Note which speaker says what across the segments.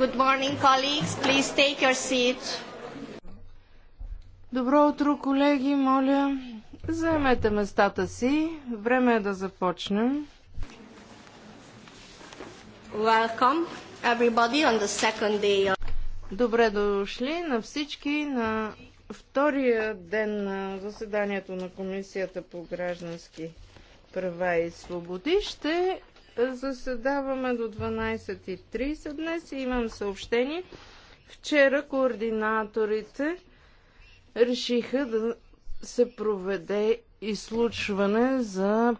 Speaker 1: Good morning, colleagues. Please take your seat. Добро утро, колеги, моля.
Speaker 2: Заемете местата си. Време е да започнем.
Speaker 1: Welcome, everybody,
Speaker 2: on the second day. Добре дошли на всички на втория ден на заседанието на Комисията по граждански права и свободи. Ще Заседаваме до 12.30 днес и имам съобщение. Вчера координаторите решиха да се проведе изслучване за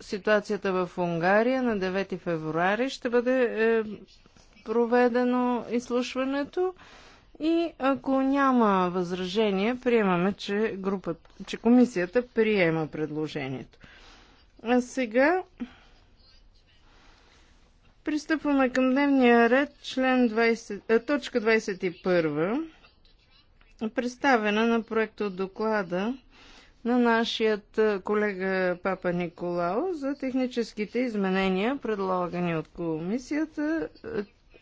Speaker 2: ситуацията в Унгария на 9 февруари. Ще бъде е, проведено изслушването и ако няма възражение, приемаме, че, групата, че комисията приема предложението. А сега Пристъпваме към дневния ред, член 20, точка 21, представена на проекта от доклада на нашият колега Папа Николао за техническите изменения, предлагани от комисията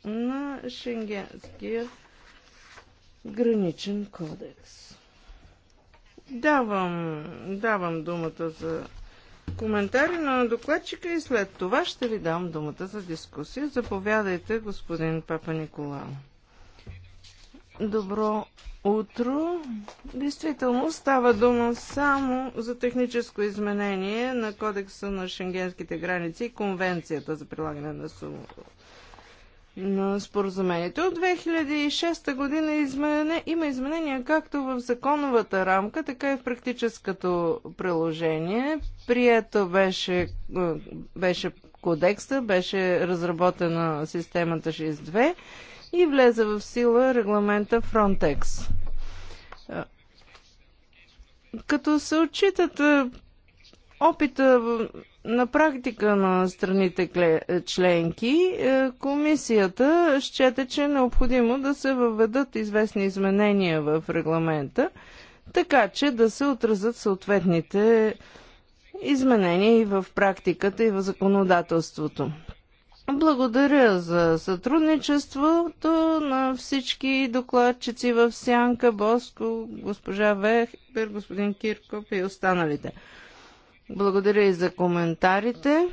Speaker 2: на Шенгенския граничен кодекс. Давам, давам думата за коментари на докладчика и след това ще ви дам думата за дискусия. Заповядайте, господин Папа Николао. Добро утро. Действително става дума само за техническо изменение на Кодекса на шенгенските граници и Конвенцията за прилагане на на споразумението. От 2006 година измене, има изменения както в законовата рамка, така и в практическото приложение. Прието беше, е, беше кодекса, беше разработена системата 6.2 и влезе в сила регламента Frontex. Е, като се отчитат е, опита на практика на страните е, членки е, комисията счете, че е необходимо да се въведат известни изменения в регламента, така че да се отразят съответните изменения и в практиката, и в законодателството. Благодаря за сътрудничеството на всички докладчици в Сянка, Боско, госпожа Вехбер, господин Кирков и останалите. Благодаря и за коментарите,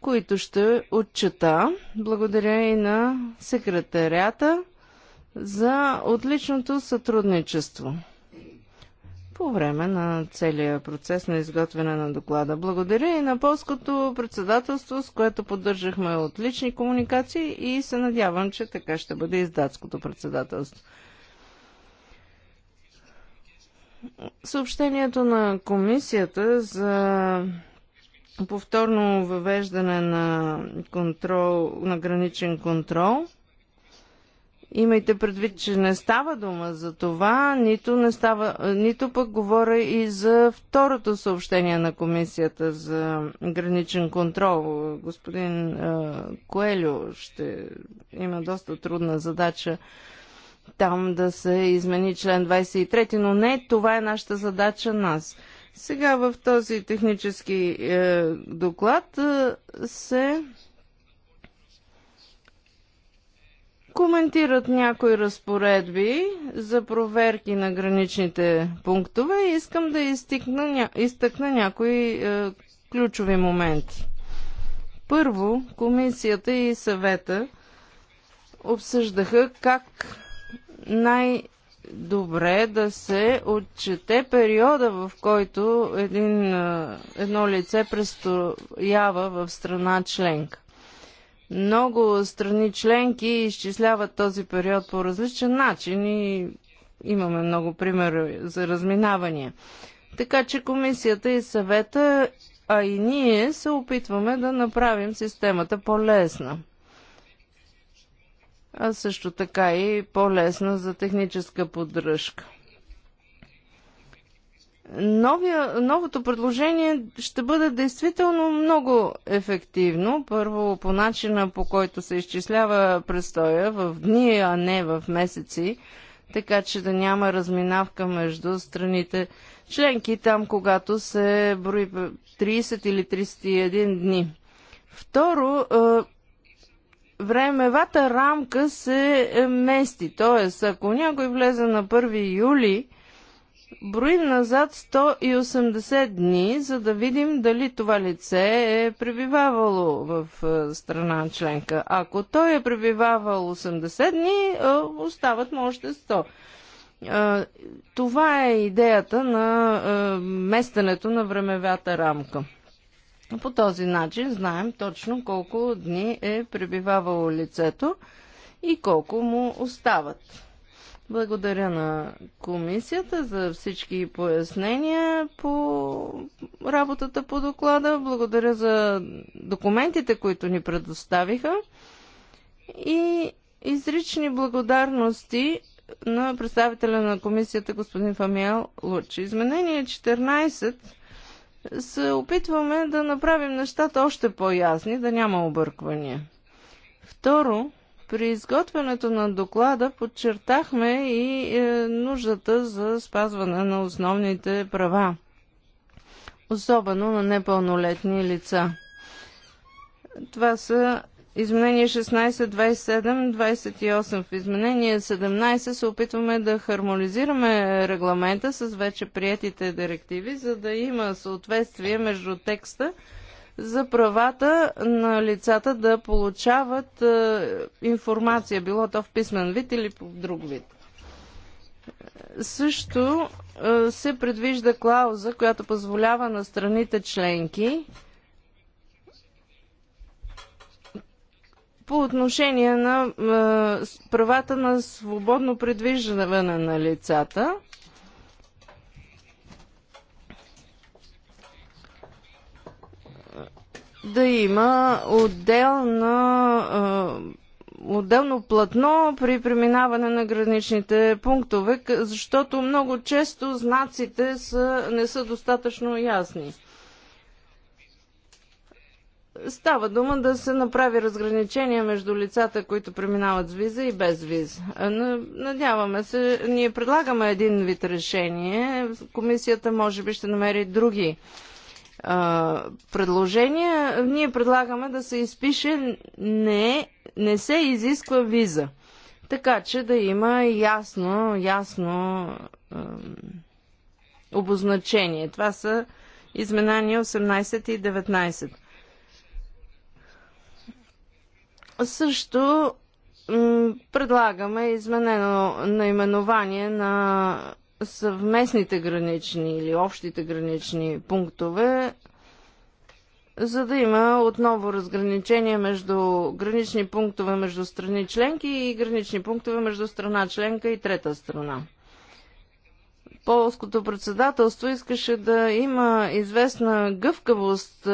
Speaker 2: които ще отчета. Благодаря и на секретарята за отличното сътрудничество по време на целия процес на изготвяне на доклада. Благодаря и на полското председателство, с което поддържахме отлични комуникации и се надявам, че така ще бъде и с датското председателство. Съобщението на комисията за повторно въвеждане на контрол, на граничен контрол. Имайте предвид, че не става дума за това, нито, не става, нито пък говоря и за второто съобщение на комисията за граничен контрол. Господин е, Коелю ще има доста трудна задача там да се измени член 23, но не, това е нашата задача нас. Сега в този технически е, доклад е, се коментират някои разпоредби за проверки на граничните пунктове и искам да изтъкна, изтъкна някои е, ключови моменти. Първо, комисията и съвета обсъждаха как най-добре да се отчете периода, в който един, едно лице престоява в страна членка. Много страни членки изчисляват този период по различен начин и имаме много примери за разминавания. Така че комисията и съвета, а и ние се опитваме да направим системата по-лесна а също така и по-лесна за техническа поддръжка. Новия, новото предложение ще бъде действително много ефективно. Първо, по начина по който се изчислява престоя в дни, а не в месеци, така че да няма разминавка между страните членки там, когато се брои 30 или 31 дни. Второ, времевата рамка се мести. Тоест, ако някой влезе на 1 юли, броим назад 180 дни, за да видим дали това лице е пребивавало в е, страна членка. Ако той е пребивавал 80 дни, е, остават му още 100. Е, това е идеята на местенето на времевата рамка. По този начин знаем точно колко дни е пребивавало лицето и колко му остават. Благодаря на комисията за всички пояснения по работата по доклада. Благодаря за документите, които ни предоставиха. И изрични благодарности на представителя на комисията господин Фамиел Луч. Изменение 14 се опитваме да направим нещата още по-ясни, да няма обърквания. Второ, при изготвянето на доклада подчертахме и е, нуждата за спазване на основните права, особено на непълнолетни лица. Това са Изменение 16, 27, 28. В изменение 17 се опитваме да хармонизираме регламента с вече приетите директиви, за да има съответствие между текста за правата на лицата да получават е, информация, било то в писмен вид или по друг вид. Също е, се предвижда клауза, която позволява на страните членки по отношение на правата на свободно предвиждане на лицата. да има отделна, отделно платно при преминаване на граничните пунктове, защото много често знаците са, не са достатъчно ясни. Става дума да се направи разграничение между лицата, които преминават с виза и без виза. Надяваме се, ние предлагаме един вид решение. Комисията може би ще намери други а, предложения. Ние предлагаме да се изпише не, не се изисква виза. Така че да има ясно, ясно а, обозначение. Това са изменания 18 и 19. Също предлагаме изменено наименование на съвместните гранични или общите гранични пунктове, за да има отново разграничение между гранични пунктове между страни членки и гранични пунктове между страна членка и трета страна. Полското председателство искаше да има известна гъвкавост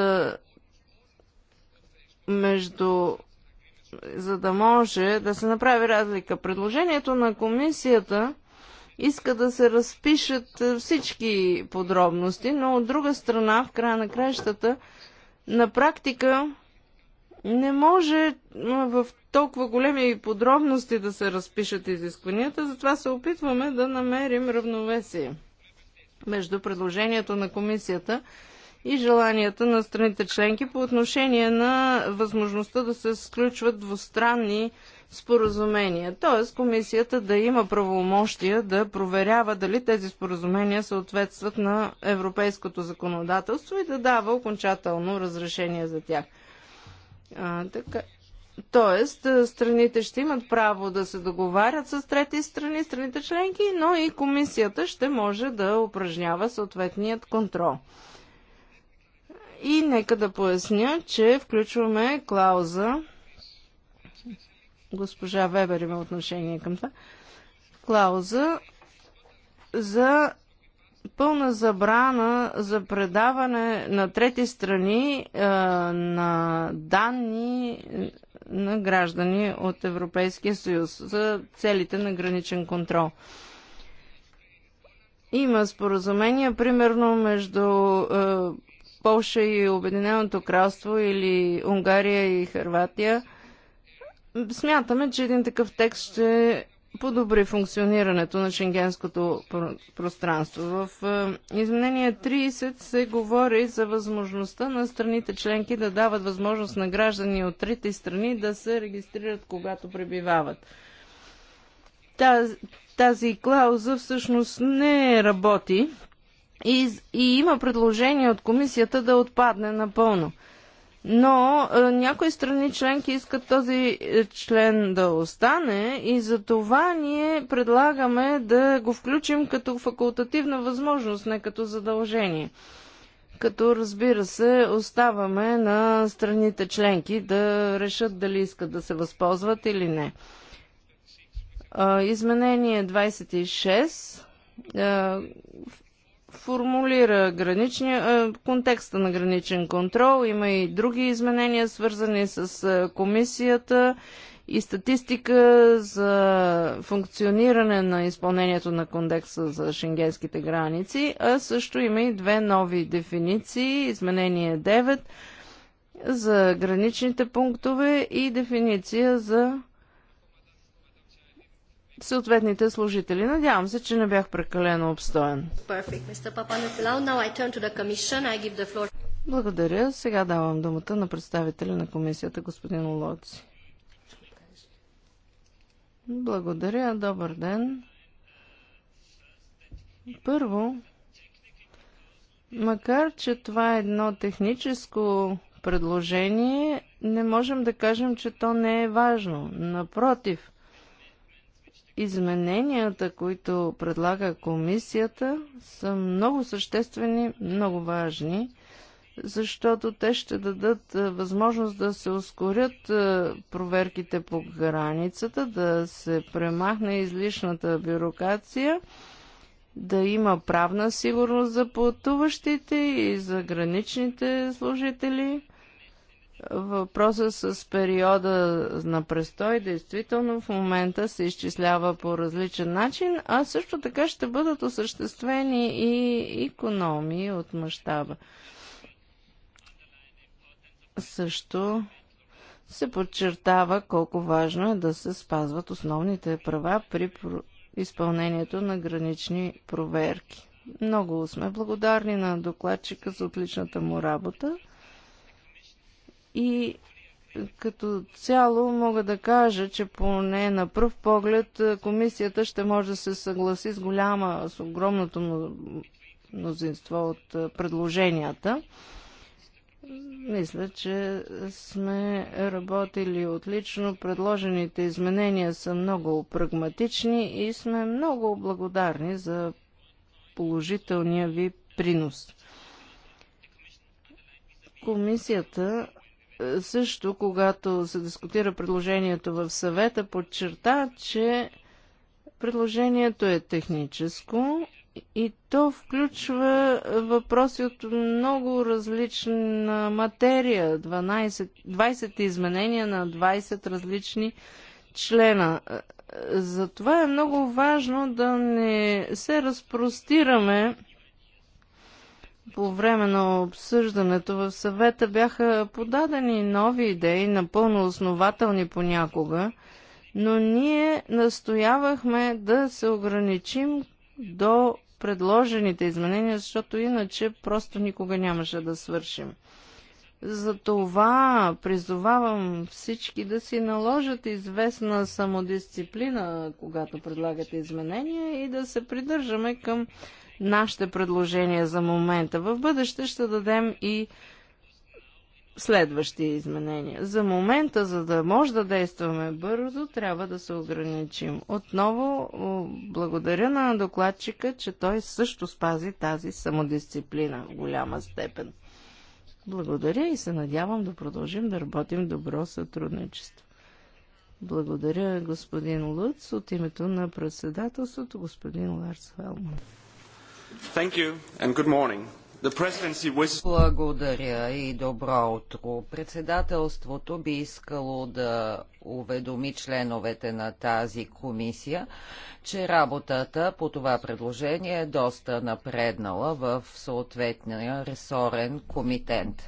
Speaker 2: между за да може да се направи разлика. Предложението на комисията иска да се разпишат е, всички подробности, но от друга страна, в края на краищата, на практика не може е, в толкова големи подробности да се разпишат изискванията, затова се опитваме да намерим равновесие между предложението на комисията и желанията на страните членки по отношение на възможността да се сключват двустранни споразумения. Т.е. комисията да има правомощия да проверява дали тези споразумения съответстват на европейското законодателство и да дава окончателно разрешение за тях. А, така. Тоест, страните ще имат право да се договарят с трети страни, страните членки, но и комисията ще може да упражнява съответният контрол. И нека да поясня, че включваме клауза. Госпожа Вебер има отношение към това. Клауза за пълна забрана за предаване на трети страни е, на данни на граждани от Европейския съюз за целите на граничен контрол. Има споразумения, примерно, между Полша и Обединеното кралство или Унгария и Харватия, смятаме, че един такъв текст ще подобри функционирането на шенгенското пространство. В е, изменение 30 се говори за възможността на страните членки да дават възможност на граждани от трети страни да се регистрират, когато пребивават. тази клауза всъщност не работи и, и има предложение от комисията да отпадне напълно. Но е, някои страни членки искат този е, член да остане и за това ние предлагаме да го включим като факултативна възможност, не като задължение. Като разбира се, оставаме на страните членки да решат дали искат да се възползват или не. Е, изменение 26 в формулира граничния, контекста на граничен контрол. Има и други изменения, свързани с комисията и статистика за функциониране на изпълнението на кондекса за шенгенските граници, а също има и две нови дефиниции, изменение 9 за граничните пунктове и дефиниция за съответните служители. Надявам се, че не бях прекалено обстоен. Благодаря. Сега давам думата на представителя на комисията, господин Лоци. Благодаря. Добър ден. Първо, макар че това е едно техническо предложение, не можем да кажем, че то не е важно. Напротив, измененията, които предлага комисията, са много съществени, много важни, защото те ще дадат е, възможност да се ускорят е, проверките по границата, да се премахне излишната бюрокрация, да има правна сигурност за пътуващите и за граничните служители Въпроса с периода на престой действително в момента се изчислява по различен начин, а също така ще бъдат осъществени и економии от мащаба. Също се подчертава колко важно е да се спазват основните права при изпълнението на гранични проверки. Много сме благодарни на докладчика за отличната му работа. И като цяло мога да кажа, че поне на пръв поглед е, комисията ще може да се съгласи с голяма, с огромното мнозинство от е, предложенията. Мисля, че сме работили отлично. Предложените изменения са много прагматични и сме много благодарни за положителния ви принос. Комисията също, когато се дискутира предложението в съвета, подчерта, че предложението е техническо и то включва въпроси от много различна материя. 12, 20 изменения на 20 различни члена. Затова е много важно да не се разпростираме по време на обсъждането в съвета бяха подадени нови идеи, напълно основателни понякога, но ние настоявахме да се ограничим до предложените изменения, защото иначе просто никога нямаше да свършим. Затова призовавам всички да си наложат известна самодисциплина, когато предлагате изменения и да се придържаме към нашите предложения за момента. В бъдеще ще дадем и следващи изменения. За момента, за да може да действаме бързо, трябва да се ограничим. Отново благодаря на докладчика, че той също спази тази самодисциплина в голяма степен. Благодаря и се надявам да продължим да работим добро сътрудничество. Благодаря господин Луц от името
Speaker 3: на председателството господин Ларс Велман. Благодаря и добро утро. Председателството би искало да уведоми членовете на тази комисия, че работата по това предложение е доста напреднала в съответния ресорен комитент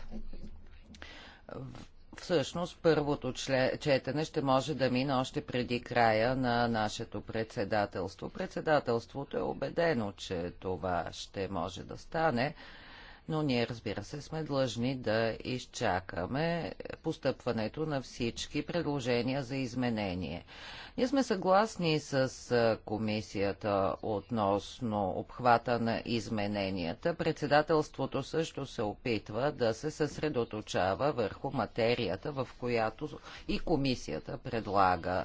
Speaker 3: всъщност първото четене ще може да мине още преди края на нашето председателство. Председателството е убедено, че това ще може да стане но ние, разбира се, сме длъжни да изчакаме постъпването на всички предложения за изменение. Ние сме съгласни с комисията относно обхвата на измененията. Председателството също се опитва да се съсредоточава върху материята, в която и комисията предлага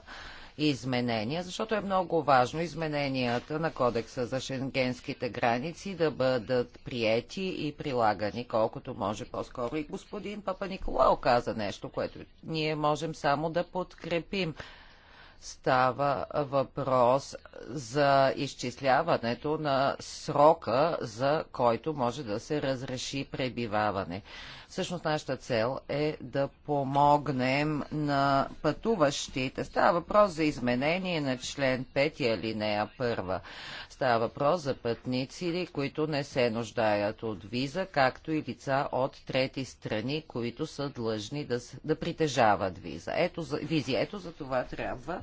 Speaker 3: изменения, защото е много важно измененията на кодекса за шенгенските граници да бъдат приети и прилагани колкото може по-скоро. И господин Папа Николао каза нещо, което ние можем само да подкрепим става въпрос за изчисляването на срока, за който може да се разреши пребиваване. Всъщност нашата цел е да помогнем на пътуващите. Става въпрос за изменение на член 5 алинея 1. Става въпрос за пътници, които не се нуждаят от виза, както и лица от трети страни, които са длъжни да, да притежават виза. Ето за, визи. Ето за това трябва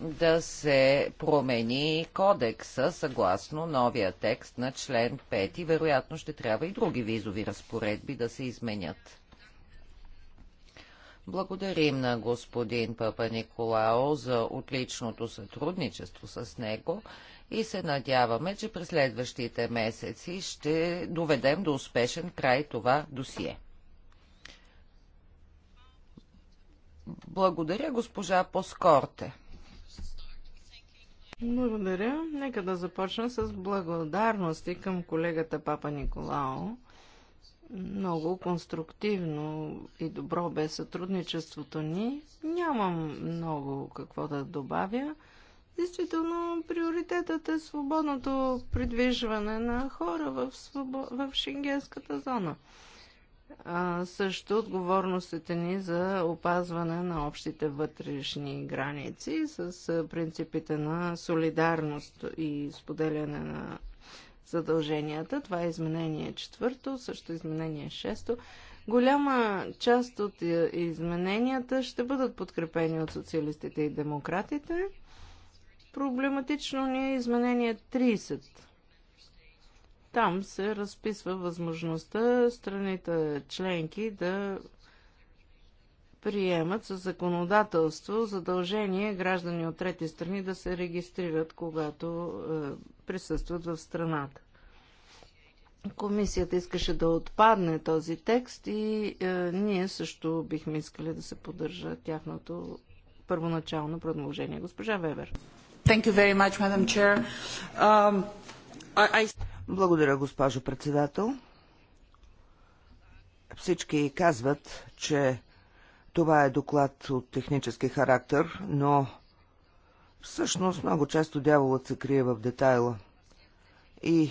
Speaker 3: да се промени кодекса съгласно новия текст на член 5. И вероятно ще трябва и други визови разпоредби да се изменят. Благодарим на господин Папа Николао за отличното сътрудничество с него и се надяваме, че през следващите месеци ще доведем до успешен край това досие. Благодаря госпожа Поскорте.
Speaker 2: Благодаря. Нека да започна с благодарности към колегата Папа Николао. Много конструктивно и добро бе сътрудничеството ни. Нямам много какво да добавя. Действително, приоритетът е свободното придвижване на хора в, свобо... в шенгенската зона а, също отговорностите ни за опазване на общите вътрешни граници с а, принципите на солидарност и споделяне на задълженията. Това е изменение четвърто, също изменение шесто. Голяма част от измененията ще бъдат подкрепени от социалистите и демократите. Проблематично ни е изменение там се разписва възможността страните членки да приемат със законодателство задължение граждани от трети страни да се регистрират, когато е, присъстват в страната. Комисията искаше да отпадне този текст и е, ние също бихме искали да се поддържа тяхното първоначално предложение. Госпожа Вебер.
Speaker 4: Thank you
Speaker 3: very much, Madam
Speaker 5: Chair. Um, благодаря, госпожо председател. Всички казват, че това е доклад от технически характер, но всъщност много често дяволът се крие в детайла. И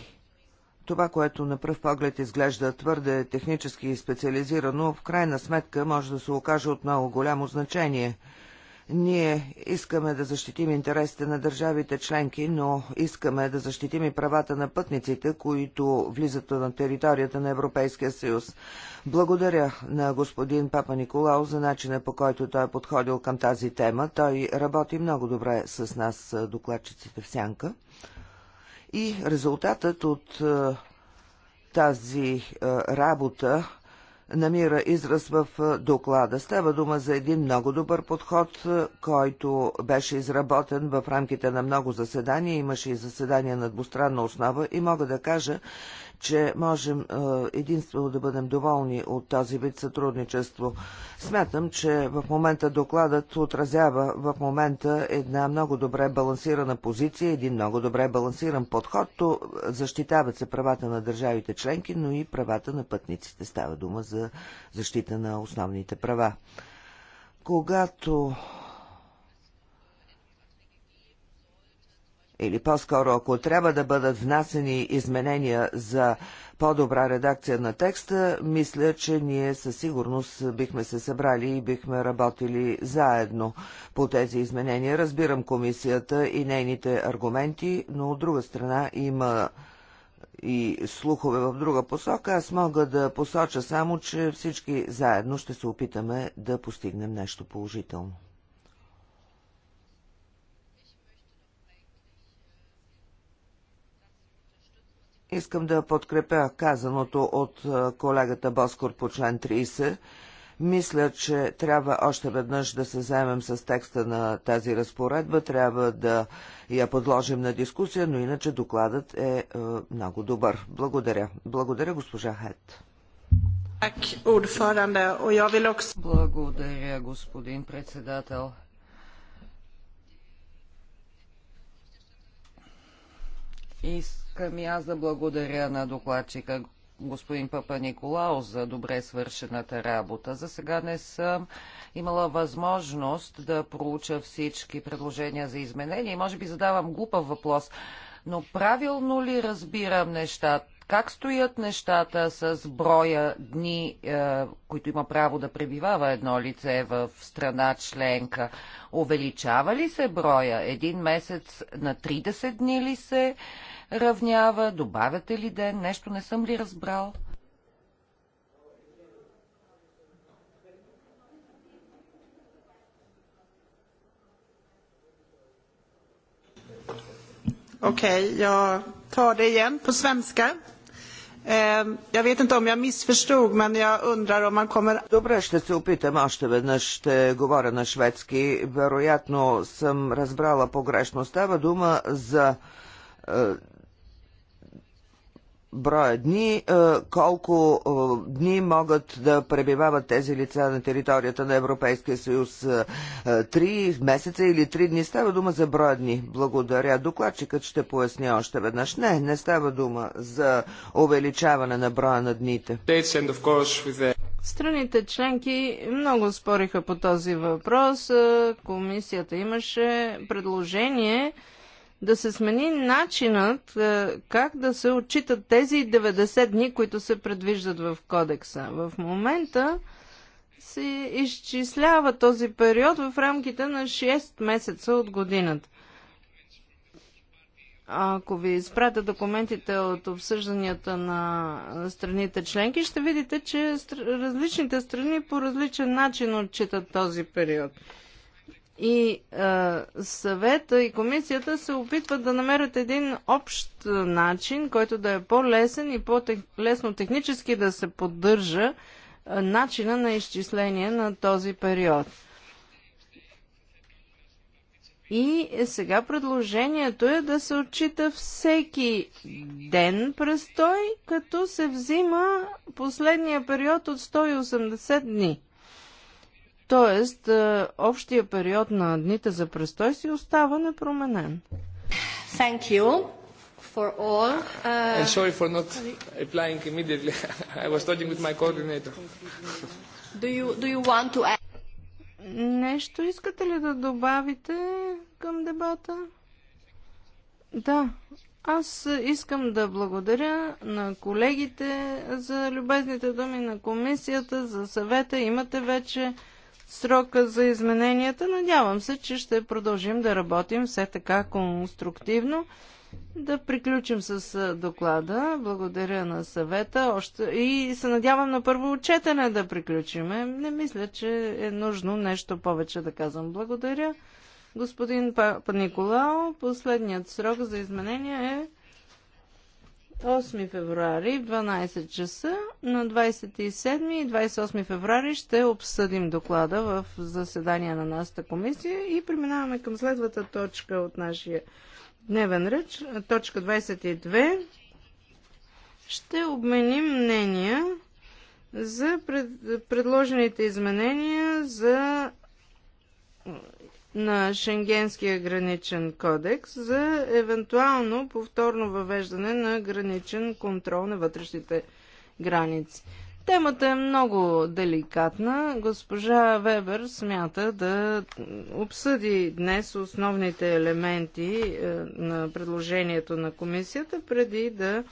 Speaker 5: това, което на пръв поглед изглежда твърде технически и специализирано, в крайна сметка може да се окаже от много голямо значение – ние искаме да защитим интересите на държавите членки, но искаме да защитим и правата на пътниците, които влизат на територията на Европейския съюз. Благодаря на господин Папа Николао за начина по който той е подходил към тази тема. Той работи много добре с нас, докладчиците в Сянка. И резултатът от е, тази е, работа намира израз в доклада. Става дума за един много добър подход, който беше изработен в рамките на много заседания. Имаше и заседания на двустранна основа и мога да кажа, че можем е, единствено да бъдем доволни от този вид сътрудничество. Смятам, че в момента докладът отразява в момента една много добре балансирана позиция, един много добре балансиран подход. То защитават се правата на държавите членки, но и правата на пътниците. Става дума за защита на основните права. Когато или по-скоро ако трябва да бъдат внасени изменения за по-добра редакция на текста, мисля, че ние със сигурност бихме се събрали и бихме работили заедно по тези изменения. Разбирам комисията и нейните аргументи, но от друга страна има и слухове в друга посока. Аз мога да посоча само, че всички заедно ще се опитаме да постигнем нещо положително. Искам да подкрепя казаното от колегата Боскор по член 30. Мисля, че трябва още веднъж да се заемем с текста на тази разпоредба, трябва да я подложим на дискусия, но иначе докладът е, е много добър. Благодаря. Благодаря, госпожа Хет.
Speaker 3: Благодаря, господин председател. Искам и аз да благодаря на докладчика господин Папа Николао за добре свършената работа. За сега не съм имала възможност да проуча всички предложения за изменения и може би задавам глупав въпрос, но правилно ли разбирам нещата? Как стоят нещата с броя дни, е, които има право да пребивава едно лице в страна членка? Увеличава ли се броя? Един месец на 30 дни ли се? равнява? Добавяте ли ден? Нещо не съм ли разбрал?
Speaker 2: Okej, okay, jag tar det igen på svenska. Ehm,
Speaker 5: vet inte om jag missförstod, men jag undrar om man kommer... Добре, ще се опитам още веднъж, ще говоря на шведски. Вероятно съм разбрала погрешно. Става дума за е, броя дни, е, колко е, дни могат да пребивават тези лица на територията на Европейския съюз? Е, три месеца или три дни? Става дума за броя дни. Благодаря. Докладчикът ще поясни още веднъж. Не, не става дума за увеличаване на броя на дните.
Speaker 2: Страните членки много спориха по този въпрос. Комисията имаше предложение да се смени начинът е, как да се отчитат тези 90 дни, които се предвиждат в кодекса. В момента се изчислява този период в рамките на 6 месеца от годината. Ако ви изпратя документите от обсъжданията на страните членки, ще видите, че различните страни по различен начин отчитат този период. И а, е, съвета и комисията се опитват да намерят един общ начин, който да е по-лесен и по-лесно технически да се поддържа а, е, начина на изчисление на този период. И сега предложението е да се отчита всеки ден престой, като се взима последния период от 180 дни. Тоест, е, общия период на дните за престой си остава непроменен.
Speaker 1: Thank you for all. Uh... And sorry
Speaker 5: for not applying immediately. I was talking with my coordinator.
Speaker 1: do you, do you want to add?
Speaker 2: Нещо искате ли да добавите към дебата? Да, аз искам да благодаря на колегите за любезните думи на комисията, за съвета. Имате вече срока за измененията. Надявам се, че ще продължим да работим все така конструктивно. Да приключим с доклада. Благодаря на съвета. Още... И се надявам на първо четене да приключиме. Не мисля, че е нужно нещо повече да казвам. Благодаря. Господин Па Николао, последният срок за изменение е 8 февруари, 12 часа. На 27 и 28 феврари ще обсъдим доклада в заседание на нашата комисия и преминаваме към следвата точка от нашия дневен реч, точка 22. Ще обменим мнения за пред, предложените изменения за на Шенгенския граничен кодекс за евентуално повторно въвеждане на граничен контрол на вътрешните граници. Темата е много деликатна. Госпожа Вебер смята да обсъди днес основните елементи е, на предложението на комисията, преди да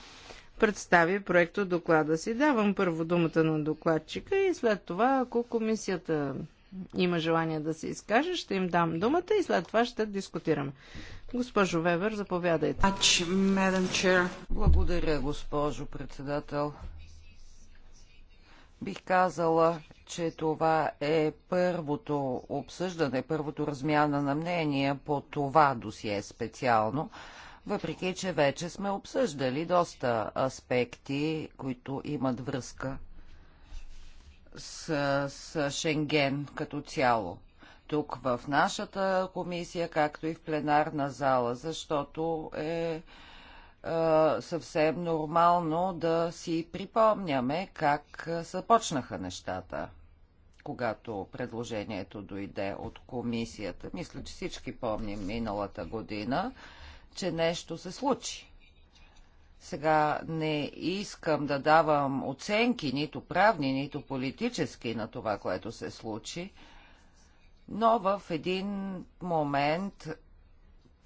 Speaker 2: представи проекто доклада си. Давам първо думата на докладчика и след това, ако комисията има желание да се изкаже, ще им дам думата и след това ще дискутираме. Госпожо
Speaker 3: Вебер, заповядайте. Благодаря, госпожо председател. Бих казала, че това е първото обсъждане, първото размяна на мнения по това досие специално, въпреки че вече сме обсъждали доста аспекти, които имат връзка с, с Шенген като цяло. Тук в нашата комисия, както и в пленарна зала, защото е, е, съвсем нормално да си припомняме как започнаха нещата, когато предложението дойде от комисията. Мисля, че всички помним миналата година, че нещо се случи. Сега не искам да давам оценки, нито правни, нито политически на това, което се случи, но в един момент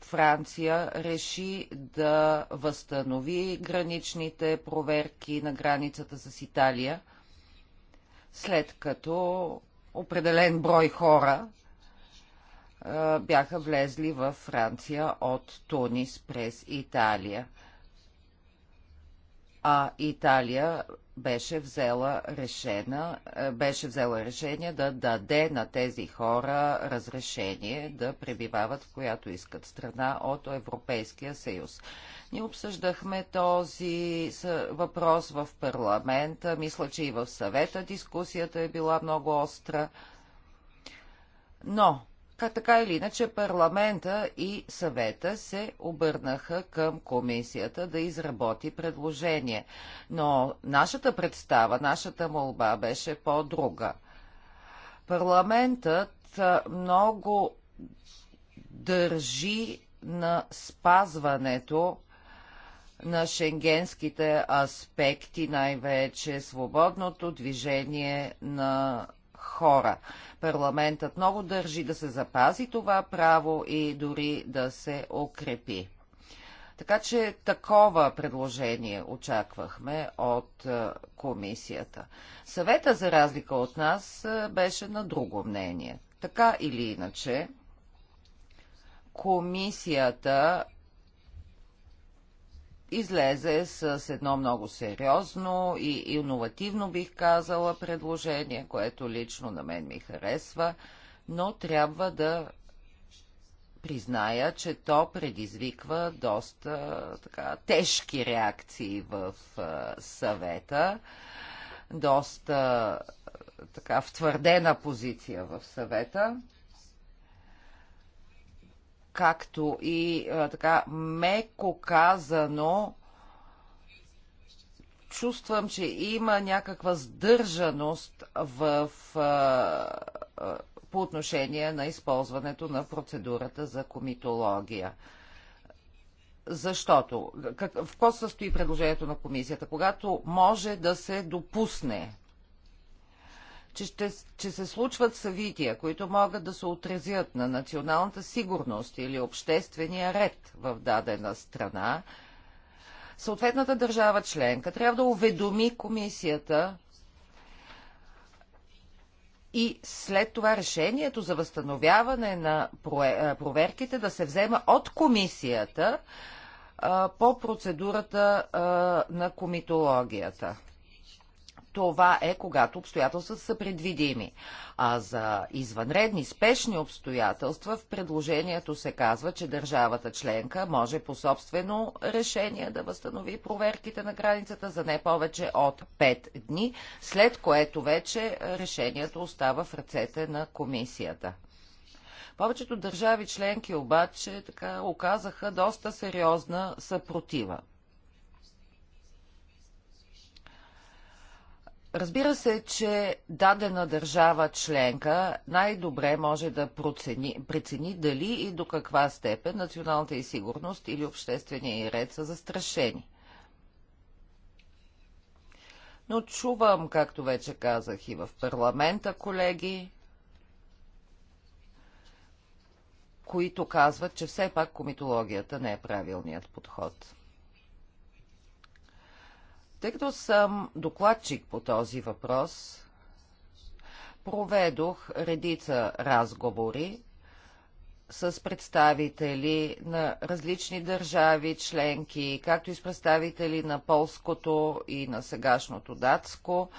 Speaker 3: Франция реши да възстанови граничните проверки на границата с Италия, след като определен брой хора бяха влезли във Франция от Тунис през Италия а Италия беше взела, решена, е, беше взела решение да даде на тези хора разрешение да пребивават в която искат страна от Европейския съюз. Ние обсъждахме този въпрос в парламента, мисля, че и в съвета дискусията е била много остра. Но така или иначе парламента и съвета се обърнаха към комисията да изработи предложение. Но нашата представа, нашата молба беше по-друга. Парламентът много държи на спазването на шенгенските аспекти, най-вече свободното движение на хора. Парламентът много държи да се запази това право и дори да се укрепи. Така че такова предложение очаквахме от е, комисията. Съвета, за разлика от нас, е, беше на друго мнение. Така или иначе, комисията излезе с едно много сериозно и иновативно, бих казала, предложение, което лично на мен ми харесва, но трябва да призная, че то предизвиква доста така, тежки реакции в съвета, доста така втвърдена позиция в съвета както и а, така меко казано, чувствам, че има някаква сдържаност в, а, а, по отношение на използването на процедурата за комитология. Защото, как, в какво състои предложението на комисията? Когато може да се допусне че, ще, че се случват събития, които могат да се отразят на националната сигурност или обществения ред в дадена страна, съответната държава членка трябва да уведоми комисията и след това решението за възстановяване на проверките да се взема от комисията по процедурата на комитологията това е когато обстоятелствата са предвидими. А за извънредни, спешни обстоятелства в предложението се казва, че държавата членка може по собствено решение да възстанови проверките на границата за не повече от 5 дни, след което вече решението остава в ръцете на комисията. Повечето държави членки обаче така оказаха доста сериозна съпротива Разбира се, че дадена държава членка най-добре може да процени, прецени дали и до каква степен националната и сигурност или обществения и ред са застрашени. Но чувам, както вече казах и в парламента, колеги, които казват, че все пак комитологията не е правилният подход. Тъй като съм докладчик по този въпрос, проведох редица разговори с представители на различни държави, членки, както и с представители на полското и на сегашното датско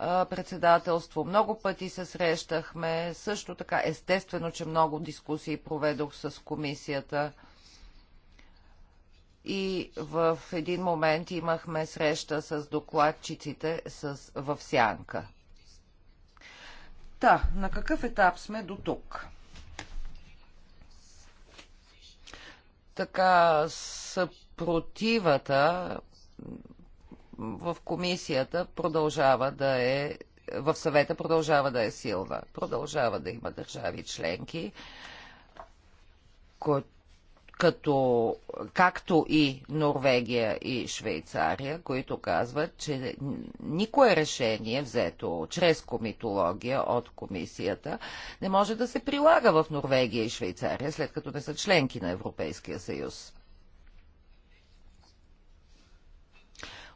Speaker 3: председателство. Много пъти се срещахме. Също така, естествено, че много дискусии проведох с комисията и в един момент имахме среща с докладчиците с, в Сянка. Та, на какъв етап сме до тук? Така, съпротивата в комисията продължава да е, в съвета продължава да е силна. Продължава да има държави членки, които като, както и Норвегия и Швейцария, които казват, че никое решение, взето чрез комитология от комисията, не може да се прилага в Норвегия и Швейцария, след като не са членки на Европейския съюз.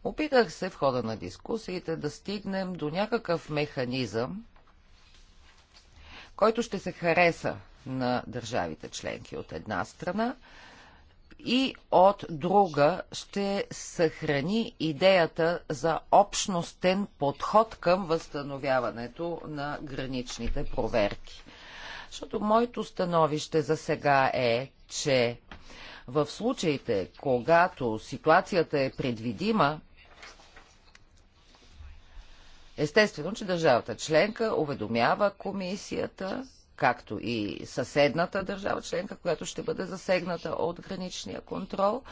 Speaker 3: Опитах се в хода на дискусиите да стигнем до някакъв механизъм, който ще се хареса на държавите членки от една страна и от друга ще съхрани идеята за общностен подход към възстановяването на граничните проверки. Защото моето становище за сега е, че в случаите, когато ситуацията е предвидима, естествено, че държавата членка уведомява комисията както и съседната държава членка, която ще бъде засегната от граничния контрол.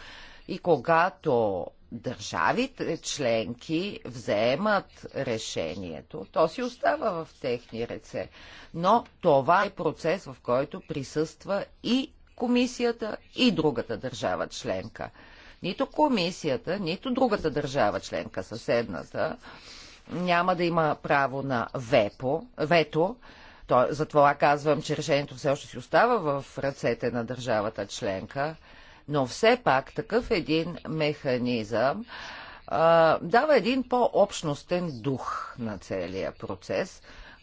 Speaker 3: И когато държавите членки вземат решението, то си остава в техни ръце. Но това е процес, в който присъства и комисията, и другата държава членка. Нито комисията, нито другата държава членка, съседната, няма да има право на вепо, вето то, затова казвам, че решението все още си остава в ръцете на държавата членка, но все пак такъв един механизъм а, дава един по-общностен дух на целия процес,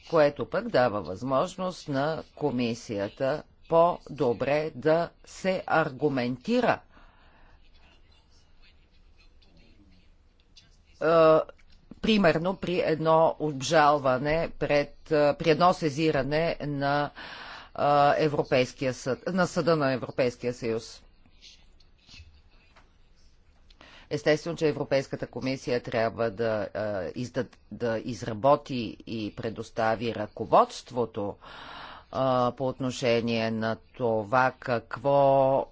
Speaker 3: което пък дава възможност на комисията по-добре да се аргументира примерно при едно обжалване, пред, при едно сезиране на, Европейския съд, на съда на Европейския съюз. Естествено, че Европейската комисия трябва да, издад, да изработи и предостави ръководството по отношение на това какво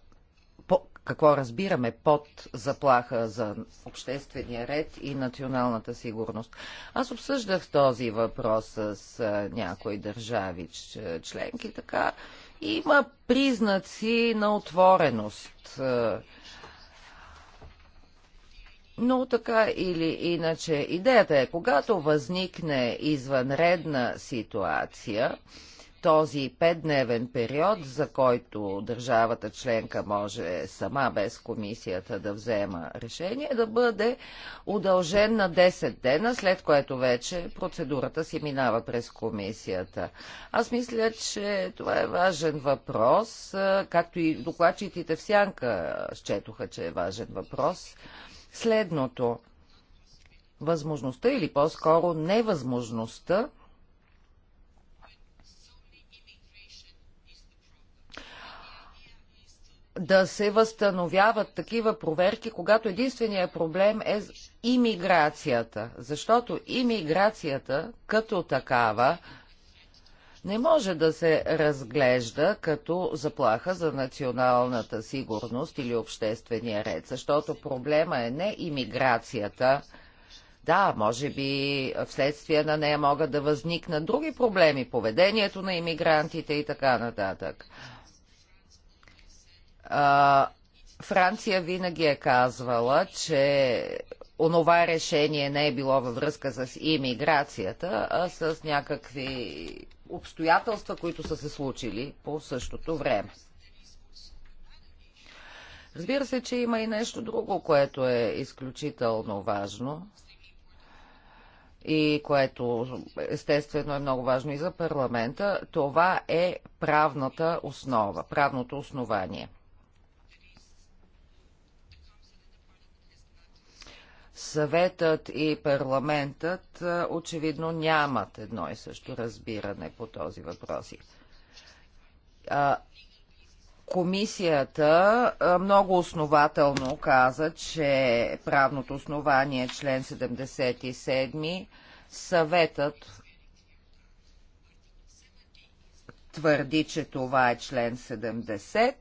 Speaker 3: какво разбираме под заплаха за обществения ред и националната сигурност. Аз обсъждах този въпрос с някои държави членки, така. Има признаци на отвореност. Но така или иначе, идеята е, когато възникне извънредна ситуация, този петдневен период, за който държавата членка може сама без комисията да взема решение, да бъде удължен на 10 дена, след което вече процедурата си минава през комисията. Аз мисля, че това е важен въпрос, както и докладчиците в Сянка счетоха, че е важен въпрос. Следното. Възможността или по-скоро невъзможността да се възстановяват такива проверки, когато единственият проблем е имиграцията. Защото имиграцията като такава не може да се разглежда като заплаха за националната сигурност или обществения ред, защото проблема е не имиграцията. Да, може би вследствие на нея могат да възникнат други проблеми, поведението на иммигрантите и така нататък а, Франция винаги е казвала, че онова решение не е било във връзка с имиграцията, а с някакви обстоятелства, които са се случили по същото време. Разбира се, че има и нещо друго, което е изключително важно и което естествено е много важно и за парламента. Това е правната основа, правното основание. Съветът и парламентът очевидно нямат едно и също разбиране по този въпрос. Комисията много основателно каза, че правното основание е член 77. Съветът твърди, че това е член 70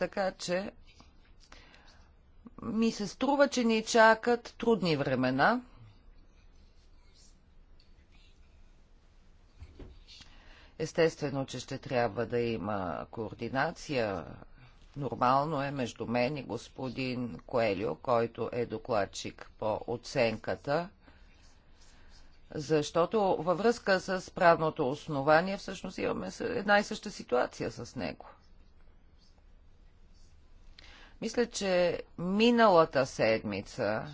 Speaker 3: Така че ми се струва, че ни чакат трудни времена. Естествено, че ще трябва да има координация. Нормално е между мен и господин Коелио, който е докладчик по оценката, защото във връзка с правното основание всъщност имаме една и съща ситуация с него – мисля, че миналата седмица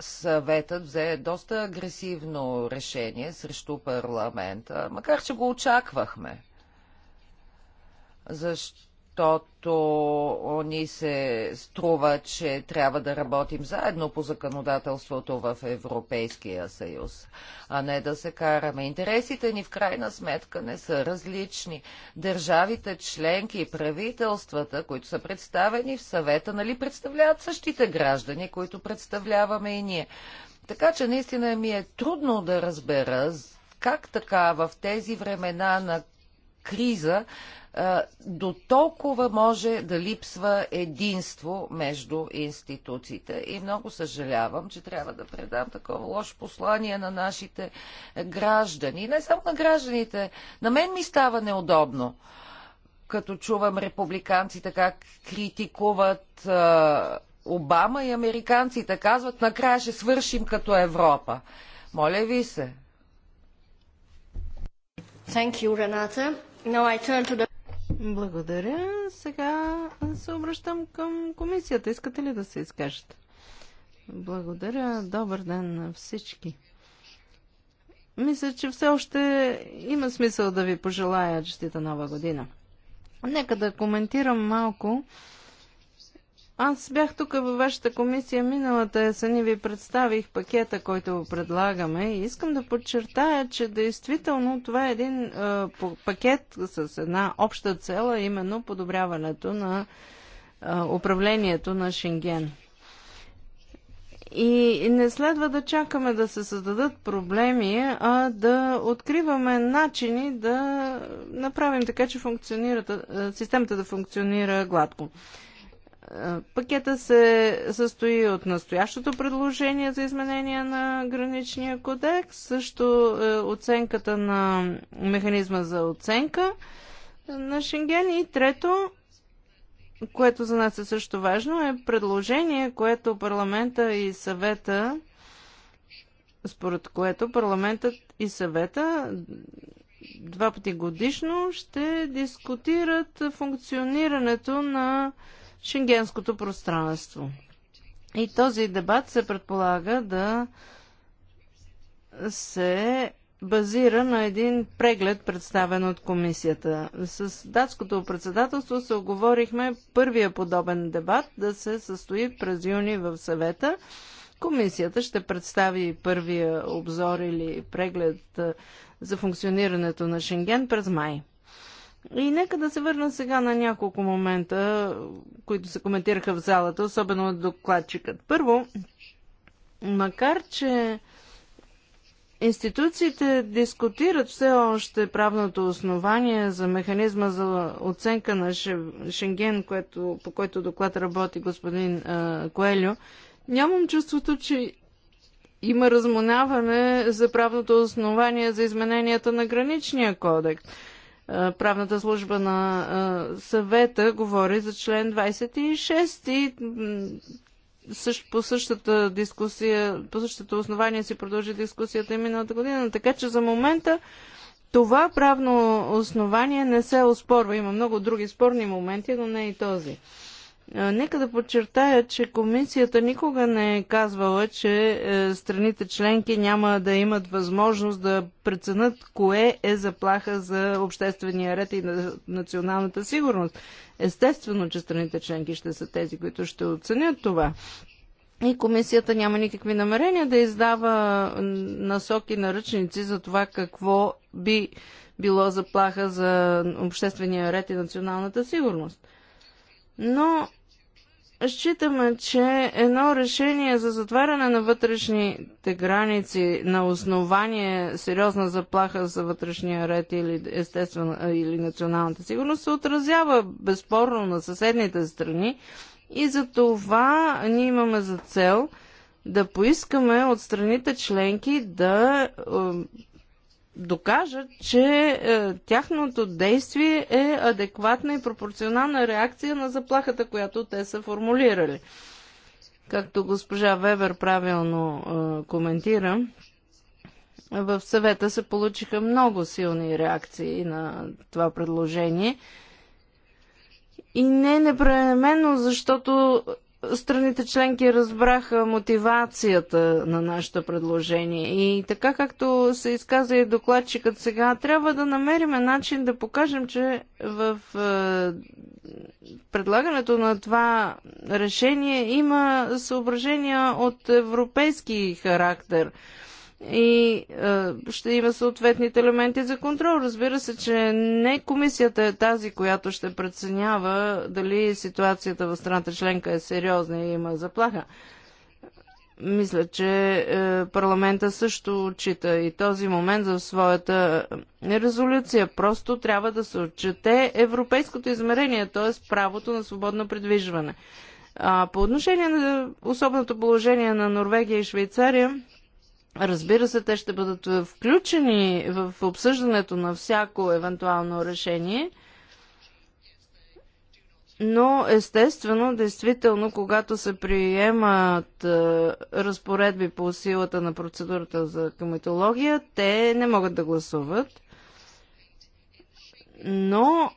Speaker 3: съветът взе доста агресивно решение срещу парламента, макар че го очаквахме. Защо? защото ни се струва, че трябва да работим заедно по законодателството в Европейския съюз, а не да се караме. Интересите ни в крайна сметка не са различни. Държавите, членки и правителствата, които са представени в съвета, нали представляват същите граждани, които представляваме и ние. Така че наистина ми е трудно да разбера как така в тези времена на криза, до толкова може да липсва единство между институциите. И много съжалявам, че трябва да предам такова лошо послание на нашите граждани. не само на гражданите. На мен ми става неудобно като чувам републиканците как критикуват Обама и американците казват, накрая ще свършим като Европа. Моля ви се. Thank you, благодаря.
Speaker 2: Сега се обръщам към комисията. Искате ли да се изкажете? Благодаря. Добър ден на всички. Мисля, че все още има смисъл да ви пожелая честита нова година. Нека да коментирам малко аз бях тук във вашата комисия миналата есен и ви представих пакета, който го предлагаме. И искам да подчертая, че действително това е един е, пакет с една обща цела, именно подобряването на е, управлението на Шенген. И не следва да чакаме да се създадат проблеми, а да откриваме начини да направим така, че системата да функционира гладко. Пакета се състои от настоящото предложение за изменение на граничния кодекс, също е, оценката на механизма за оценка на Шенген и трето, което за нас е също важно, е предложение, което парламента и съвета според което парламентът и съвета два пъти годишно ще дискутират функционирането на шенгенското пространство. И този дебат се предполага да се базира на един преглед, представен от комисията. С датското председателство се оговорихме първия подобен дебат да се състои през юни в съвета. Комисията ще представи първия обзор или преглед за функционирането на Шенген през май. И нека да се върна сега на няколко момента, които се коментираха в залата, особено от докладчикът. Първо, макар че институциите дискутират все още правното основание за механизма за оценка на Шенген, което, по който доклад работи господин а, Коелю, нямам чувството, че има разминаване за правното основание за измененията на граничния кодекс правната служба на съвета говори за член 26 и по същата дискусия, по същото основание си продължи дискусията и миналата година. Така че за момента това правно основание не се оспорва. Има много други спорни моменти, но не и този. Нека да подчертая, че комисията никога не е казвала, че е, страните членки няма да имат възможност да преценят кое е заплаха за обществения ред и националната сигурност. Естествено, че страните членки ще са тези, които ще оценят това. И комисията няма никакви намерения да издава насоки наръчници за това какво би било заплаха за обществения ред и националната сигурност но считаме, че едно решение за затваряне на вътрешните граници на основание сериозна заплаха за вътрешния ред или естествено или националната сигурност се отразява безспорно на съседните страни и за това ние имаме за цел да поискаме от страните членки да докажат, че е, тяхното действие е адекватна и пропорционална реакция на заплахата, която те са формулирали. Както госпожа Вебер правилно е, коментира, в съвета се получиха много силни реакции на това предложение. И не непременно, защото страните членки разбраха мотивацията на нашето предложение. И така както се изказа и докладчикът сега, трябва да намерим начин да покажем, че в е, предлагането на това решение има съображения от европейски характер – и а, е, ще има съответните елементи за контрол. Разбира се, че не комисията е тази, която ще преценява дали ситуацията в страната членка е сериозна и има заплаха. Мисля, че е, парламента също отчита и този момент в своята е, резолюция. Просто трябва да се отчете европейското измерение, т.е. правото на свободно придвижване. А, по отношение на особеното положение на Норвегия и Швейцария, Разбира се, те ще бъдат е, включени в обсъждането на всяко евентуално решение, но естествено, действително, когато се приемат е, разпоредби по силата на процедурата за кометология, те не могат да гласуват, но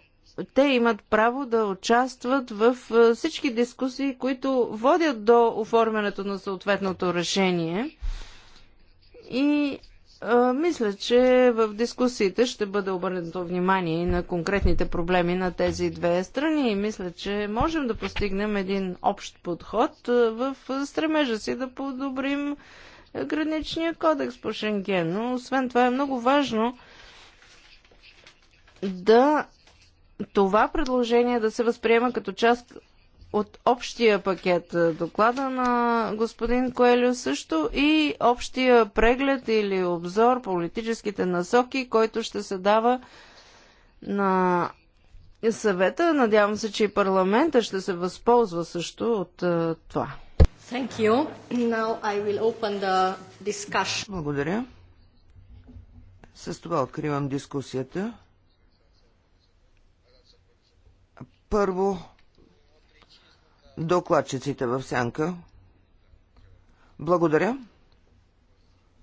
Speaker 2: те имат право да участват в е, всички дискусии, които водят до оформянето на съответното решение и а, мисля, че в дискусиите ще бъде обърнато внимание и на конкретните проблеми на тези две страни и мисля, че можем да постигнем един общ подход в стремежа си да подобрим граничния кодекс по Шенген. Но освен това е много важно да това предложение да се възприема като част от общия пакет е, доклада на господин Коелю също и общия преглед или обзор политическите насоки, който ще се дава на съвета. Надявам се, че и парламента ще се възползва също от е, това.
Speaker 1: Благодаря.
Speaker 5: С това откривам дискусията. Първо, Докладчиците в сянка. Благодаря.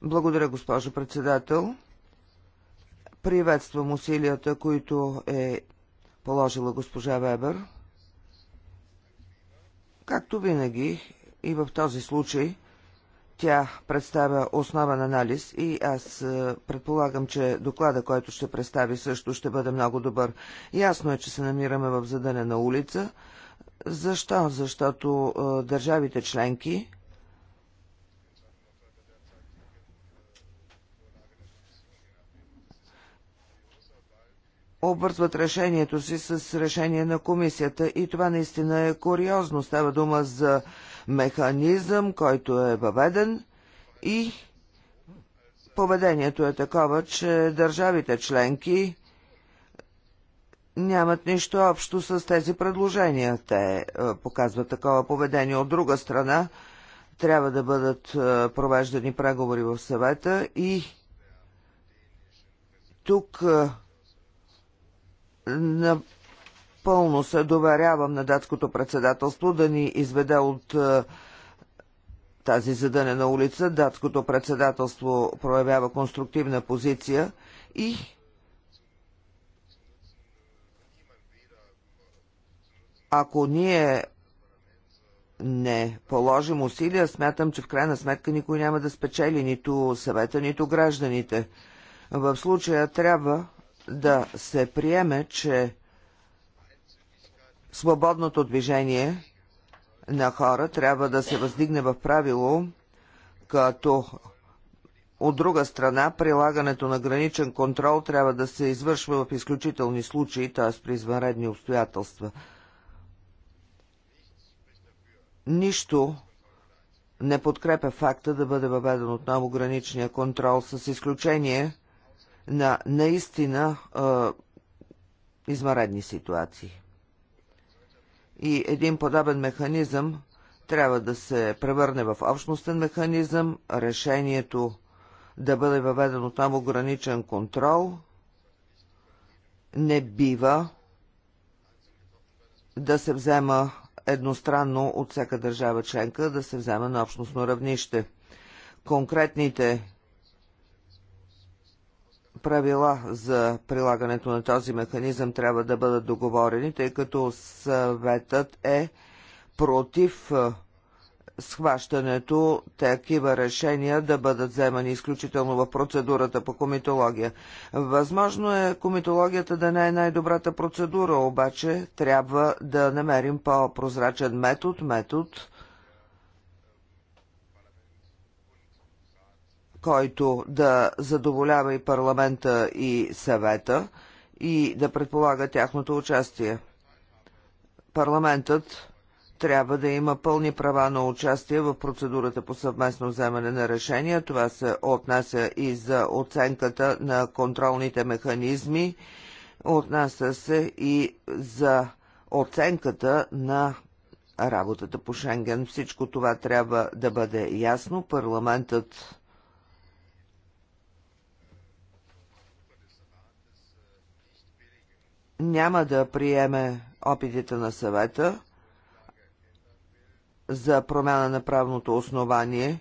Speaker 5: Благодаря, госпожо председател. Приветствам усилията, които е положила госпожа Вебер. Както винаги и в този случай, тя представя основен анализ и аз е, предполагам, че доклада, който ще представи също ще бъде много добър. Ясно е, че се намираме в задънена улица – защо? Защото държавите членки обвързват решението си с решение на комисията и това наистина е куриозно. Става дума за механизъм, който е въведен и поведението е такова, че държавите членки нямат нищо общо с тези предложения. Те е, показват такова поведение. От друга страна, трябва да бъдат е, провеждани преговори в съвета и тук е, напълно се доверявам на датското председателство да ни изведе от тази задънена улица. Датското председателство проявява конструктивна позиция и Ако ние не положим усилия, смятам, че в крайна сметка никой няма да спечели нито съвета, нито гражданите. В случая трябва да се приеме, че свободното движение на хора трябва да се въздигне в правило, като от друга страна прилагането на граничен контрол трябва да се извършва в изключителни случаи, т.е. при извънредни обстоятелства – нищо не подкрепя факта да бъде въведен отново граничния контрол, с изключение на наистина е, измаредни ситуации. И един подобен механизъм трябва да се превърне в общностен механизъм, решението да бъде въведен отново граничен контрол не бива да се взема едностранно от всяка държава членка да се вземе на общностно равнище. Конкретните правила за прилагането на този механизъм трябва да бъдат договорени, тъй като съветът е против схващането такива решения да бъдат вземани изключително в процедурата по комитология. Възможно е комитологията да не е най-добрата процедура, обаче трябва да намерим по-прозрачен метод, метод, който да задоволява и парламента и съвета и да предполага тяхното участие. Парламентът трябва да има пълни права на участие в процедурата по съвместно вземане на решения. Това се отнася и за оценката на контролните механизми, отнася се и за оценката на работата по Шенген. Всичко това трябва да бъде ясно. Парламентът няма да приеме опитите на съвета за промяна на правното основание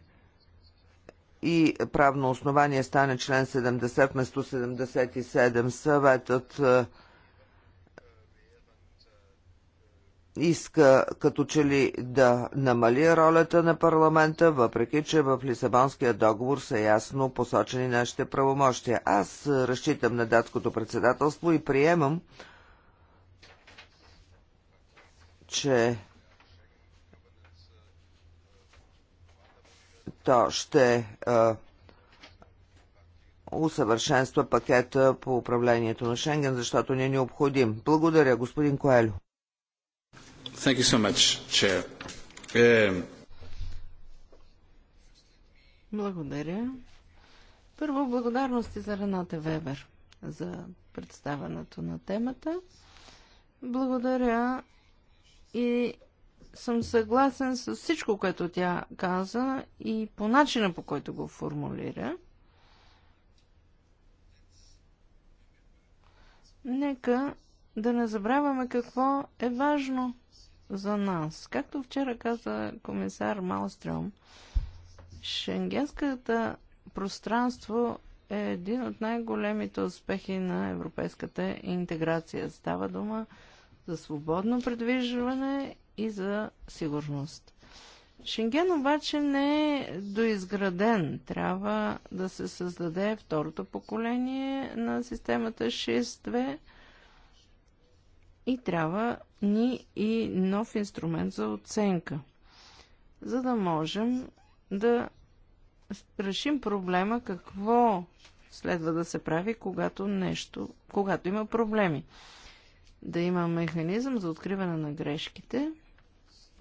Speaker 5: и правно основание стане член 70 вместо 77. Съветът е, иска като че ли да намали ролята на парламента, въпреки че в Лисабонския договор са ясно посочени нашите правомощия. Аз разчитам на датското председателство и приемам, че То ще усъвършенства пакета по управлението на Шенген, защото не е необходим. Благодаря, господин Коелю.
Speaker 2: Thank you so much, Chair. Um... Благодаря. Първо, благодарности за Рената Вебер за представянето на темата. Благодаря и съм съгласен с всичко, което тя каза и по начина, по който го формулира. Нека да не забравяме какво е важно за нас. Както вчера каза комисар Малстром, Шенгенската пространство е един от най-големите успехи на европейската интеграция. Става дума за свободно предвижване и за сигурност. Шенген обаче не е доизграден. Трябва да се създаде второто поколение на системата 6.2 и трябва ни и нов инструмент за оценка, за да можем да решим проблема какво следва да се прави, когато нещо, когато има проблеми. Да има механизъм за откриване на грешките –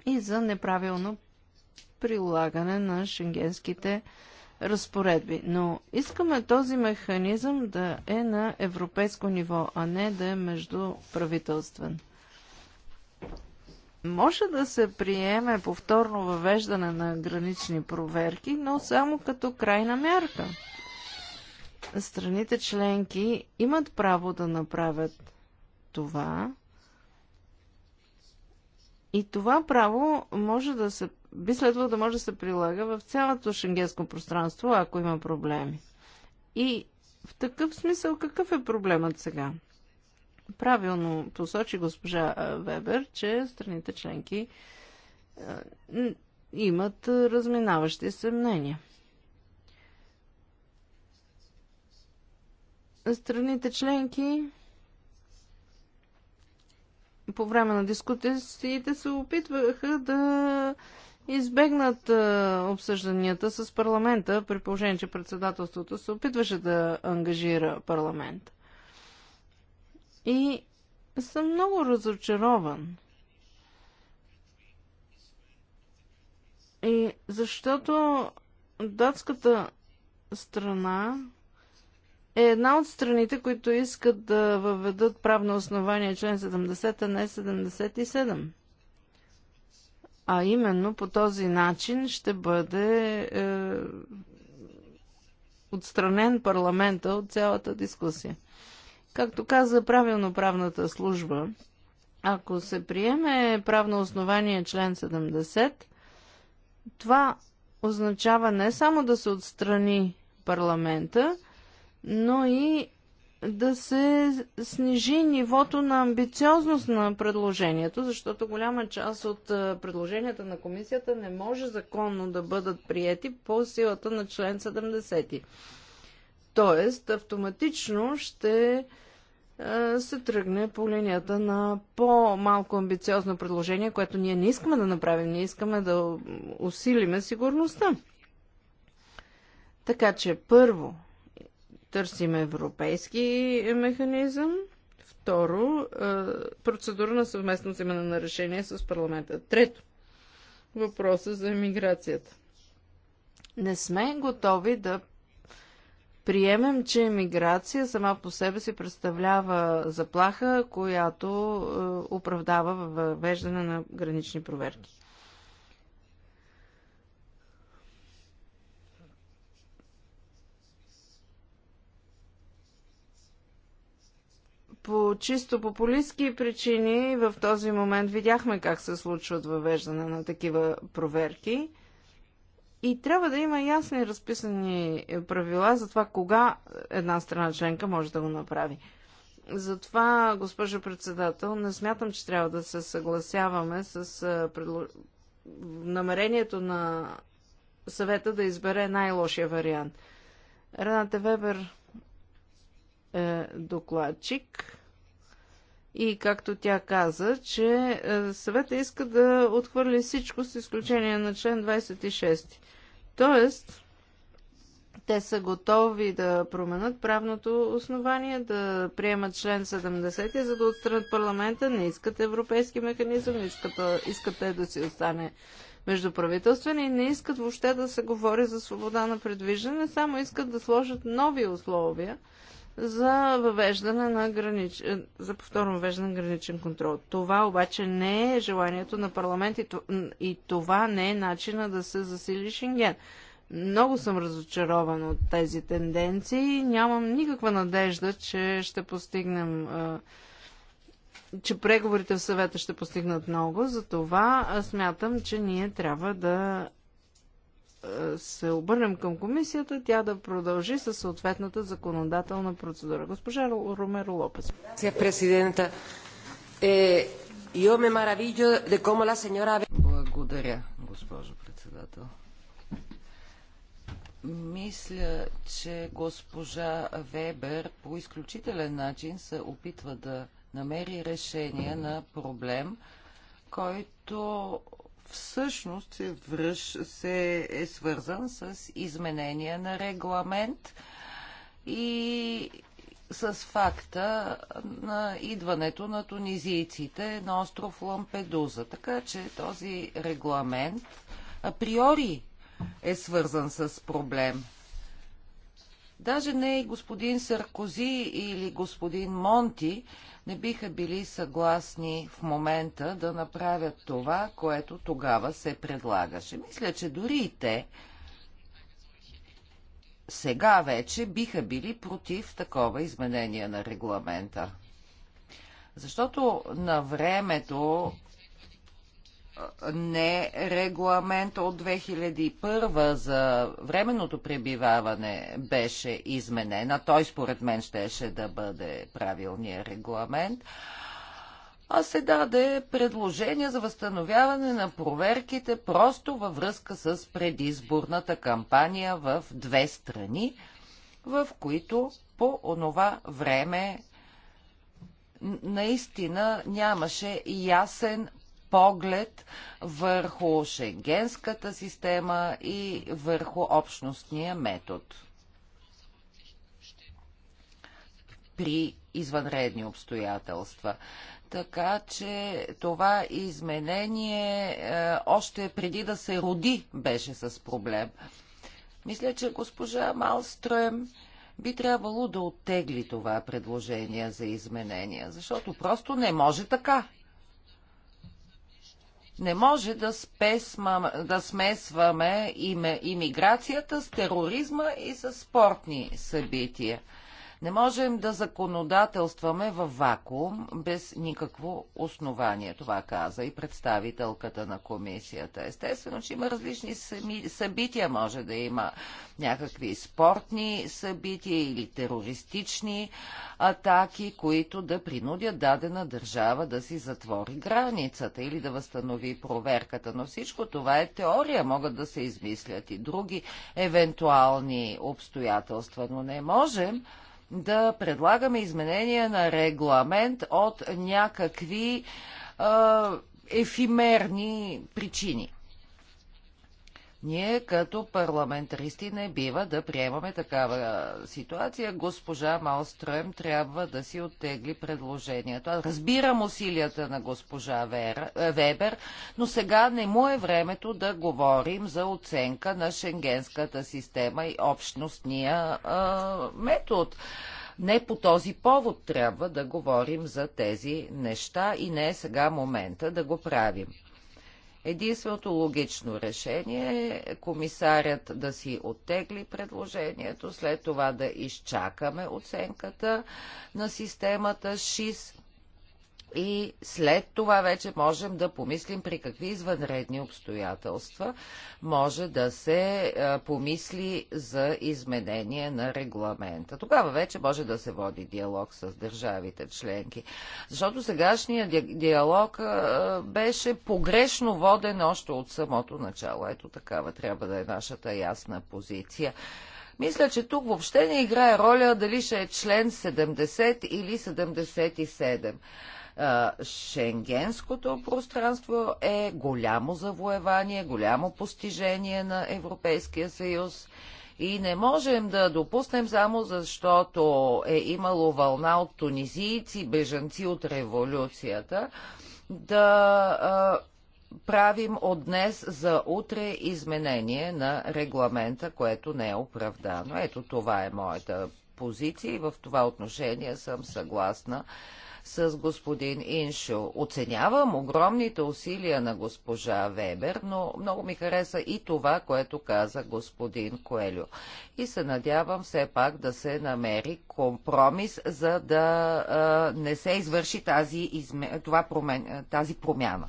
Speaker 2: и за неправилно прилагане на шенгенските разпоредби. Но искаме този механизъм да е на европейско ниво, а не да е междуправителствен. Може да се приеме повторно въвеждане на гранични проверки, но само като крайна мярка. Страните членки имат право да направят това, и това право може да се, би следвало да може да се прилага в цялото шенгенско пространство, ако има проблеми. И в такъв смисъл какъв е проблемът сега? Правилно посочи госпожа Вебер, че страните членки имат разминаващи се мнения. Страните членки по време на дискусиите се опитваха да избегнат обсъжданията с парламента, при положение, че председателството се опитваше да ангажира парламент. И съм много разочарован. И защото датската страна е една от страните, които искат да въведат правно основание член 70, а не 77. А именно по този начин ще бъде е, отстранен парламента от цялата дискусия. Както каза правилно правната служба, ако се приеме правно основание член 70, това означава не само да се отстрани парламента, но и да се снижи нивото на амбициозност на предложението, защото голяма част от е, предложенията на комисията не може законно да бъдат приети по силата на член 70. Тоест, автоматично ще е, се тръгне по линията на по-малко амбициозно предложение, което ние не искаме да направим. Ние искаме да усилиме сигурността. Така че, първо, Търсим европейски механизъм. Второ, е, процедура на съвместно вземане на решение с парламента. Трето, въпроса за емиграцията. Не сме готови да приемем, че емиграция сама по себе си представлява заплаха, която е, оправдава въвеждане на гранични проверки. по чисто популистски причини в този момент видяхме как се случват въвеждане на такива проверки. И трябва да има ясни разписани правила за това кога една страна членка може да го направи. Затова, госпожо председател, не смятам, че трябва да се съгласяваме с предло... намерението на съвета да избере най-лошия вариант. Рената Вебер е докладчик и както тя каза, че е, съвета иска да отхвърли всичко с изключение на член 26. Тоест, те са готови да променят правното основание, да приемат член 70, за да отстранят парламента. Не искат европейски механизъм, искат, искат те да си остане правителствени. и не искат въобще да се говори за свобода на предвиждане, само искат да сложат нови условия, за въвеждане на гранич... Е, за повторно въвеждане на граничен контрол. Това обаче не е желанието на парламент и това не е начина да се засили Шенген. Много съм разочарован от тези тенденции. Нямам никаква надежда, че ще постигнем че преговорите в съвета ще постигнат много. Затова смятам, че ние трябва да се обърнем към комисията, тя да продължи със съответната законодателна процедура. Госпожа Ромеро
Speaker 3: Лопес. президента. Eh, Благодаря, госпожо председател. Мисля, че госпожа Вебер по изключителен начин се опитва да намери решение на проблем, който всъщност се, връж, се е свързан с изменения на регламент и с факта на идването на тунизийците на остров Лампедуза. Така че този регламент априори е свързан с проблем. Даже не и господин Саркози или господин Монти, не биха били съгласни в момента да направят това, което тогава се предлагаше. Мисля, че дори и те сега вече биха били против такова изменение на регламента. Защото на времето не регламент от 2001 за временното пребиваване беше изменен, а той според мен щеше да бъде правилният регламент, а се даде предложение за възстановяване на проверките просто във връзка с предизборната кампания в две страни, в които по онова време наистина нямаше ясен поглед върху шенгенската система и върху общностния метод при извънредни обстоятелства. Така че това изменение е, още преди да се роди беше с проблем. Мисля, че госпожа Малстрем би трябвало да оттегли това предложение за изменения, защото просто не може така. Не може да, спесма, да смесваме имиграцията с тероризма и с спортни събития. Не можем да законодателстваме в вакуум без никакво основание. Това каза и представителката на комисията. Естествено, че има различни събития. Може да има някакви спортни събития или терористични атаки, които да принудят дадена държава да си затвори границата или да възстанови проверката. Но всичко това е теория. Могат да се измислят и други евентуални обстоятелства, но не можем да предлагаме изменения на регламент от някакви ефимерни причини. Ние като парламентаристи не бива да приемаме такава ситуация. Госпожа Малстрем трябва да си оттегли предложението. Аз разбирам усилията на госпожа Вебер, но сега не му е времето да говорим за оценка на шенгенската система и общностния а, метод. Не по този повод трябва да говорим за тези неща и не е сега момента да го правим. Единственото логично решение е комисарят да си оттегли предложението, след това да изчакаме оценката на системата ШИС и след това вече можем да помислим при какви извънредни обстоятелства може да се помисли за изменение на регламента. Тогава вече може да се води диалог с държавите членки. Защото сегашният диалог беше погрешно воден още от самото начало. Ето такава трябва да е нашата ясна позиция. Мисля, че тук въобще не играе роля дали ще е член 70 или 77. Шенгенското пространство е голямо завоевание, голямо постижение на Европейския съюз. И не можем да допуснем само защото е имало вълна от тунизийци, бежанци от революцията, да правим от днес за утре изменение на регламента, което не е оправдано. Ето това е моята позиция и в това отношение съм съгласна с господин Иншо. Оценявам огромните усилия на госпожа Вебер, но много ми хареса и това, което каза господин Коелю. И се надявам все пак да се намери компромис, за да а, не се извърши тази, изме... това промен... тази промяна.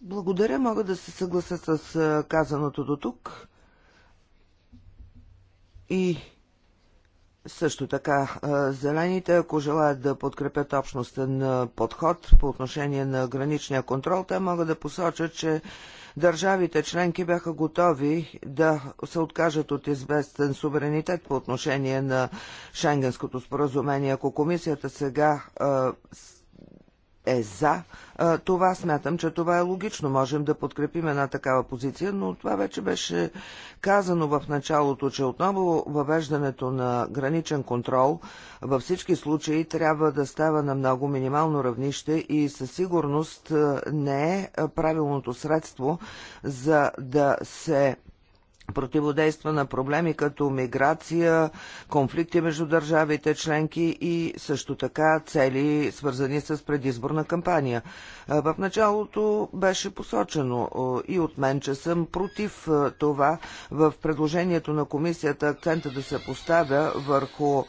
Speaker 3: Благодаря, мога
Speaker 5: да се съглася с казаното до тук. И също така, зелените, ако желаят да подкрепят общностен подход по отношение на граничния контрол, те могат да посочат, че държавите членки бяха готови да се откажат от известен суверенитет по отношение на Шенгенското споразумение. Ако комисията сега е за това. Смятам, че това е логично. Можем да подкрепим една такава позиция, но това вече беше казано в началото, че отново въвеждането на граничен контрол във всички случаи трябва да става на много минимално равнище и със сигурност не е правилното средство за да се противодейства на проблеми като миграция, конфликти между държавите членки и също така цели, свързани с предизборна кампания. В началото беше посочено и от мен, че съм против това в предложението на комисията акцента да се поставя върху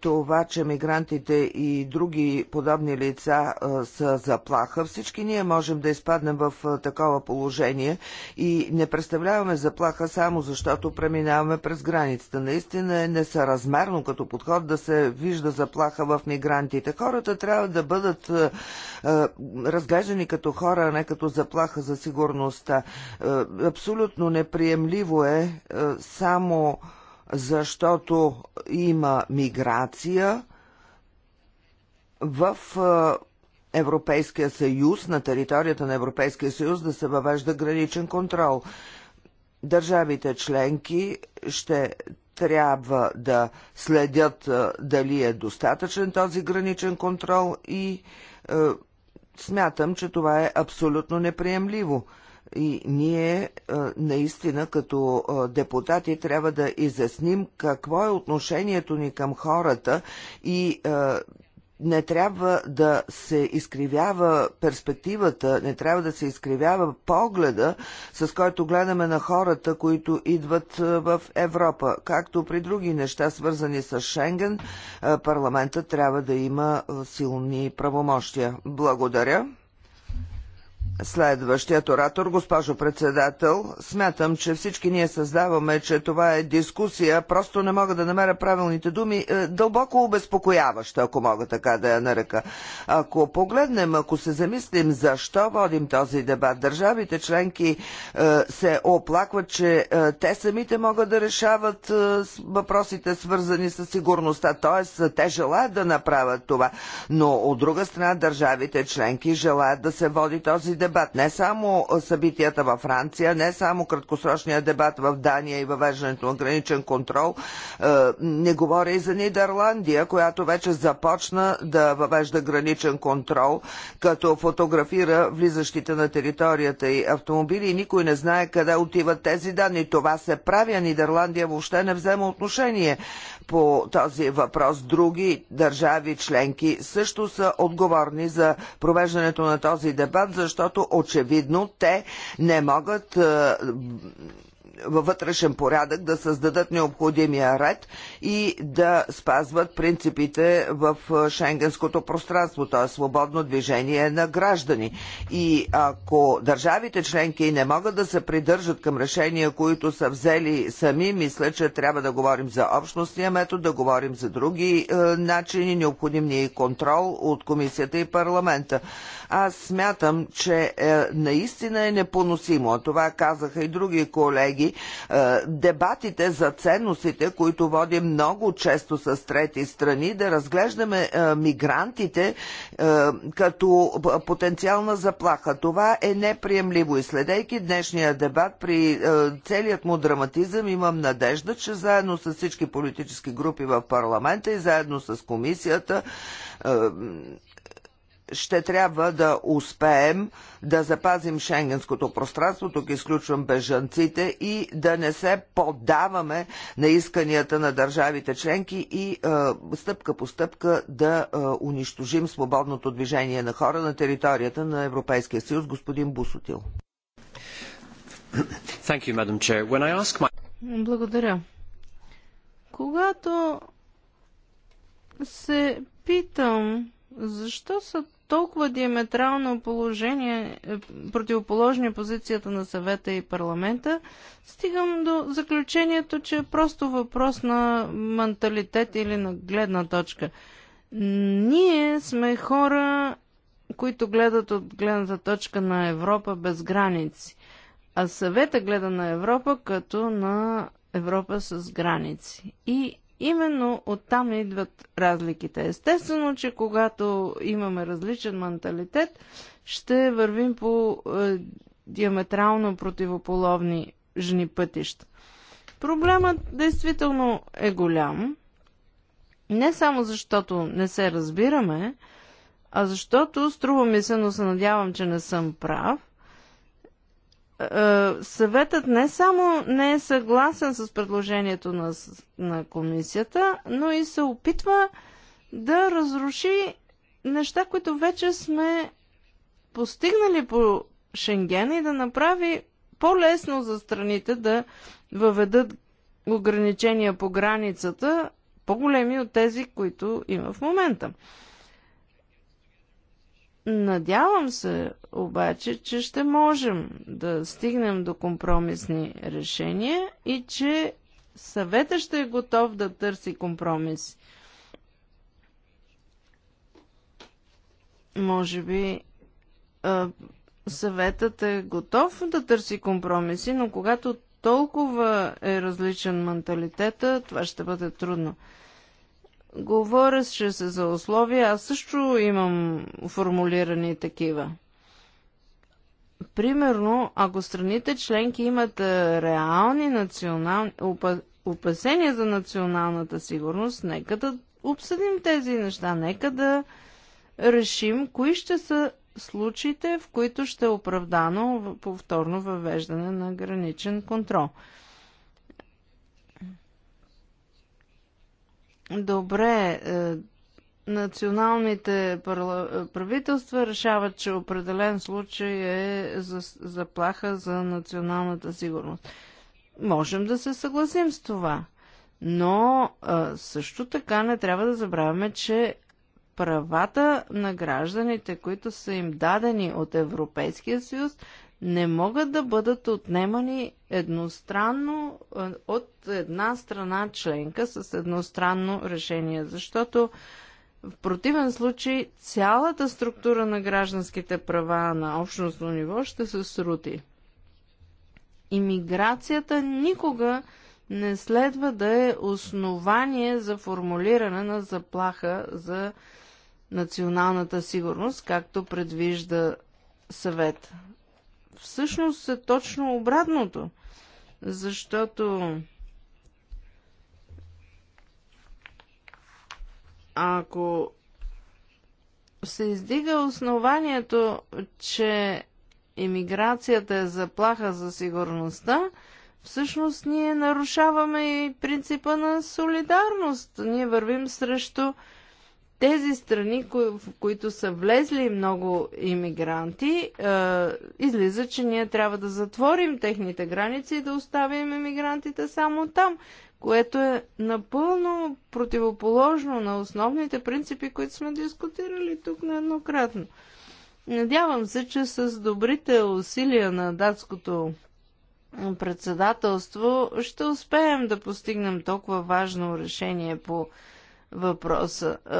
Speaker 5: това, че мигрантите и други подобни лица са заплаха. Всички ние можем да изпаднем в такова положение и не представляваме заплаха само защото преминаваме през границата. Наистина е несъразмерно като подход да се вижда заплаха в мигрантите. Хората трябва да бъдат е, е разглеждани като хора, а не като заплаха за сигурността. Е, абсолютно неприемливо е, е само защото има миграция в е, Европейския съюз, на територията на Европейския съюз да се въвежда граничен контрол държавите членки ще трябва да следят е, дали е достатъчен този граничен контрол и е, смятам, че това е абсолютно неприемливо. И ние е, наистина като е, депутати трябва да изясним какво е отношението ни към хората и е, не трябва да се изкривява перспективата, не трябва да се изкривява погледа, с който гледаме на хората, които идват в Европа. Както при други неща, свързани с Шенген, парламентът трябва да има силни правомощия. Благодаря. Следващият оратор, госпожо председател, смятам, че всички ние създаваме, че това е дискусия, просто не мога да намеря правилните думи, е, дълбоко обезпокояваща, ако мога така да я нарека. Ако погледнем, ако се замислим защо водим този дебат, държавите членки е, се оплакват, че е, те самите могат да решават въпросите свързани с сигурността, т.е. те желаят да направят това, но от друга страна държавите членки желаят да се води този дебат дебат. Не само събитията във Франция, не само краткосрочния дебат в Дания и въвеждането на граничен контрол. Е, не говоря и за Нидерландия, която вече започна да въвежда граничен контрол, като фотографира влизащите на територията и автомобили и никой не знае къде отиват тези данни. Това се прави, а Нидерландия въобще не взема отношение по този въпрос. Други държави членки също са отговорни за провеждането на този дебат, защото очевидно те не могат е, във вътрешен порядък да създадат необходимия ред и да спазват принципите в шенгенското пространство, т.е. свободно движение на граждани. И ако държавите членки не могат да се придържат към решения, които са взели сами, мисля, че трябва да говорим за общностния метод, да говорим за други е, начини, необходим ни е контрол от комисията и парламента. Аз смятам, че е, наистина е непоносимо, а това казаха и други колеги, е, дебатите за ценностите, които водим много често с трети страни, да разглеждаме е, мигрантите е, като потенциална заплаха. Това е неприемливо и следейки днешния дебат при е, целият му драматизъм имам надежда, че заедно с всички политически групи в парламента и заедно с комисията е, ще трябва да успеем да запазим шенгенското пространство, тук изключвам бежанците и да не се поддаваме на исканията на държавите членки и е, стъпка по стъпка да е, унищожим свободното движение на хора на територията на Европейския съюз. Господин Бусотил.
Speaker 1: My...
Speaker 2: Благодаря. Когато се питам защо са толкова диаметрално положение, е, противоположни позицията на съвета и парламента, стигам до заключението, че е просто въпрос на менталитет или на гледна точка. Ние сме хора, които гледат от гледната точка на Европа без граници, а съвета гледа на Европа като на Европа с граници. И Именно оттам идват разликите. Естествено, че когато имаме различен менталитет, ще вървим по е, диаметрално противополовни жени пътища. Проблемът действително е голям. Не само защото не се разбираме, а защото, струва ми се, но се надявам, че не съм прав, е, съветът не само не е съгласен с предложението на, на комисията, но и се опитва да разруши неща, които вече сме постигнали по Шенген и да направи по-лесно за страните да въведат ограничения по границата, по-големи от тези, които има в момента. Надявам се обаче, че ще можем да стигнем до компромисни решения и че съветът ще е готов да търси компромис. Може би съветът е готов да търси компромиси, но когато толкова е различен менталитета, това ще бъде трудно. Говореше се за условия, аз също имам формулирани такива. Примерно, ако страните членки имат реални национални опасения за националната сигурност, нека да обсъдим тези неща, нека да решим кои ще са случаите, в които ще е оправдано повторно въвеждане на граничен контрол. добре е, националните правителства решават, че определен случай е заплаха за националната сигурност. Можем да се съгласим с това, но е, също така не трябва да забравяме, че правата на гражданите, които са им дадени от Европейския съюз, не могат да бъдат отнемани едностранно е, от една страна членка с едностранно решение, защото в противен случай цялата структура на гражданските права на общностно ниво ще се срути. Имиграцията никога не следва да е основание за формулиране на заплаха за националната сигурност, както предвижда съвет всъщност е точно обратното, защото ако се издига основанието, че имиграцията е заплаха за сигурността, всъщност ние нарушаваме и принципа на солидарност. Ние вървим срещу тези страни, в които са влезли много иммигранти, излиза, че ние трябва да затворим техните граници и да оставим иммигрантите само там, което е напълно противоположно на основните принципи, които сме дискутирали тук нееднократно. Надявам се, че с добрите усилия на датското председателство ще успеем да постигнем толкова важно решение по въпроса. Е,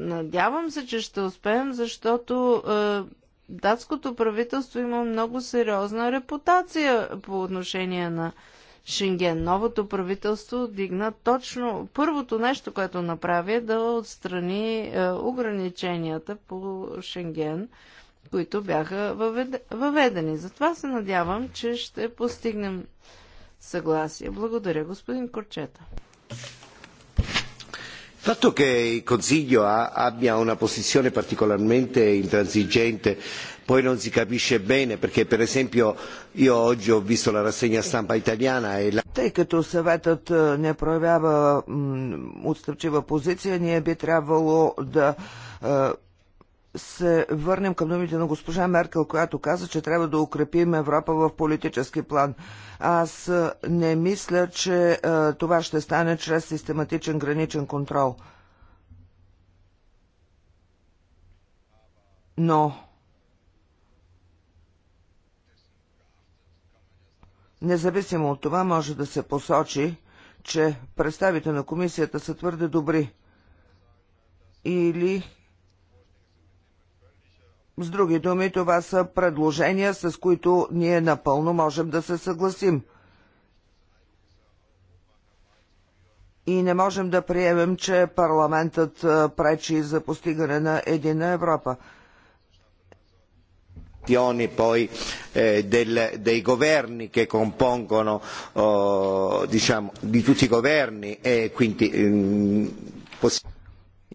Speaker 2: надявам се, че ще успеем, защото е, датското правителство има много сериозна репутация по отношение на Шенген. Новото правителство дигна точно първото нещо, което направи е да отстрани е, ограниченията по Шенген, които бяха въведени. Затова се надявам, че ще постигнем съгласие. Благодаря, господин Корчета.
Speaker 5: Il fatto che il Consiglio abbia una posizione particolarmente intransigente poi non si capisce bene perché per esempio io oggi ho visto la rassegna stampa italiana e la... Тъй като съветът не проявява отстъпчива позиция, ние би трябвало да се върнем към думите на госпожа Меркел, която каза, че трябва да укрепим Европа в политически план. Аз не мисля, че това ще стане чрез систематичен граничен контрол. Но независимо от това може да се посочи, че представите на комисията са твърде добри. Или с други думи, това са предложения, с които ние напълно можем да се съгласим. И не можем да приемем, че парламентът пречи за постигане на едина Европа.
Speaker 4: Poi, eh, del, dei
Speaker 5: governi che compongono oh, diciamo, di tutti i governi e quindi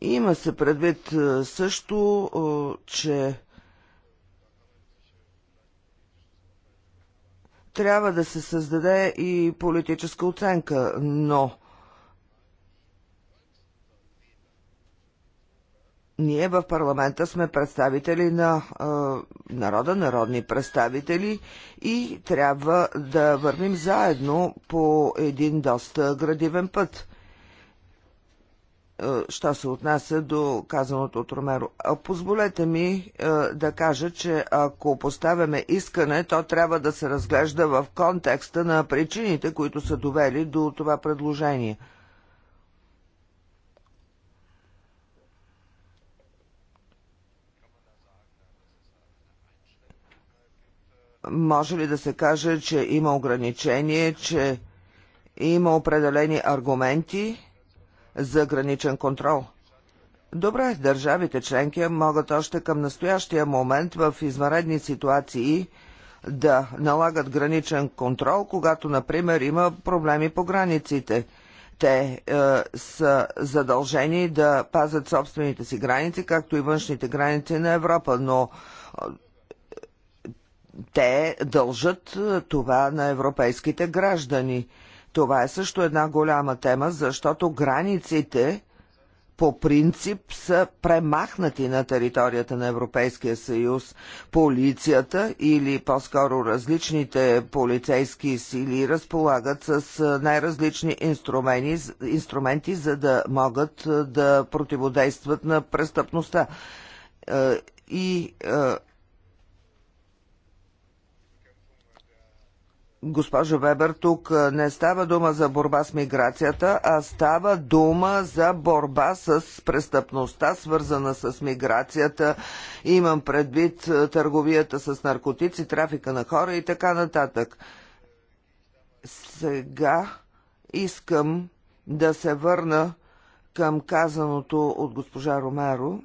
Speaker 5: Има се предвид е, също, че трябва да се създаде и политическа оценка, но ние в парламента сме представители на е, народа, народни представители и трябва да вървим заедно по един доста градивен път. Е, що се отнася до казаното от Ромеро. Позволете ми е, да кажа, че ако поставяме искане, то трябва да се разглежда в контекста на причините, които са довели до това предложение. Може ли да се каже, че има ограничение, че има определени аргументи? за граничен контрол. Добре, държавите членки могат още към настоящия момент в извънредни ситуации да налагат граничен контрол, когато, например, има проблеми по границите. Те е, са задължени да пазят собствените си граници, както и външните граници на Европа, но е, те дължат е, това на европейските граждани. Това е също една голяма тема, защото границите по принцип са премахнати на територията на Европейския съюз. Полицията или по-скоро различните полицейски сили разполагат с най-различни инструменти, инструменти, за да могат да противодействат на престъпността. И госпожо Вебер, тук не става дума за борба с миграцията, а става дума за борба с престъпността, свързана с миграцията. Имам предвид търговията с наркотици, трафика на хора и така нататък. Сега искам да се върна към казаното от госпожа Ромеро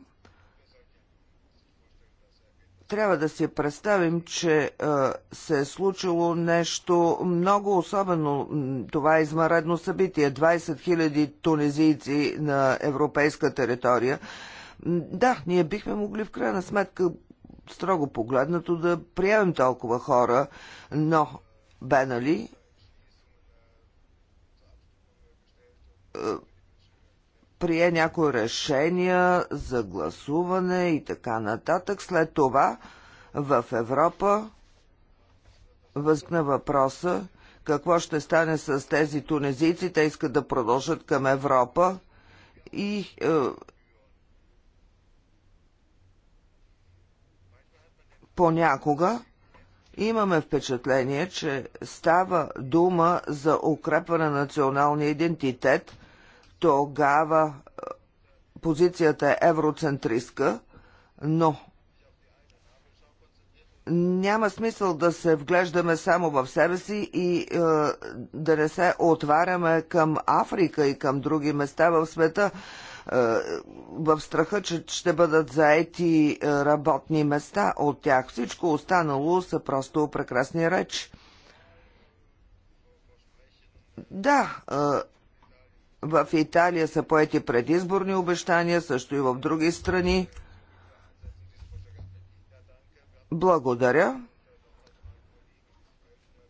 Speaker 5: трябва да си представим, че а, се е случило нещо много особено. Това е измаредно събитие. 20 000 тунезийци на европейска територия. Да, ние бихме могли в крайна сметка, строго погледнато, да приемем толкова хора, но бе нали? прие някои решения за гласуване и така нататък. След това в Европа възкна въпроса какво ще стане с тези тунезийци. Те искат да продължат към Европа и е, понякога имаме впечатление, че става дума за укрепване на националния идентитет – тогава е, позицията е евроцентристка, но няма смисъл да се вглеждаме само в себе си и е, да не се отваряме към Африка и към други места в света е, в страха, че ще бъдат заети е, работни места от тях. Всичко останало са просто прекрасни речи. Да, е, в Италия са поети предизборни обещания, също и в други страни. Благодаря.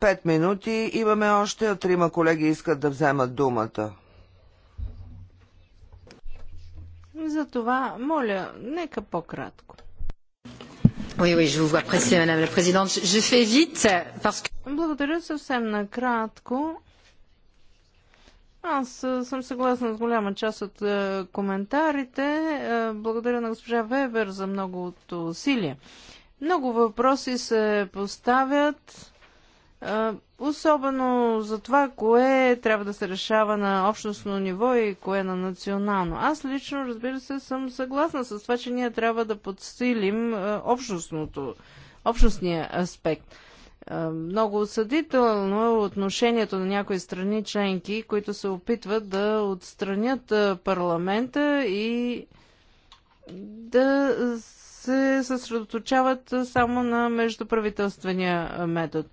Speaker 5: Пет минути имаме още, а трима колеги искат да вземат думата.
Speaker 2: Затова, моля, нека по-кратко.
Speaker 3: Oui, oui, je vous Madame la Présidente. Je fais vite
Speaker 2: parce que... Благодаря съвсем накратко. Аз съм съгласна с голяма част от коментарите. Благодаря на госпожа Вебер за многото усилие. Много въпроси се поставят, особено за това, кое трябва да се решава на общностно ниво и кое на национално. Аз лично, разбира се, съм съгласна с това, че ние трябва да подсилим общностното, общностния аспект много осъдително е отношението на някои страни членки, които се опитват да отстранят парламента и да се съсредоточават само на междуправителствения метод.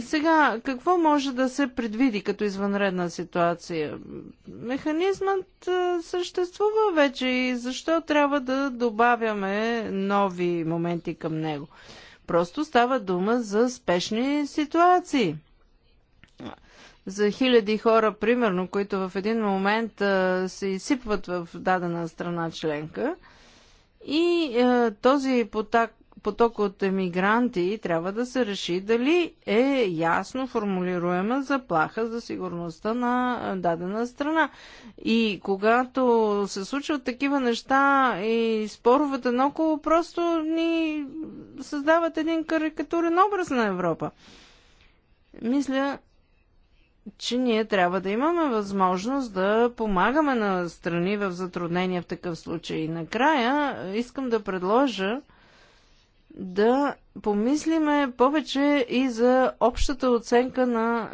Speaker 2: Сега, какво може да се предвиди като извънредна ситуация? Механизмът съществува вече и защо трябва да добавяме нови моменти към него? Просто става дума за спешни ситуации. За хиляди хора, примерно, които в един момент а, се изсипват в дадена страна членка. И а, този потак, поток от емигранти трябва да се реши дали е ясно формулируема заплаха за сигурността на дадена страна. И когато се случват такива неща и споровете наоколо просто ни създават един карикатурен образ на Европа. Мисля, че ние трябва да имаме възможност да помагаме на страни в затруднения в такъв случай. И накрая искам да предложа да помислиме повече и за общата оценка на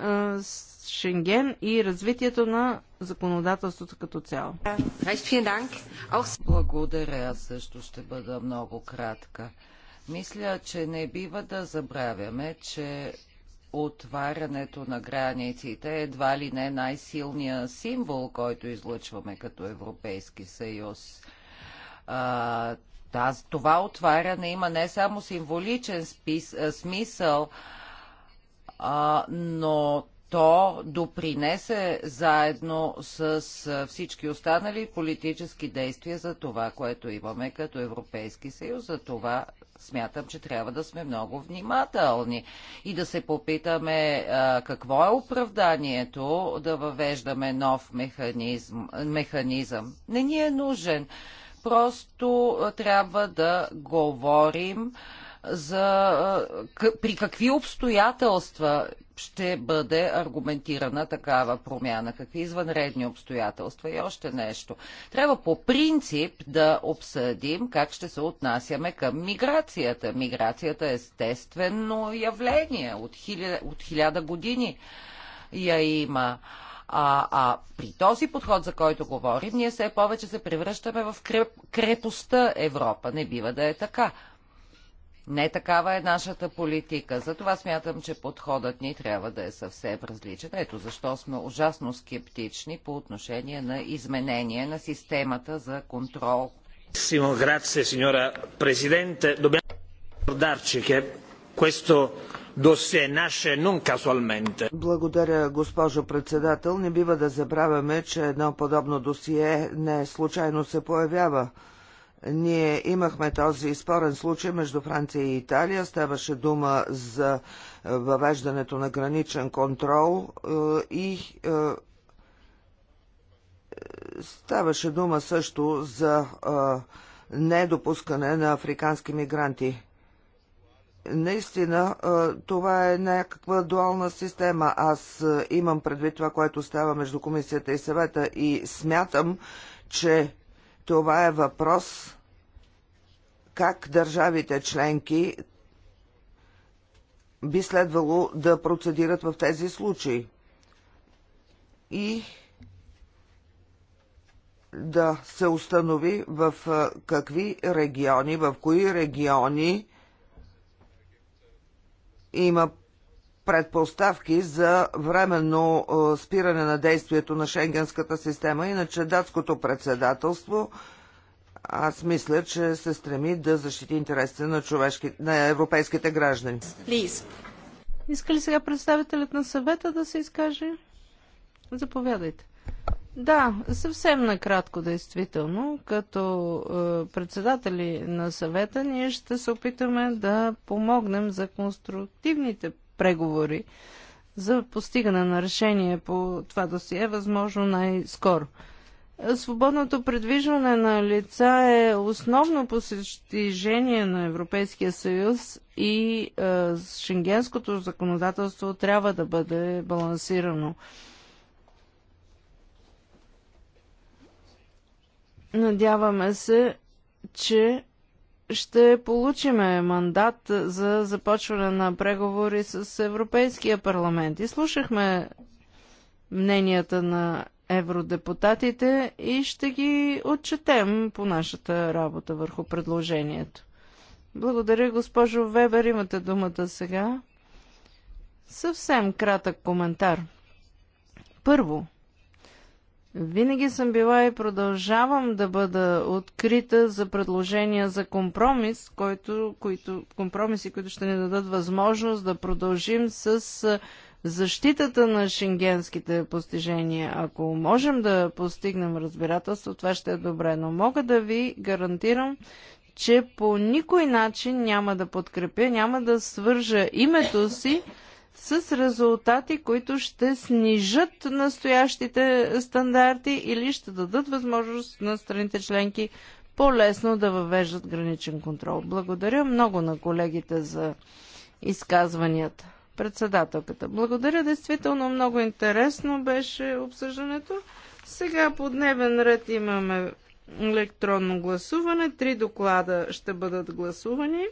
Speaker 2: Шенген и развитието на законодателството
Speaker 3: като цяло. Благодаря, аз също ще бъда много кратка. Мисля, че не бива да забравяме, че отварянето на границите е едва ли не най-силният символ, който излъчваме като Европейски съюз. А, Таз, това отваряне има не само символичен спис, а, смисъл, а, но то допринесе заедно с всички останали политически действия за това, което имаме като Европейски съюз. За това смятам, че трябва да сме много внимателни и да се попитаме а, какво е оправданието да въвеждаме нов механизм, механизъм. Не ни е нужен. Просто трябва да говорим за при какви обстоятелства ще бъде аргументирана такава промяна, какви извънредни обстоятелства и още нещо. Трябва по принцип да обсъдим как ще се отнасяме към миграцията. Миграцията е естествено явление от хиляда, от хиляда години я има. А, а при този подход, за който говорим, ние все повече се превръщаме в креп, крепостта Европа. Не бива да е така. Не такава е нашата политика. Затова смятам, че подходът ни трябва да е съвсем различен. Ето защо сме ужасно скептични по отношение на изменение на системата за контрол.
Speaker 5: Grazie, грация, сеньора Dobbiamo Добре, Questo досие наше non
Speaker 1: casualmente.
Speaker 5: Благодаря, госпожо председател. Не бива да забравяме, че едно подобно досие не случайно се появява. Ние имахме този спорен случай между Франция и Италия. Ставаше дума за въвеждането на граничен контрол е, и е, ставаше дума също за е, недопускане на африкански мигранти наистина това е някаква дуална система. Аз имам предвид това, което става между комисията и съвета и смятам, че това е въпрос как държавите членки би следвало да процедират в тези случаи. И да се установи в какви региони, в кои региони има предпоставки за временно е, спиране на действието на шенгенската система. Иначе датското председателство аз мисля, че се стреми да защити интересите на, човешки, на европейските граждани.
Speaker 1: Please. Иска ли сега
Speaker 2: представителят на съвета да се изкаже? Заповядайте. Да, съвсем накратко, действително. Като е, председатели на съвета, ние ще се опитаме да помогнем за конструктивните преговори за постигане на решение по това си е възможно най-скоро. Свободното предвижване на лица е основно постижение на Европейския съюз и е, шенгенското законодателство трябва да бъде балансирано. Надяваме се, че ще получиме мандат за започване на преговори с Европейския парламент. И слушахме мненията на евродепутатите и ще ги отчетем по нашата работа върху предложението. Благодаря, госпожо Вебер. Имате думата сега. Съвсем кратък коментар. Първо, винаги съм била и продължавам да бъда открита за предложения за компромис, който, които, компромиси, които ще ни дадат възможност да продължим с защитата на шенгенските постижения. Ако можем да постигнем разбирателство, това ще е добре, но мога да ви гарантирам, че по никой начин няма да подкрепя, няма да свържа името си с резултати, които ще снижат настоящите стандарти или ще дадат възможност на страните членки по-лесно да въвеждат граничен контрол. Благодаря много на колегите за изказванията. Председателката. Благодаря, действително много интересно беше обсъждането. Сега по дневен ред имаме електронно гласуване. Три доклада ще бъдат гласувани.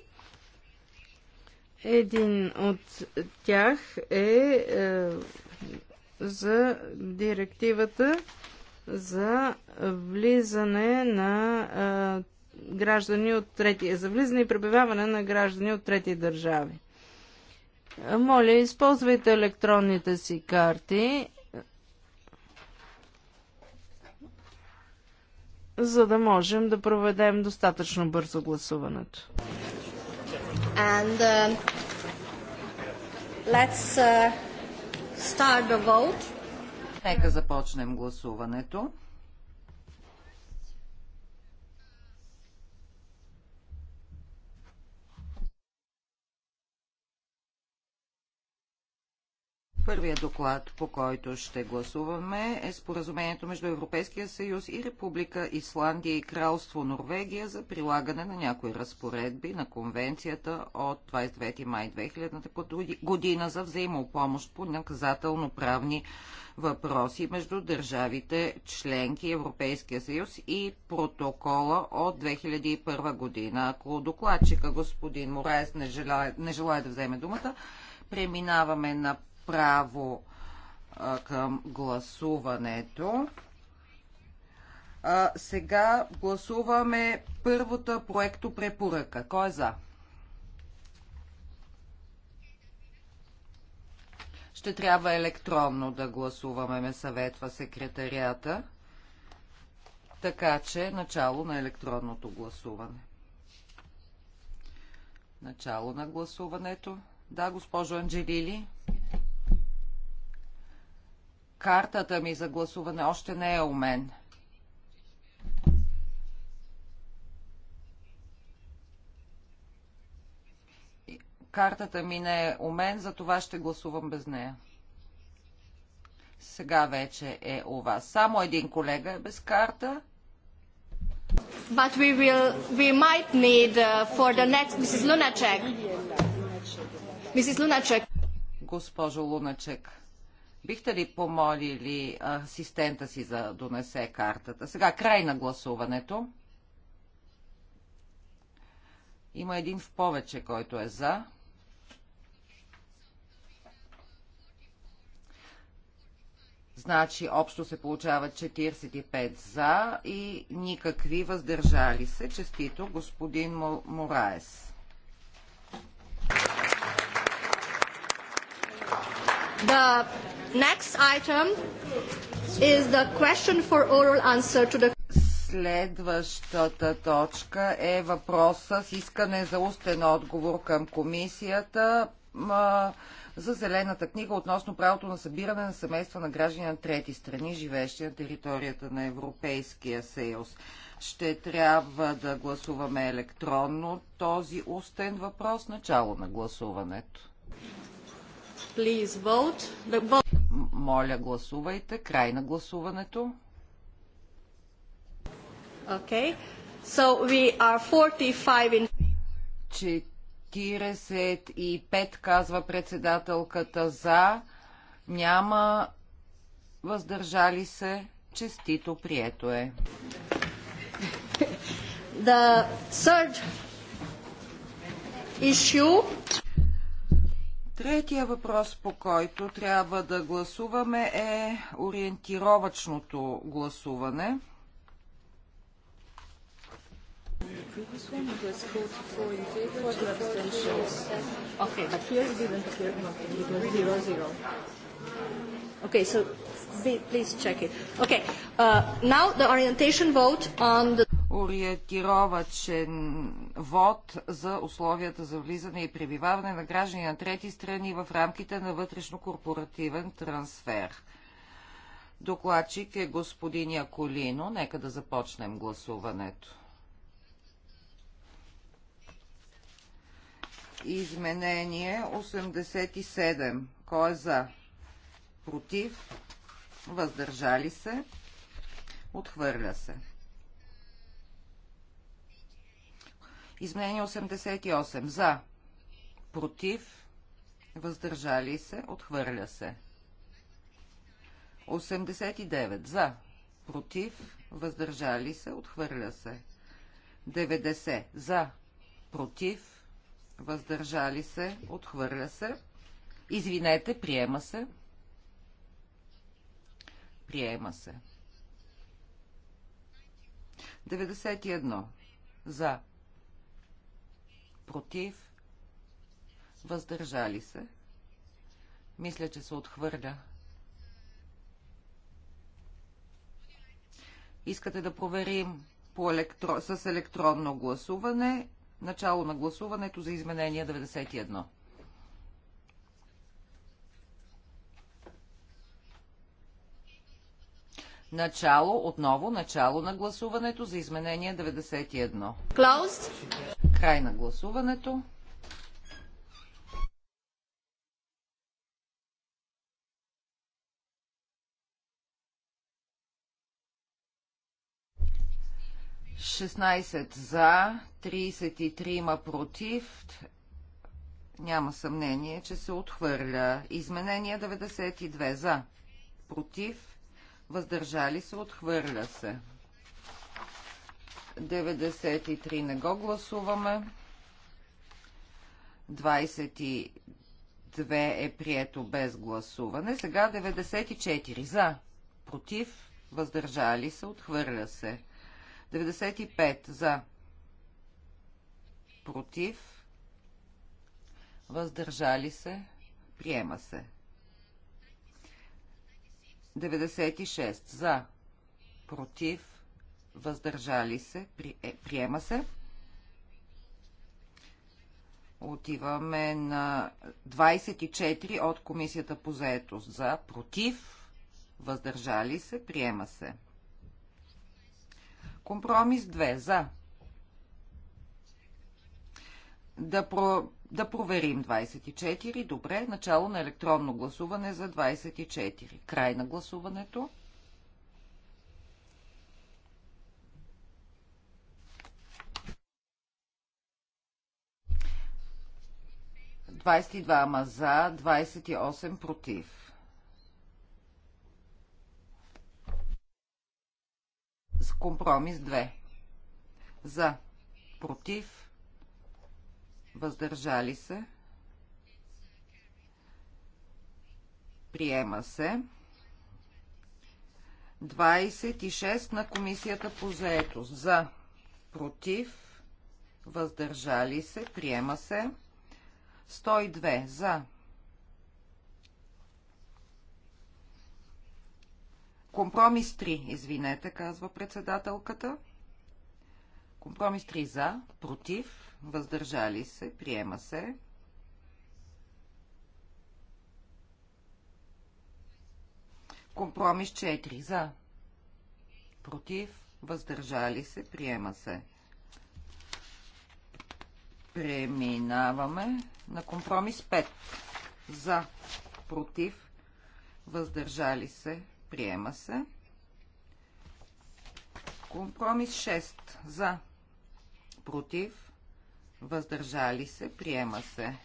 Speaker 2: Един от тях е, е за директивата за влизане на е, граждани от трети, за влизане и пребиваване на граждани от трети държави. Моля, използвайте електронните си карти, за да можем да проведем достатъчно бързо гласуването.
Speaker 1: And um, let's uh, start the vote.
Speaker 3: Нека започнем гласуването. Първият доклад, по който ще гласуваме, е споразумението между Европейския съюз и Република Исландия и Кралство Норвегия за прилагане на някои разпоредби на конвенцията от 29 май 2000 година за взаимопомощ по наказателно-правни въпроси между държавите членки Европейския съюз и протокола от 2001 година. Ако докладчика господин Мораес не желая, не желая да вземе думата, преминаваме на право а, към гласуването. А, сега гласуваме първата проекто препоръка. Кой е за? Ще трябва електронно да гласуваме, ме съветва секретарията. Така че начало на електронното гласуване. Начало на гласуването. Да, госпожо Анджелили картата ми за гласуване още не е у мен. Картата ми не е у мен, затова ще гласувам без нея. Сега вече е у вас. Само един колега е без
Speaker 1: карта. But we will, we might need uh, for the next Mrs. Lunacek. Mrs. Lunacek.
Speaker 3: Госпожо Луначек. Бихте ли помолили асистента си за донесе картата? Сега край на гласуването. Има един в повече, който е за. Значи общо се получават 45 за и никакви въздържали се. Честито господин Мораес.
Speaker 1: The next item is the question for oral
Speaker 3: answer to the Следващата точка е въпроса с искане за устен отговор към комисията за Зелената книга относно правото на събиране на семейства на граждани на трети страни, живеещи на територията на Европейския съюз. Ще трябва да гласуваме електронно този устен въпрос, начало на гласуването. Please vote. The vote. Моля, гласувайте. Край на гласуването. Okay. So we are 45 in... 45 казва председателката за. Няма въздържали се. Честито прието е. The third issue Третия въпрос, по който трябва да гласуваме е ориентировачното гласуване.
Speaker 1: Okay, so please check it. Okay, uh, now the orientation vote on the ориентировачен вод
Speaker 3: за условията за влизане и пребиваване на граждани на трети страни в рамките на вътрешно-корпоративен трансфер. Докладчик е господин Яколино. Нека да започнем гласуването. Изменение 87. Кой е за? Против? Въздържали се? Отхвърля се. Изменение 88. За. Против. Въздържали се. Отхвърля се. 89. За. Против. Въздържали се. Отхвърля се. 90. За. Против. Въздържали се. Отхвърля се. Извинете. Приема се. Приема се. 91. За против, въздържали се. Мисля, че се отхвърля. Искате да проверим по електро... с електронно гласуване начало на гласуването за изменение 91. Начало, отново начало на гласуването за изменение 91. Closed. Край на гласуването. Шестнайсет за, 33 против, няма съмнение, че се отхвърля. Изменение 92 за, против въздържали се, отхвърля се. 93 не го гласуваме. 22 е прието без гласуване. Сега 94 за, против, въздържали се, отхвърля се. 95 за, против, въздържали се, приема се. 96 за, против, въздържали се, при, е, приема се. Отиваме на 24 от Комисията по заетост за, против, въздържали се, приема се. Компромис 2 за. Да про... Да проверим 24. Добре. Начало на електронно гласуване за 24. Край на гласуването. Двадесет двама за, 28 против. С компромис 2. За, против, въздържали се, приема се. 26 на комисията по заетост. За, против, въздържали се, приема се. 102 за. Компромис 3, извинете, казва председателката. Компромис 3 за, против, въздържали се, приема се. Компромис 4 за, против, въздържали се, приема се. Преминаваме на компромис 5 за, против, въздържали се, приема се. Компромис 6 за, против, въздържали се, приема се.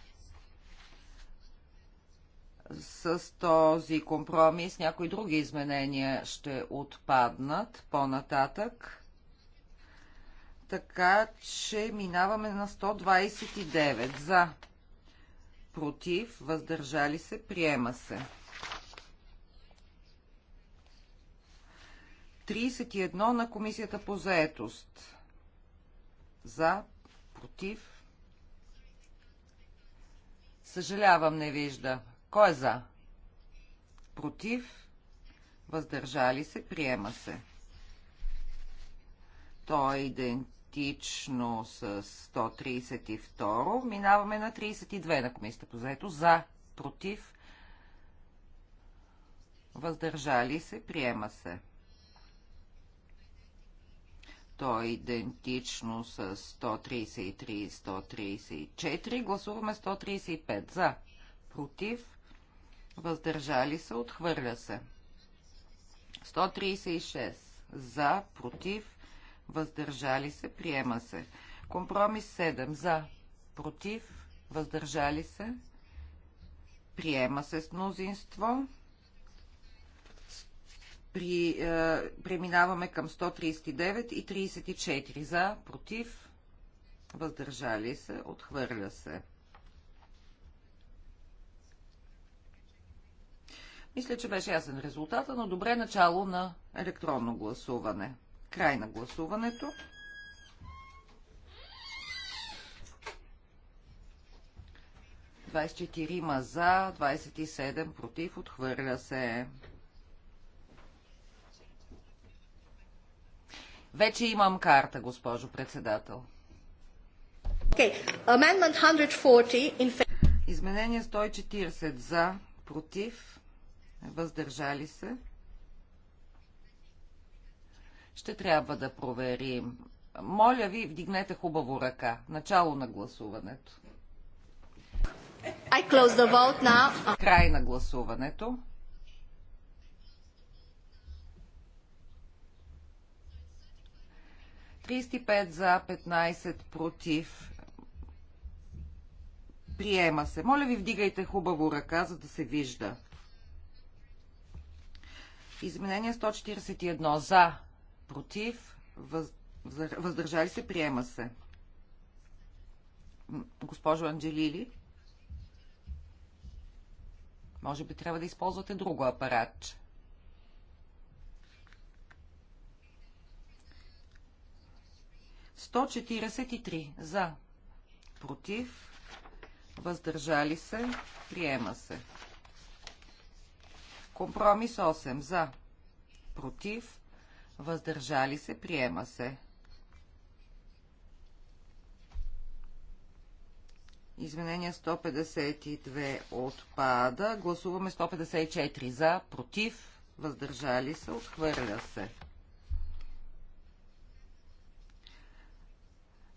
Speaker 3: С този компромис някои други изменения ще отпаднат по-нататък. Така че минаваме на 129 за, против, въздържали се, приема се. 31 на Комисията по заетост. За, против. Съжалявам, не вижда. Кой е за? Против. Въздържали се, приема се. То е идентично с 132. Минаваме на 32 на комисията по заето. За, против. Въздържали се, приема се. То е идентично с 133 134. Гласуваме 135 за, против, въздържали се, отхвърля се. 136 за, против, въздържали се, приема се. Компромис 7 за, против, въздържали се, приема се с мнозинство. При, е, преминаваме към 139 и 34 за, против, въздържали се, отхвърля се. Мисля, че беше ясен резултата, но добре начало на електронно гласуване. Край на гласуването. Двадесет за, 27 против, отхвърля се. Вече имам карта, госпожо председател. Okay. Amendment 140 in... Изменение 140 за, против, въздържали се. Ще трябва да проверим. Моля ви, вдигнете хубаво ръка. Начало на гласуването. I close the vote now. Край на гласуването. 35 за, 15 против. Приема се. Моля ви, вдигайте хубаво ръка, за да се вижда. Изменение 141 за, против, въз... въздържали се, приема се. Госпожо Анджелили, може би трябва да използвате друго апаратче. 143 за, против, въздържали се, приема се. Компромис 8 за, против, въздържали се, приема се. Изменение 152 отпада. Гласуваме 154 за, против, въздържали се, отхвърля се.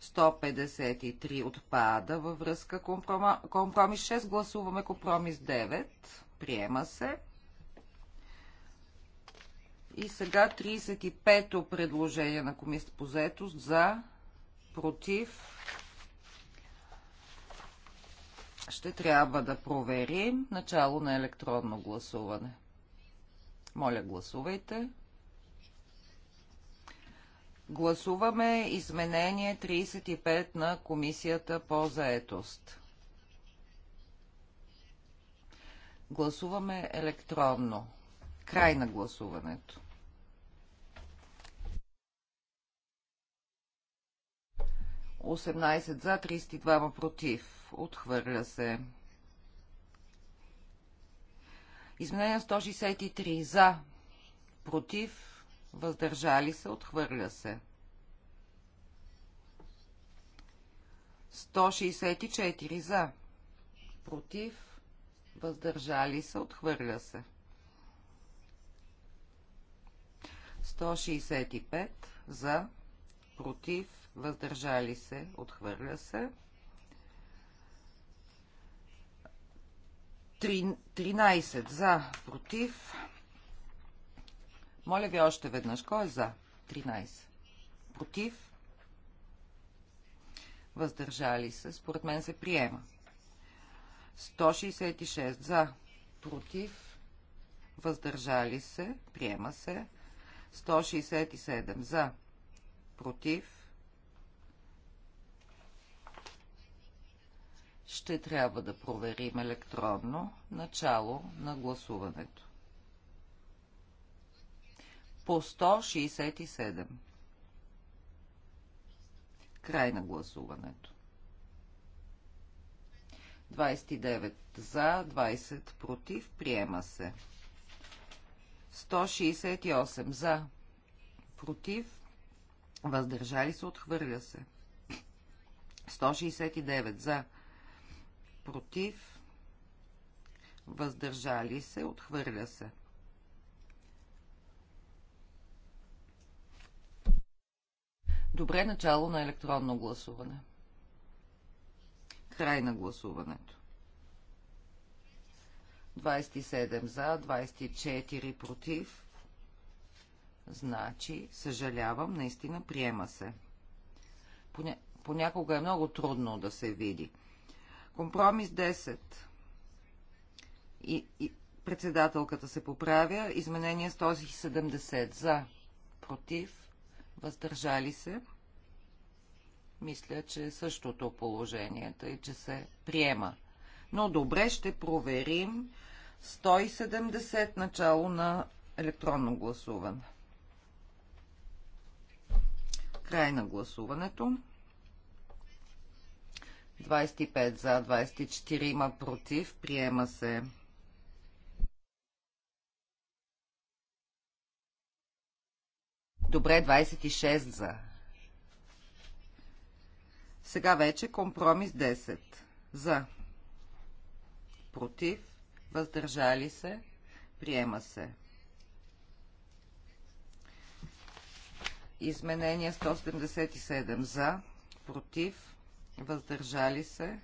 Speaker 3: 153 отпада във връзка компромис 6. Гласуваме компромис 9. Приема се. И сега 35-то предложение на комисията по заетост за, против. Ще трябва да проверим начало на електронно гласуване. Моля, Гласувайте. Гласуваме изменение 35 на Комисията по заетост. Гласуваме електронно. Край на гласуването. Осемнайсет за, 32 против. Отхвърля се. Изменение 163 за, против въздържали се, отхвърля се. 164 за, против, въздържали се, отхвърля се. 165 за, против, въздържали се, отхвърля се. 13 за, против, моля ви още веднъж. Кой е за? 13. Против? Въздържали се. Според мен се приема. 166 за. Против? Въздържали се. Приема се. 167 за. Против? Ще трябва да проверим електронно начало на гласуването по 167. Край на гласуването. 29 за, 20 против. Приема се. 168 за, против. Въздържали се, отхвърля се. 169 за, против. Въздържали се, отхвърля се. Добре начало на електронно гласуване. Край на гласуването. 27 за, 24 против. Значи, съжалявам, наистина приема се. Поня... Понякога е много трудно да се види. Компромис 10. И, и председателката се поправя. Изменение 170 за, против въздържали се. Мисля, че е същото положение, тъй че се приема. Но добре, ще проверим 170 начало на електронно гласуване. Край на гласуването. 25 за, 24 има против. Приема се Добре, 26 за. Сега вече компромис 10. За. Против. Въздържали се. Приема се. Изменение 177 за. Против. Въздържали се.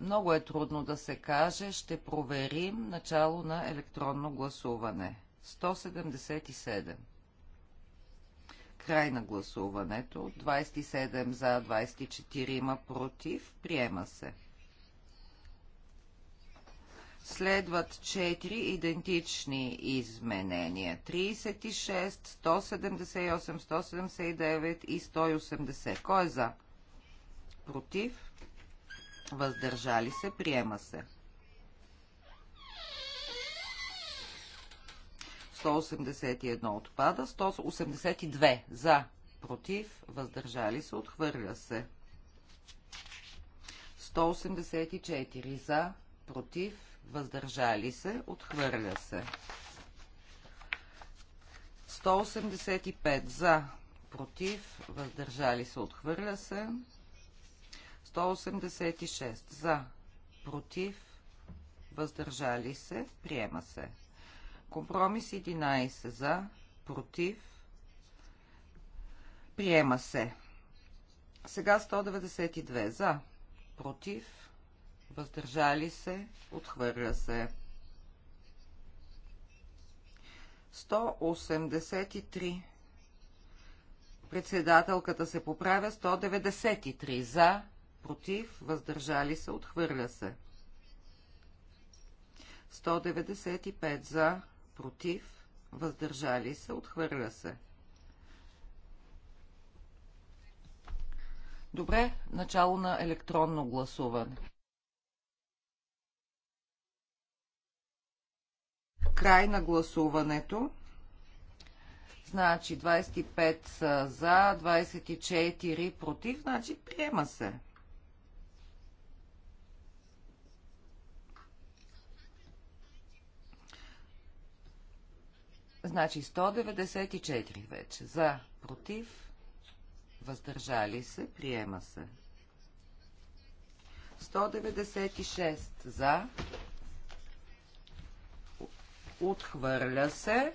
Speaker 3: Много е трудно да се каже. Ще проверим начало на електронно гласуване. 177. Край на гласуването. 27 за, 24 има против. Приема се. Следват 4 идентични изменения. 36, 178, 179 и 180. Кой е за? Против? Въздържали се? Приема се. 181 отпада. 182 за, против, въздържали се, отхвърля се. 184 за, против, въздържали се, отхвърля се. 185 за, против, въздържали се, отхвърля се. 186 за, против, въздържали се, приема се. Компромис 11 за, против, приема се. Сега 192 за, против, въздържали се, отхвърля се. 183. Председателката се поправя 193 за, против, въздържали се, отхвърля се. 195 за, против, въздържали се, отхвърля се. Добре, начало на електронно гласуване. Край на гласуването. Значи 25 са за, 24 против, значи приема се. Значи 194 вече. За, против, въздържали се, приема се. 196 за, отхвърля се.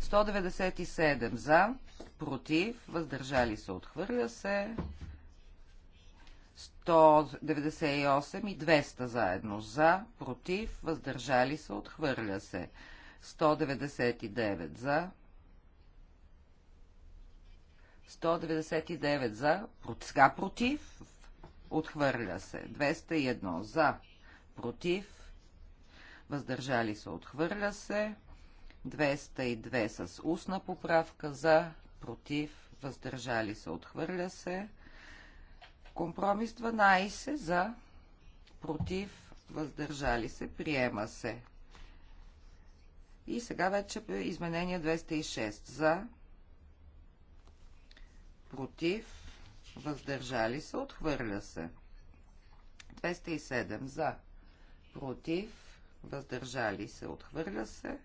Speaker 3: 197 за, против, въздържали се, отхвърля се. 198 и 200 заедно. За, против, въздържали се, отхвърля се. 199 за. 199 за. Сега против, отхвърля се. 201 за, против, въздържали се, отхвърля се. 202 с устна поправка за, против, въздържали се, отхвърля се. Компромис 12 за, против, въздържали се, приема се. И сега вече изменение 206 за, против, въздържали се, отхвърля се. 207 за, против, въздържали се, отхвърля се.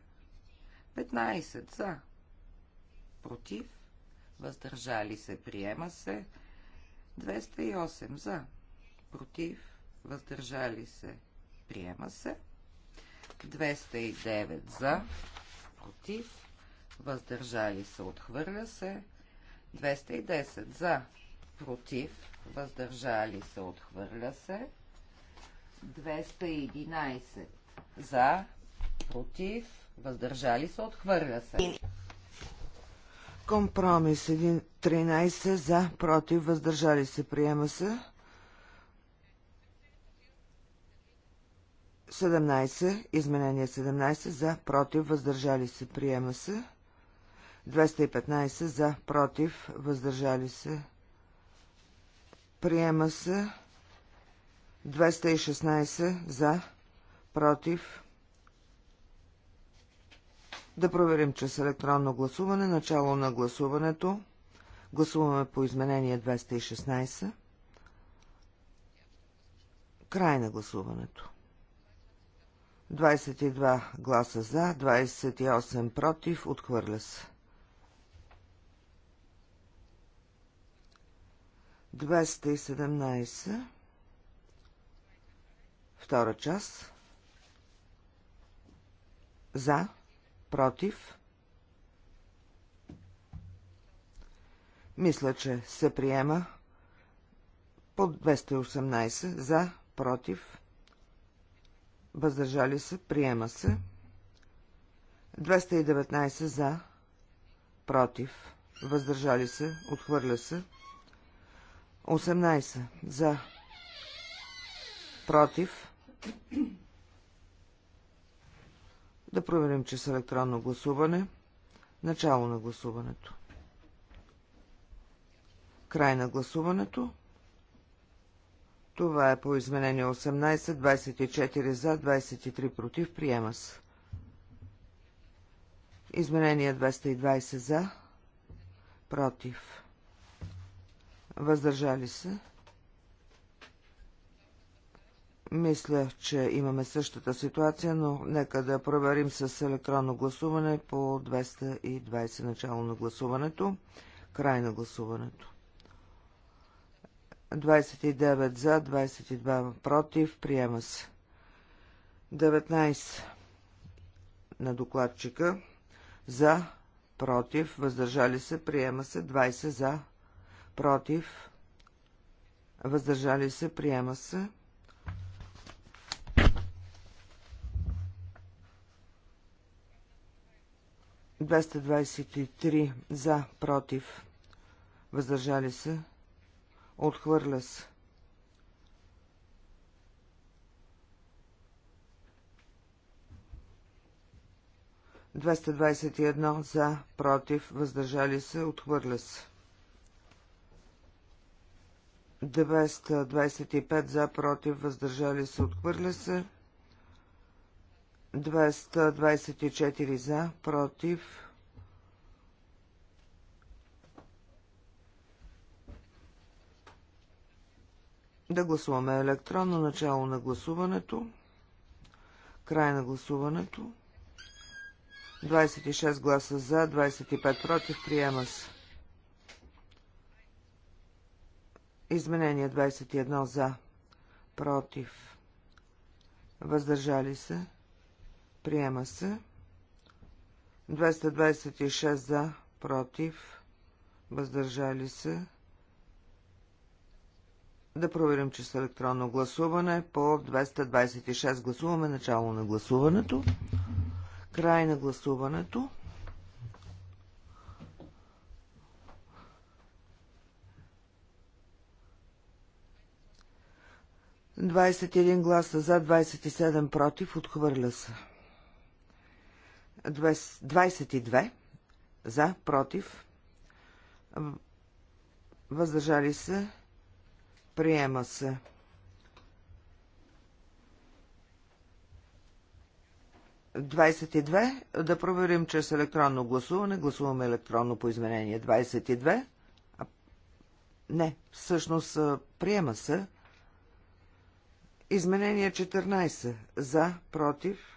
Speaker 3: 15 за, против, въздържали се, приема се. 208 за, против, въздържали се, приема се. 209 за, против, въздържали се, отхвърля се. 210 за, против, въздържали се, отхвърля се. 211 за, против, въздържали се, отхвърля се.
Speaker 5: Компромис 1.13 за, против, въздържали се, приема се. 17, изменение 17 за, против, въздържали се, приема се. 215 за, против, въздържали се, приема се. 216 за, против, да проверим чрез електронно гласуване. Начало на гласуването. Гласуваме по изменение 216. Край на гласуването. 22 гласа за, 28 против, отхвърля се. 217. Втора част. За против. Мисля, че се приема по 218 за, против, въздържали се, приема се. 219 за, против, въздържали се, отхвърля се. 18 за, против, да проверим, че с електронно гласуване. Начало на гласуването. Край на гласуването. Това е по изменение 18, 24 за, 23 против, приема се. Изменение 220 за, против, въздържали се. Мисля, че имаме същата ситуация, но нека да проверим с електронно гласуване по 220 начало на гласуването, край на гласуването. 29 за, 22 против, приема се. 19 на докладчика за, против, въздържали се, приема се. 20 за, против, въздържали се, приема се. 223 за, против, въздържали се, отхвърля се. Двеста за, против, въздържали се, отхвърля се. 225 за, против, въздържали се, отхвърля се. 224 за, против. Да гласуваме електронно начало на гласуването. Край на гласуването. 26 гласа за, 25 против. Приема се. Изменение 21 за, против. Въздържали се. Приема се. 226 за, против, въздържали се. Да проверим, че с електронно гласуване по 226 гласуваме начало на гласуването. Край на гласуването. Двадесет един гласа за, 27 против, отхвърля се. 22 за, против, въздържали се, приема се. Двадесет и две. Да проверим чрез електронно гласуване. Гласуваме електронно по изменение. 22. Не, всъщност приема се. Изменение 14. За, против,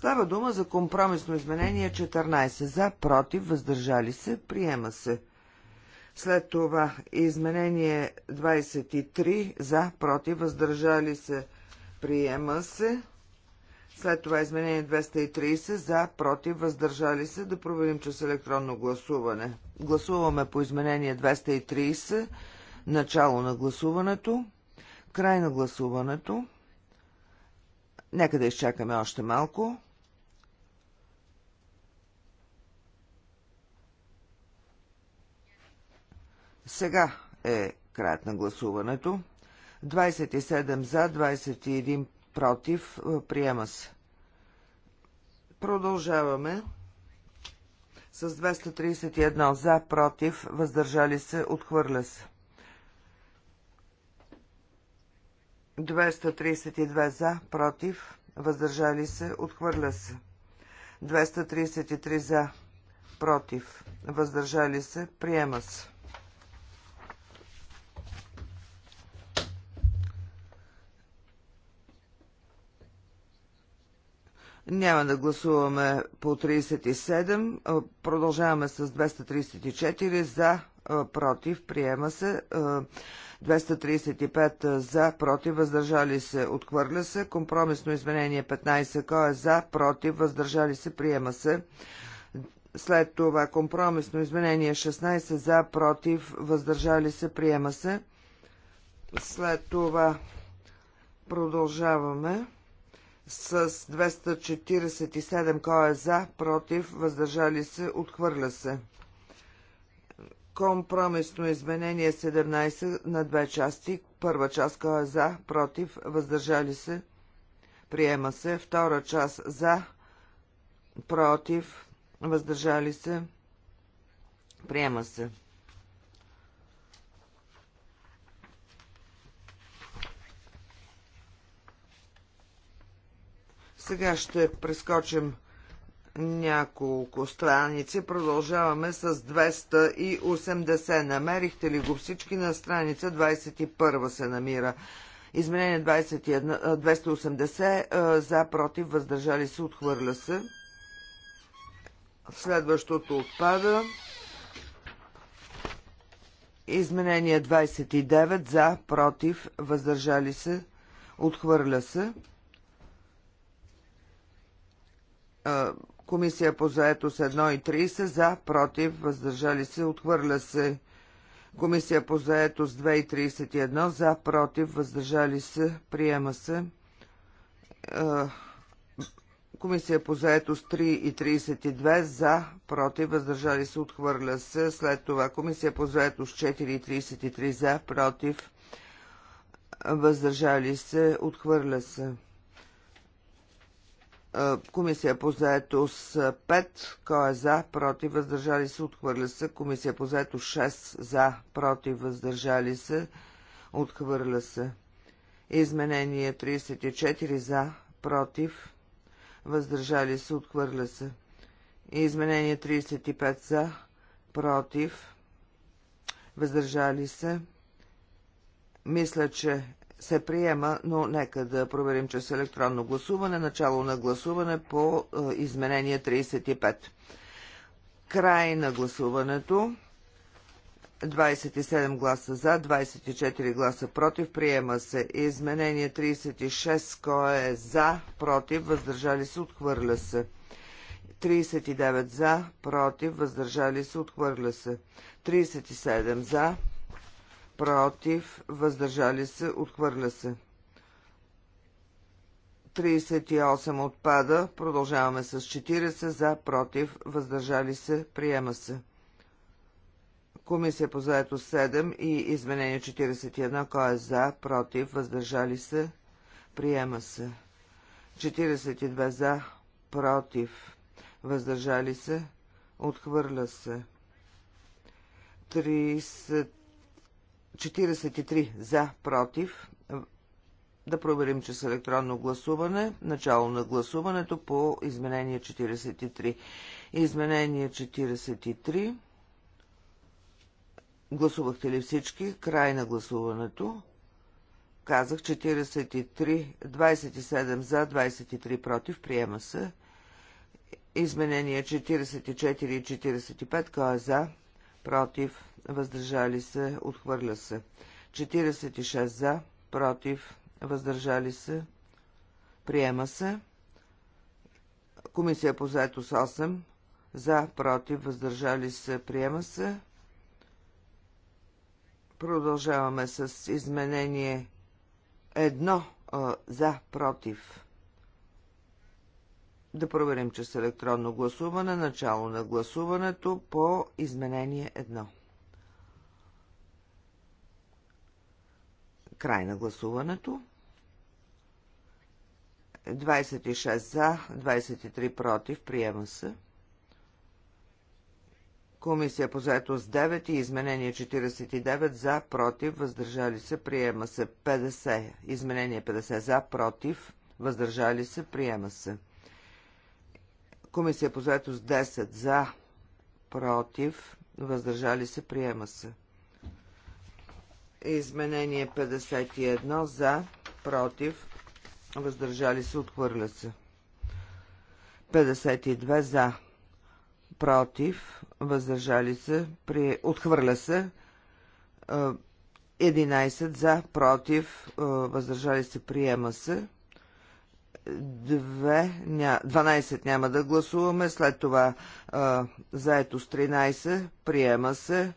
Speaker 5: Става дума за компромисно изменение 14. За, против, въздържали се, приема се. След това изменение 23. За, против, въздържали се, приема се. След това изменение 230. За, против, въздържали се. Да проверим, чрез електронно гласуване. Гласуваме по изменение 230. Начало на гласуването. Край на гласуването. Нека да изчакаме още малко. Сега е краят на гласуването. 27 за, 21 против. Е, приема се. Продължаваме с 231 за, против, въздържали се, отхвърля се. 232 за, против, въздържали се, отхвърля се. 233 за, против, въздържали се, приема се. Няма да гласуваме по 37. Е, продължаваме с 234 за, е, против, приема се. 235 е, за, против, въздържали се, отхвърля се. Компромисно изменение 15, кой е за, против, въздържали се, приема се. След това компромисно изменение 16 за, против, въздържали се, приема се. След това продължаваме с 247 кой е за, против, въздържали се, отхвърля се. Компромисно изменение 17 на две части. Първа част кой е за, против, въздържали се, приема се. Втора част за, против, въздържали се, приема се. Сега ще прескочим няколко страници. Продължаваме с 280. Намерихте ли го всички? На страница 21 се намира. Изменение 21, 280. За, против, въздържали се, отхвърля се. Следващото отпада. Изменение 29. За, против, въздържали се, отхвърля се. Комисия по заетост 1 и 30 за, против, въздържали се, отхвърля се. Комисия по заетост 2 и 31 за, против, въздържали се, приема се. Комисия по заетост 3 и 32 за, против, въздържали се, отхвърля се. След това Комисия по 4 и 4,33 за, против, въздържали се, отхвърля се. Комисия по заетост 5, кой е за, против, въздържали се, отхвърля се. Комисия по заетост 6, за, против, въздържали се, отхвърля се. Изменение 34, за, против, въздържали се, отхвърля се. Изменение 35, за, против, въздържали се. Мисля, че се приема, но нека да проверим, чрез електронно гласуване, начало на гласуване по е, изменение 35. Край на гласуването. 27 гласа за, 24 гласа против. Приема се изменение 36. кое е за, против, въздържали се, отхвърля се. 39 за, против, въздържали се, отхвърля се. 37 за, против, въздържали се, отхвърля се. 38 отпада, продължаваме с 40, за, против, въздържали се, приема се. Комисия по заето 7 и изменение 41, кой е за, против, въздържали се, приема се. 42 за, против, въздържали се, отхвърля се. 43 за, против. Да проверим, че с електронно гласуване. Начало на гласуването по изменение 43. Изменение 43. Гласувахте ли всички? Край на гласуването. Казах 43, 27 за, 23 против. Приема се. Изменение 44 и 45. Кой е за? против, въздържали се, отхвърля се. 46 за, против, въздържали се, приема се. Комисия по заето с 8, за, против, въздържали се, приема се. Продължаваме с изменение 1, за, против, да проверим, че с електронно гласуване, начало на гласуването по изменение 1. Край на гласуването. 26 за, 23 против, приема се. Комисия по заетост 9 и изменение 49 за, против, въздържали се, приема се 50. Изменение 50 за, против, въздържали се, приема се. Комисия по с 10 за, против, въздържали се, приема се. Изменение 51 за, против, въздържали се, отхвърля се. 52 за, против, въздържали се, при... отхвърля се. 11 е, за, против, е, въздържали се, приема се. 2, 12 няма да гласуваме, след това а, заето с 13, приема се,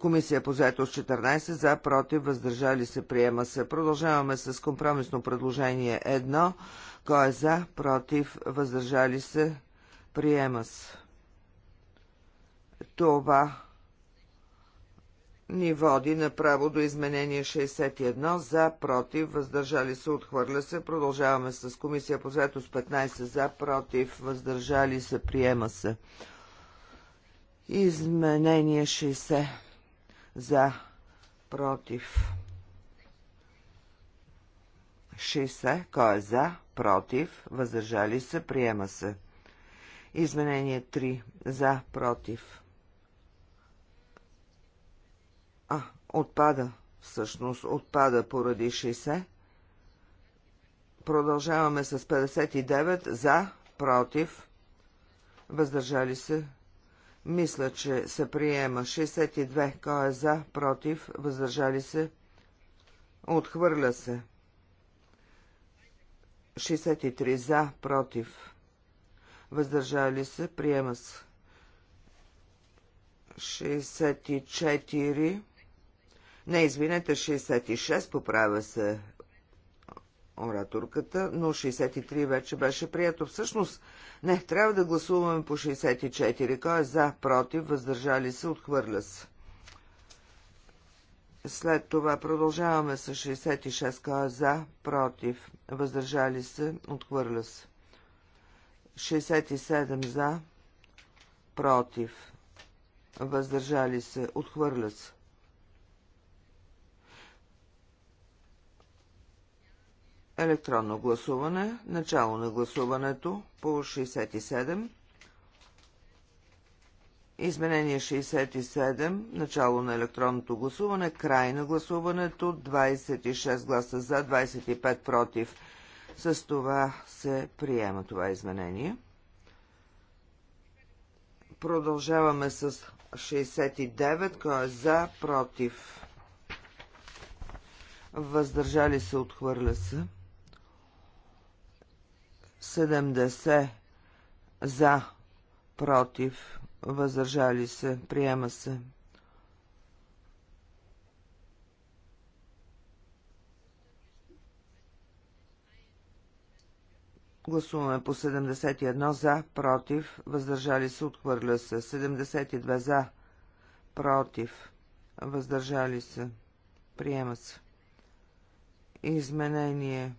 Speaker 5: комисия по заето с 14, за, против, въздържали се, приема се. Продължаваме с компромисно предложение 1, кой е за, против, въздържали се, приема се. Това ни води направо до изменение 61 за, против, въздържали се, отхвърля се. Продължаваме с комисия по с 15 за, против, въздържали се, приема се. Изменение 60 за, против. 60. Кой е за? Против. Въздържали се. Приема се. Изменение 3. За. Против. Отпада, всъщност отпада поради 60. Продължаваме с 59 за, против, въздържали се. Мисля, че се приема 62, кой е за, против, въздържали се. Отхвърля се. 63 за, против, въздържали се, приема се. 64 не, извинете, 66 поправя се ораторката, но 63 вече беше прието. Всъщност, не, трябва да гласуваме по 64. Кой е за, против, въздържали се, отхвърля се. След това продължаваме с 66. Кой е за, против, въздържали се, отхвърля се. 67 за, против, въздържали се, отхвърля се. Електронно гласуване. Начало на гласуването по 67. Изменение 67. Начало на електронното гласуване. Край на гласуването. 26 гласа за, 25 против. С това се приема това изменение. Продължаваме с 69. Кой е за, против? Въздържали се, отхвърля се. 70 за, против, въздържали се, приема се. Гласуваме по 71 за, против, въздържали се, отхвърля се. 72 за, против, въздържали се, приема се. Изменение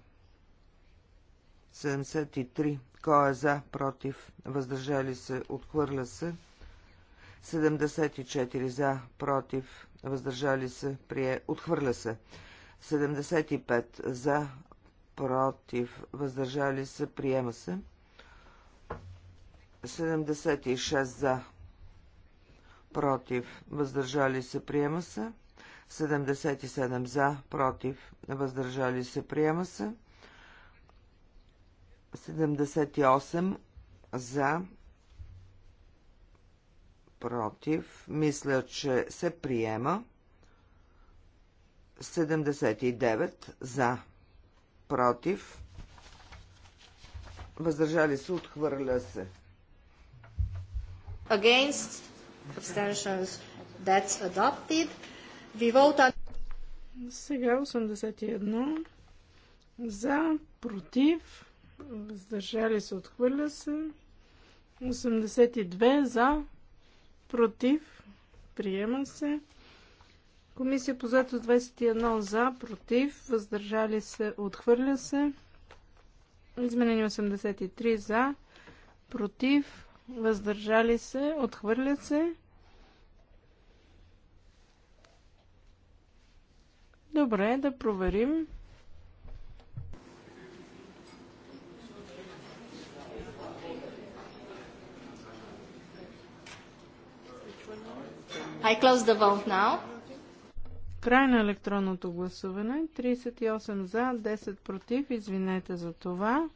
Speaker 5: 73. Кой е за, против, въздържали се, отхвърля се. 74 за, против, въздържали се, прие, отхвърля се. 75 за, против, въздържали се, приема се. 76 за, против, въздържали се, приема се. 77 за, против, въздържали се, приема се. 78 за, против, мисля, че се приема. 79 за, против, въздържали се, отхвърля се.
Speaker 1: Against abstentions, that's adopted. We vote on... Сега 81
Speaker 2: за, против, въздържали се, отхвърля се. 82 за, против, приема се. Комисия по заето 21 за, против, въздържали се, отхвърля се. Изменени 83 за, против, въздържали се, отхвърля се. Добре, да проверим.
Speaker 1: I close the vote now.
Speaker 2: Край на електронното гласуване. 38 за, 10 против. Извинете за това.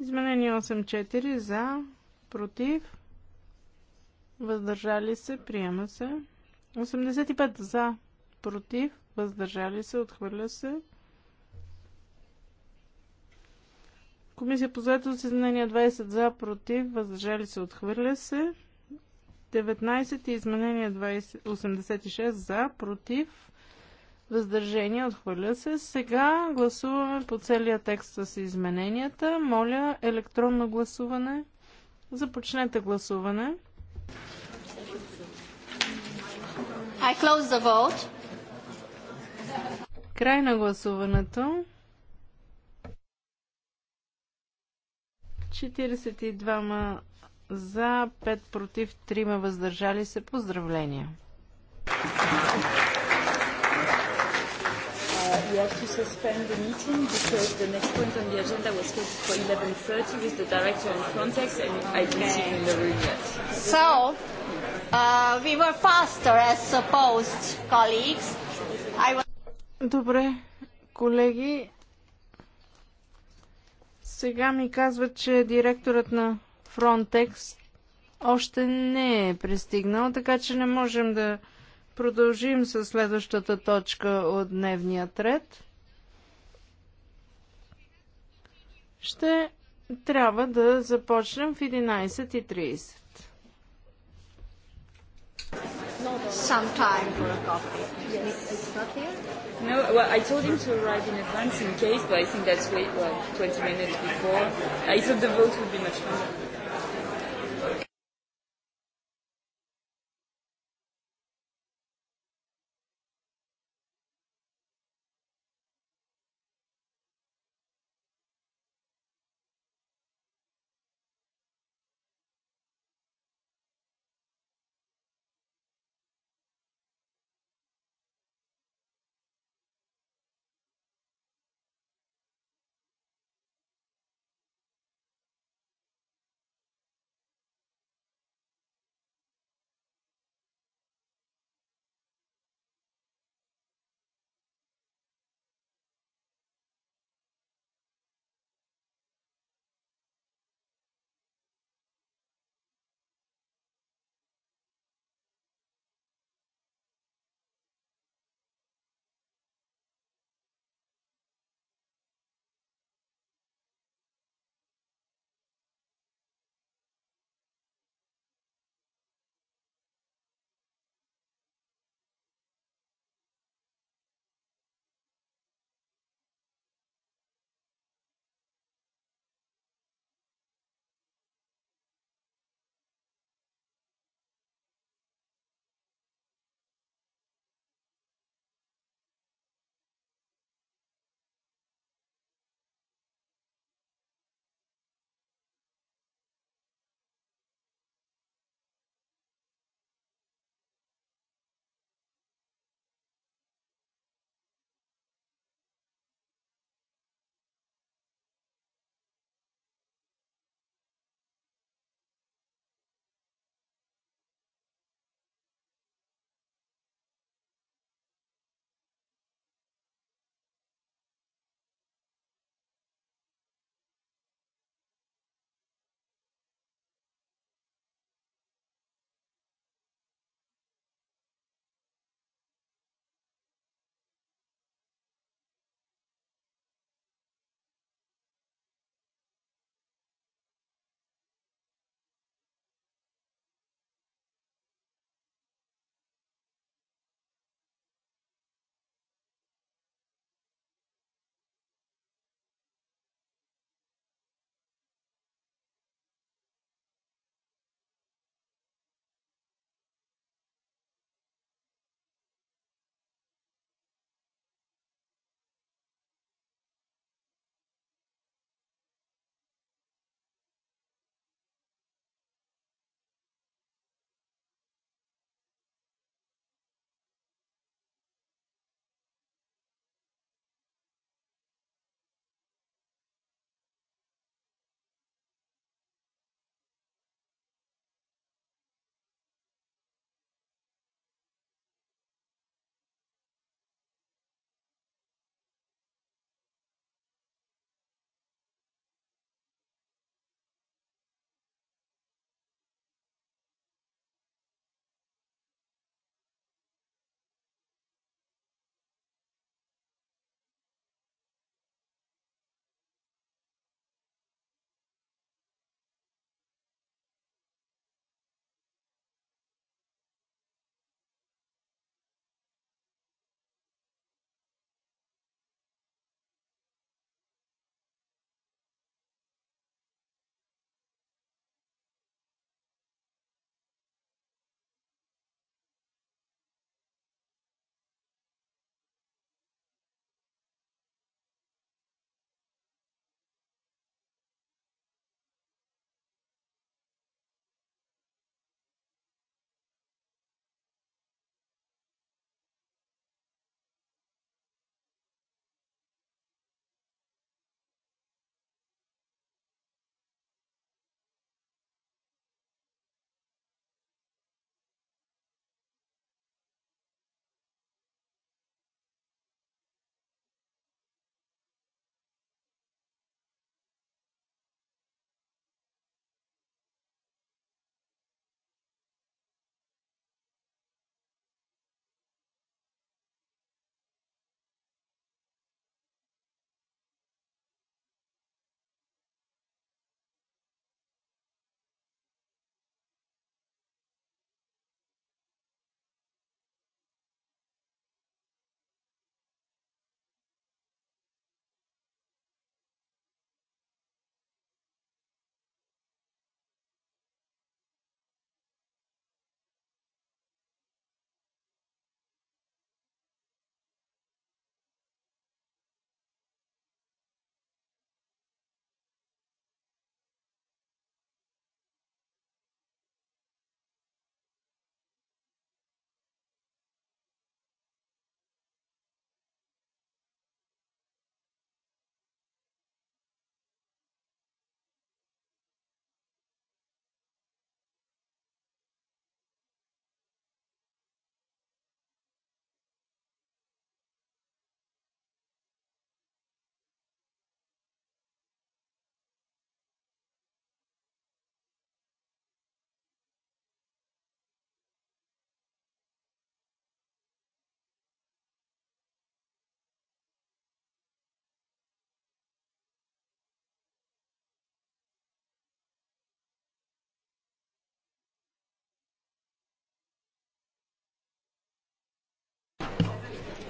Speaker 2: Изменение 8-4 за, против. Въздържали се, приема се. 85 за, против. Въздържали се, отхвърля се. Комисия по заедост изменение 20 за, против. Въздържали се, отхвърля се. 19 и 86 за, против, въздържение, отхвърля се. Сега гласуваме по целия текст с измененията. Моля електронно гласуване. Започнете гласуване. I close the vote. Край на гласуването. 42 за, 5 против, 3 ма въздържали се. Поздравления!
Speaker 1: Uh, we have to suspend the meeting because the next point on the agenda was scheduled for 11.30
Speaker 2: with the director on Frontex and I didn't see him in the room
Speaker 1: yet. So, uh, we were faster as supposed, colleagues. I was... Добре,
Speaker 2: колеги, сега ми казват, че директорът на Frontex още не е пристигнал, така че не можем да продължим с следващата точка от дневния ред. Ще трябва да започнем в 11.30.
Speaker 1: Some time for a coffee.
Speaker 5: No, well, I told him to arrive in advance in case, but I think that's wait, well, 20 minutes before. I thought the
Speaker 3: vote would be much longer.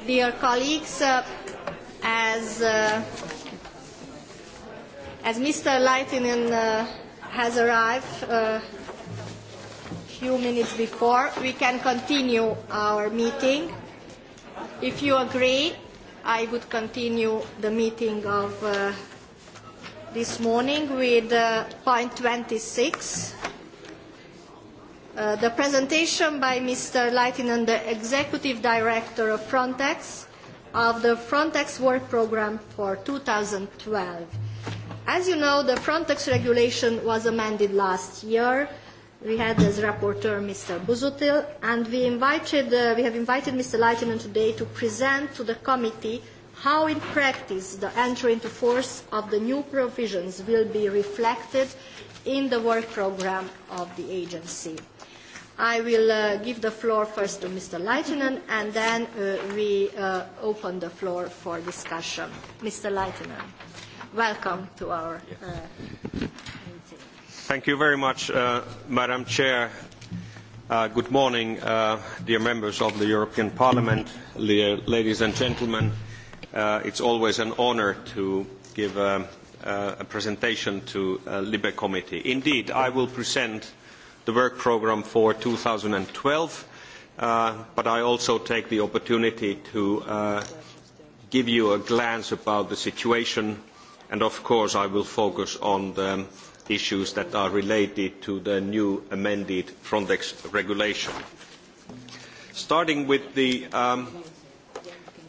Speaker 1: Dear colleagues, as, as Mr. Leitinen has arrived a few minutes before, we can continue our meeting. If you agree, I would continue the meeting of this morning with point 26 the presentation by Mr. Leitinen, the Executive Director of Frontex, of the Frontex Work Programme for 2012. As you know, the Frontex regulation was amended last year. We had as rapporteur Mr. Buzutil, and we, invited, uh, we have invited Mr. Leitinen today to present to the committee how in practice the entry into force of the new provisions will be reflected in the work programme of the agency. I will give the floor first to Mr. Leitinen, and then we open the floor for discussion. Mr. Leitinen, welcome to our meeting.
Speaker 4: Thank you very much, Madam Chair. good morning, dear members of the European Parliament, ladies and gentlemen. it's always an honor to give a presentation to Libe Committee. Indeed, I will present the work programme for 2012, uh, but I also take the opportunity to uh, give you a glance about the situation, and of course I will focus on the issues that are related to the new amended Frontex regulation. Starting with the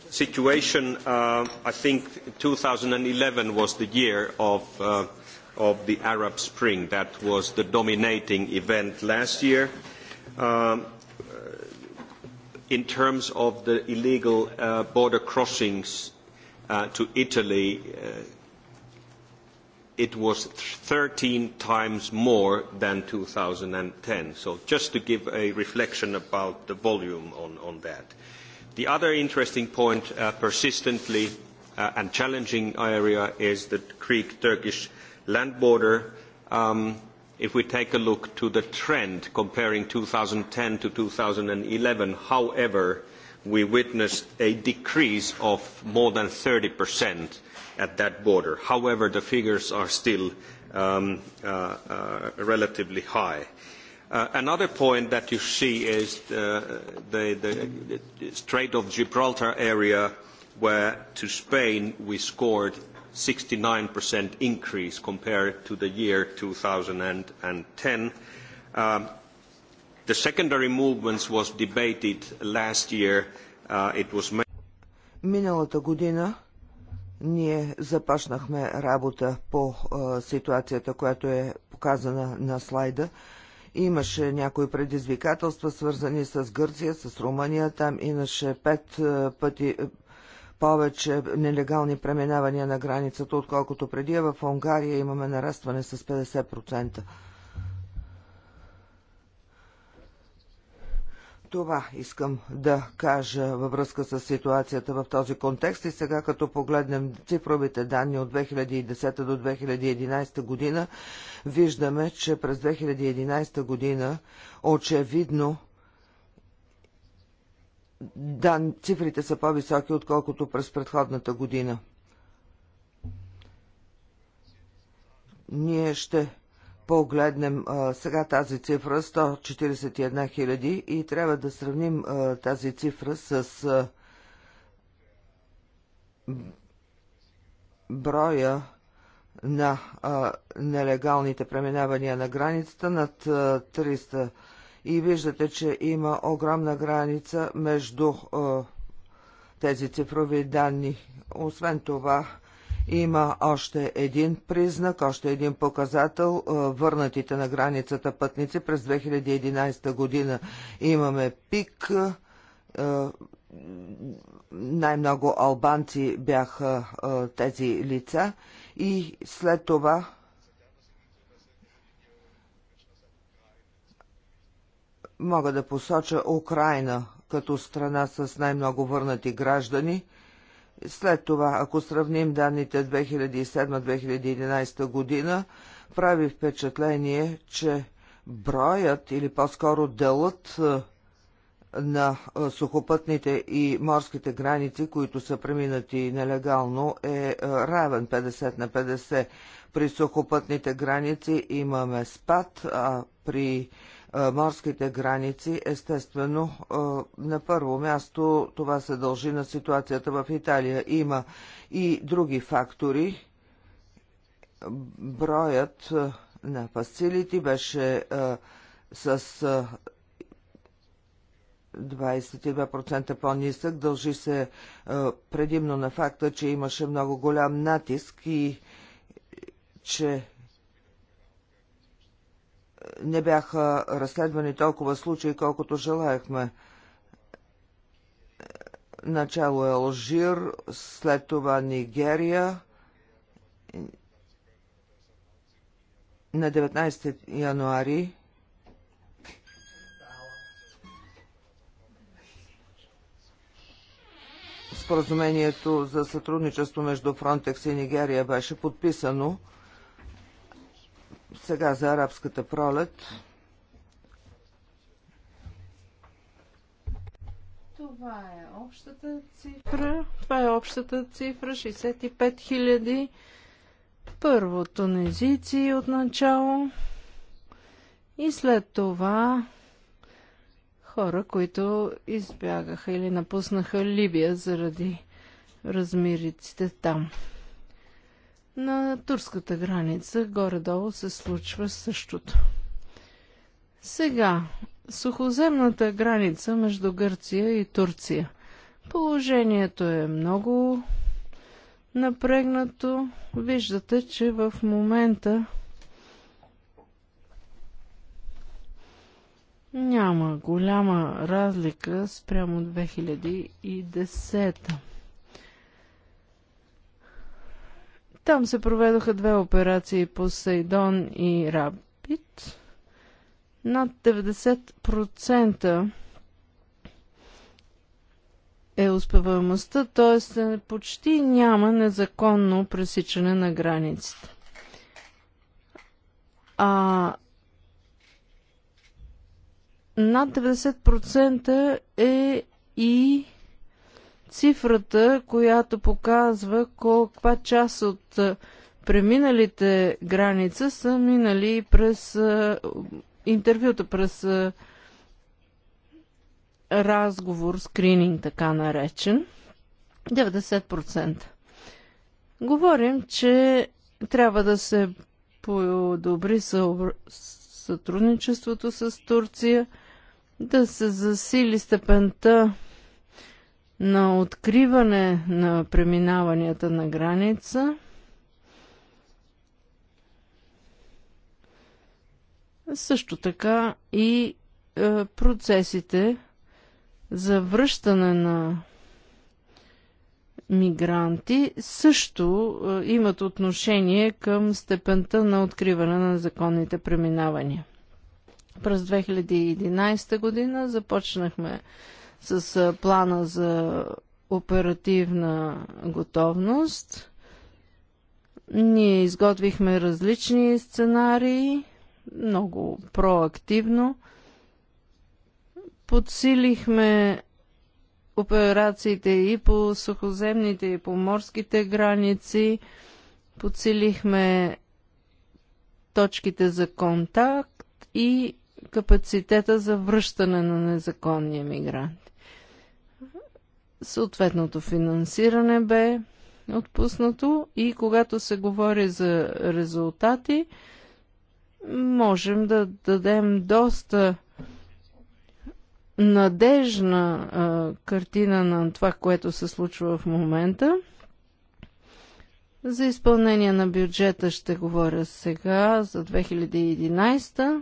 Speaker 4: situation, I think eleven was the year of of the Arab Spring. That was the dominating event last year. in terms of the illegal border crossings to Italy, it was thirteen times more than ten. So just to give a reflection about the volume on that. The other interesting point persistently and challenging area is the Greek-Turkish land border, if we take a look to the trend comparing 2010 to 2011, however, we witnessed a decrease of more than 30% at that border. However, the figures are still relatively high. Another point that you see is the Strait of Gibraltar area, where to Spain we scored sixty 69% increase compared to the year 2010. Um, the secondary movements was debated last year. Uh, it was
Speaker 5: Миналата година ние започнахме работа по е, ситуацията, която е показана на слайда. Имаше някои предизвикателства, свързани с Гърция, с Румъния. Там имаше пет е, пъти повече нелегални преминавания на границата, отколкото преди. В Унгария имаме нарастване с 50%. Това искам да кажа във връзка с ситуацията в този контекст и сега като погледнем цифровите данни от 2010 до 2011 година, виждаме, че през 2011 година очевидно да, цифрите са по-високи, отколкото през предходната година. Ние ще погледнем а, сега тази цифра 141 000 и трябва да сравним а, тази цифра с а, броя на а, нелегалните преминавания на границата над а, 300 и виждате, че има огромна граница между е, тези цифрови данни. Освен това, има още един признак, още един показател. Е, върнатите на границата пътници през 2011 година имаме пик. Е, най-много албанци бяха тези лица и след това Мога да посоча Украина като страна с най-много върнати граждани. След това, ако сравним данните 2007-2011 година, прави впечатление, че броят или по-скоро делът е, на е, сухопътните и морските граници, които са преминати нелегално, е, е равен 50 на 50. При сухопътните граници имаме спад, а при морските граници, естествено, на първо място това се дължи на ситуацията в Италия. Има и други фактори. Броят на фасилити беше с 22% по-нисък. Дължи се предимно на факта, че имаше много голям натиск и че не бяха разследвани толкова случаи, колкото желаяхме. Начало е Алжир, след това Нигерия. На 19 януари споразумението за сътрудничество между Фронтекс и Нигерия беше подписано. Сега за арабската пролет.
Speaker 2: Това е общата цифра. Това е общата цифра 65 000. Първо тунезици отначало и след това хора, които избягаха или напуснаха Либия заради размириците там. На турската граница горе-долу се случва същото. Сега, сухоземната граница между Гърция и Турция. Положението е много напрегнато. Виждате, че в момента няма голяма разлика спрямо 2010. Там се проведоха две операции по Сейдон и Рабит. Над 90% е успеваемостта, т.е. Е почти няма незаконно пресичане на границите. А над 90% е и цифрата, която показва колко част от преминалите граница са минали през интервюта, през разговор, скрининг, така наречен. 90%. Говорим, че трябва да се подобри сътрудничеството с Турция, да се засили степента на откриване на преминаванията на граница. Също така и е, процесите за връщане на мигранти също е, имат отношение към степента на откриване на законните преминавания. През 2011 година започнахме с плана за оперативна готовност. Ние изготвихме различни сценарии, много проактивно. Подсилихме операциите и по сухоземните, и по морските граници. Подсилихме точките за контакт и капацитета за връщане на незаконни емигранти. Съответното финансиране бе отпуснато и когато се говори за резултати, можем да дадем доста надежна а, картина на това, което се случва в момента. За изпълнение на бюджета ще говоря сега за 2011.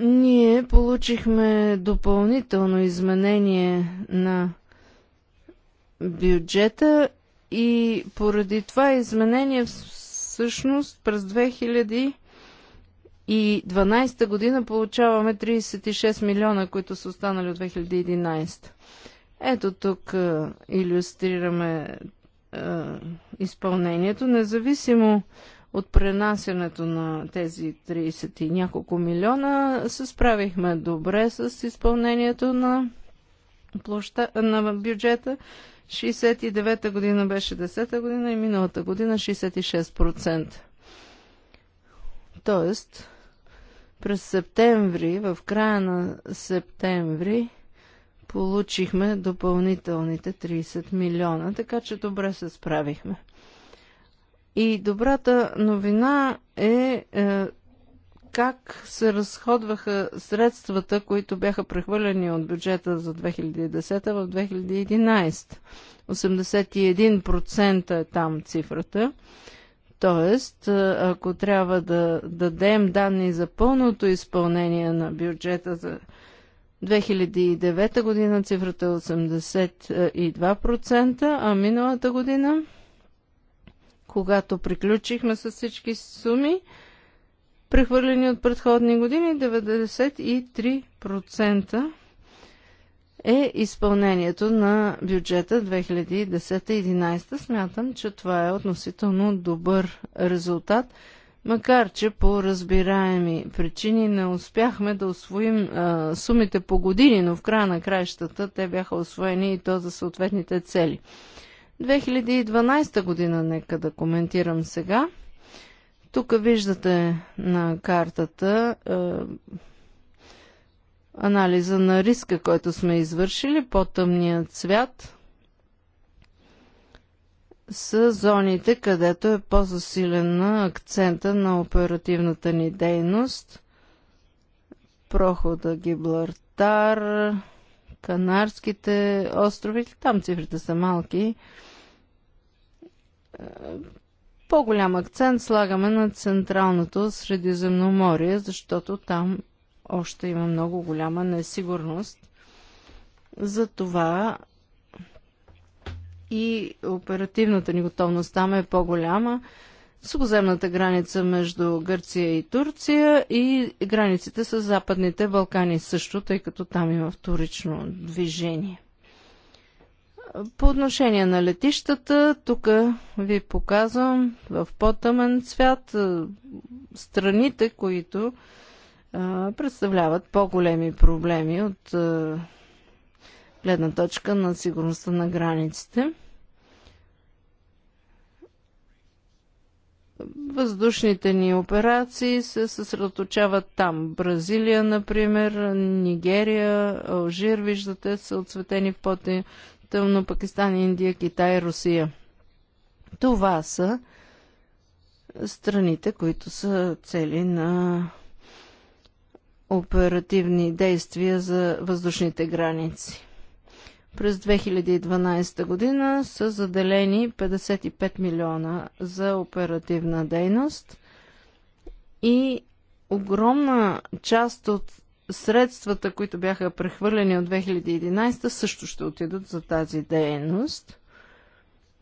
Speaker 2: Ние получихме допълнително изменение на бюджета и поради това изменение всъщност през 2012 година получаваме 36 милиона, които са останали от 2011. Ето тук иллюстрираме е, изпълнението, независимо от пренасянето на тези 30 и няколко милиона се справихме добре с изпълнението на, площа, на бюджета. 69-та година беше 10-та година и миналата година 66%. Тоест, през септември, в края на септември, получихме допълнителните 30 милиона, така че добре се справихме. И добрата новина е, е как се разходваха средствата, които бяха прехвърлени от бюджета за 2010 в 2011. 81% е там цифрата. Тоест, е, ако трябва да дадем данни за пълното изпълнение на бюджета за 2009 година, цифрата е 82%, а миналата година когато приключихме с всички суми, прехвърлени от предходни години, 93% е изпълнението на бюджета 2010-2011. Смятам, че това е относително добър резултат, макар че по разбираеми причини не успяхме да освоим а, сумите по години, но в края на краищата те бяха освоени и то за съответните цели. 2012 година, нека да коментирам сега. Тук виждате на картата е, анализа на риска, който сме извършили, по тъмния цвят с зоните, където е по на акцента на оперативната ни дейност. Прохода Гиблартар, Канарските острови, там цифрите са малки, е, по-голям акцент слагаме на Централното Средиземноморие, защото там още има много голяма несигурност. Затова и оперативната ни готовност там е по-голяма сухоземната граница между Гърция и Турция и границите с Западните Балкани също, тъй като там има вторично движение. По отношение на летищата, тук ви показвам в по-тъмен цвят страните, които представляват по-големи проблеми от гледна точка на сигурността на границите. Въздушните ни операции се съсредоточават там. Бразилия, например, Нигерия, Алжир, виждате, са отцветени в поте тъмно Пакистан, Индия, Китай, Русия. Това са страните, които са цели на оперативни действия за въздушните граници. През 2012 година са заделени 55 милиона за оперативна дейност и огромна част от средствата, които бяха прехвърлени от 2011, също ще отидат за тази дейност.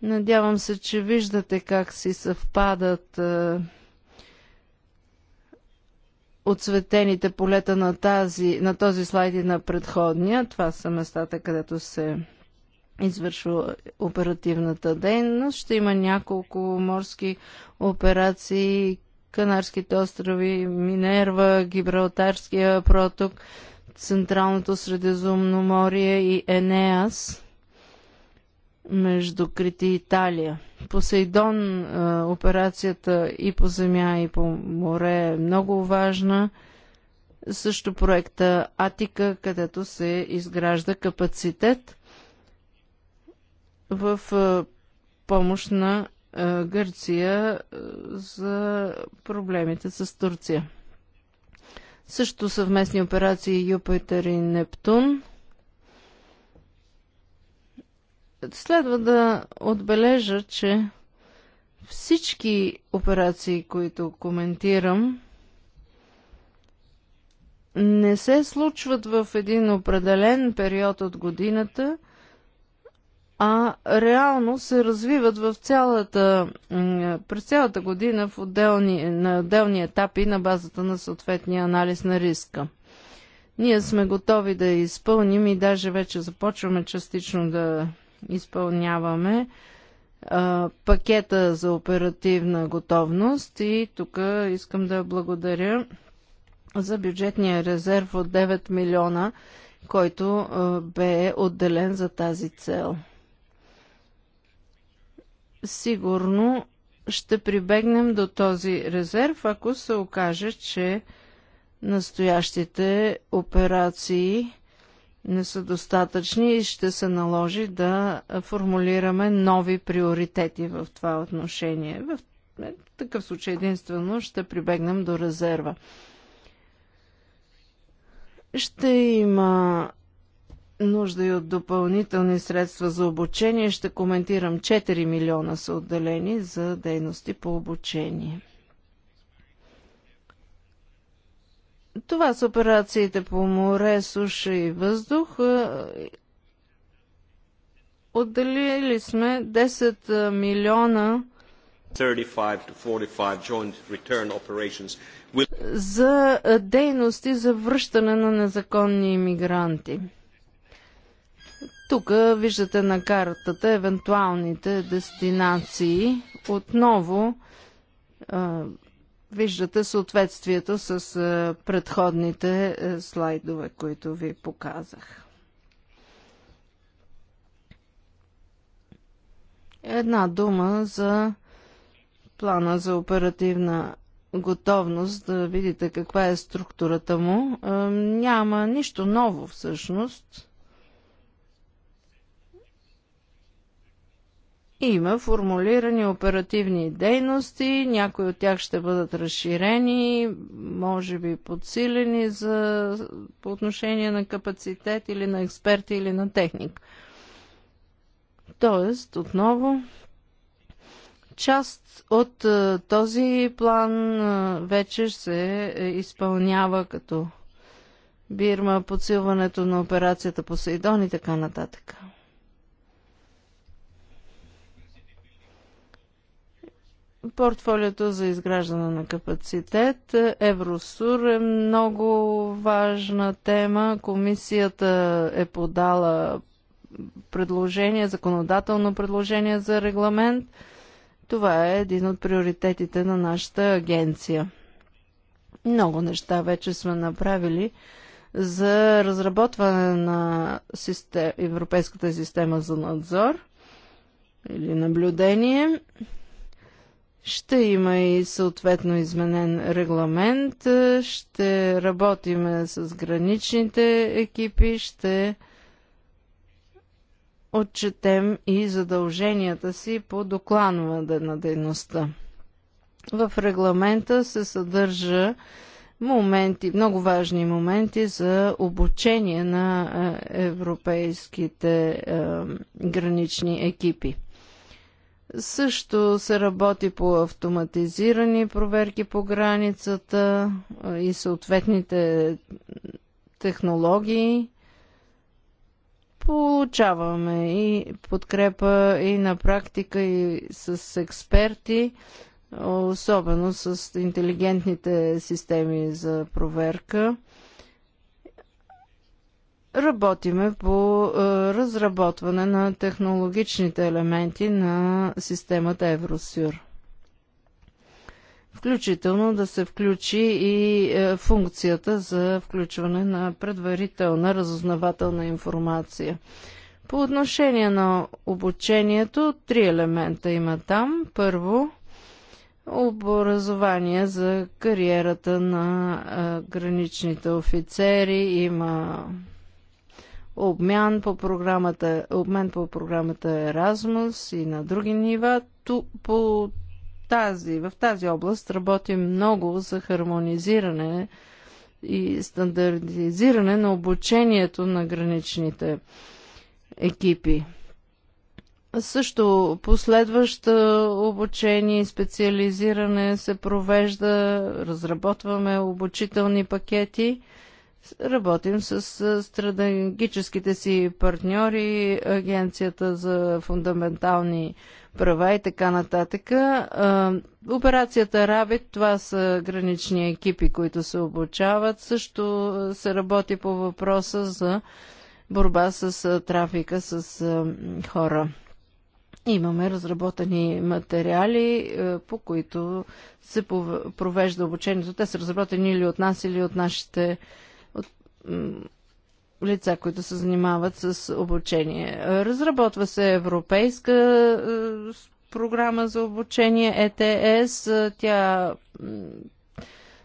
Speaker 2: Надявам се, че виждате как си съвпадат е, отцветените полета на, тази, на този слайд и на предходния. Това са местата, където се извършва оперативната дейност. Ще има няколко морски операции, Канарските острови, Минерва, Гибралтарския проток, Централното Средиземноморие и Енеас между Крит и Италия. Посейдон операцията и по земя, и по море е много важна. Също проекта Атика, където се изгражда капацитет в помощ на Гърция за проблемите с Турция. Също съвместни операции Юпитер и Нептун – Следва да отбележа, че всички операции, които коментирам, не се случват в един определен период от годината, а реално се развиват в цялата, през цялата година в отделни, на отделни етапи на базата на съответния анализ на риска. Ние сме готови да изпълним и даже вече започваме частично да изпълняваме пакета за оперативна готовност и тук искам да благодаря за бюджетния резерв от 9 милиона, който бе отделен за тази цел. Сигурно ще прибегнем до този резерв, ако се окаже, че настоящите операции не са достатъчни и ще се наложи да формулираме нови приоритети в това отношение. Е, в такъв случай единствено ще прибегнем до резерва. Ще има нужда и от допълнителни средства за обучение. Ще коментирам 4 милиона са отделени за дейности по обучение. Това са операциите по море, суша и въздух. Е, отделили сме 10 е, милиона
Speaker 4: за
Speaker 2: е, дейности за връщане на незаконни иммигранти. Тук виждате на картата евентуалните дестинации. Отново Виждате съответствието с е, предходните е, слайдове, които ви показах. Една дума за плана за оперативна готовност, да видите каква е структурата му. Е, няма нищо ново всъщност. Има формулирани оперативни дейности, някои от тях ще бъдат разширени, може би подсилени за, по отношение на капацитет или на експерти или на техник. Тоест, отново, част от е, този план е, вече се е, изпълнява като Бирма, подсилването на операцията по Сейдон и така нататък. портфолиото за изграждане на капацитет. Е, Евросур е много важна тема. Комисията е подала предложение, законодателно предложение за регламент. Това е един от приоритетите на нашата агенция. Много неща вече сме направили за разработване на систем... Европейската система за надзор или наблюдение. Ще има и съответно изменен регламент, ще работиме с граничните екипи, ще отчетем и задълженията си по докланване на дейността. В регламента се съдържа моменти, много важни моменти за обучение на е, европейските е, гранични екипи. Също се работи по автоматизирани проверки по границата и съответните технологии. Получаваме и подкрепа и на практика и с експерти, особено с интелигентните системи за проверка. Работиме по е, разработване на технологичните елементи на системата Евросюр. Включително да се включи и е, функцията за включване на предварителна разузнавателна информация. По отношение на обучението, три елемента има там. Първо, образование за кариерата на е, граничните офицери. Има обмян по програмата, обмен по програмата Erasmus и на други нива. Ту, по тази, в тази област работим много за хармонизиране и стандартизиране на обучението на граничните екипи. Също последващо обучение и специализиране се провежда, разработваме обучителни пакети – Работим с стратегическите си партньори, Агенцията за фундаментални права и така нататък. Операцията Рабит, това са гранични екипи, които се обучават. Също се работи по въпроса за борба с трафика с хора. Имаме разработени материали, по които се провежда обучението. Те са разработени или от нас, или от нашите лица, които се занимават с обучение. Разработва се европейска е, програма за обучение ЕТС. Тя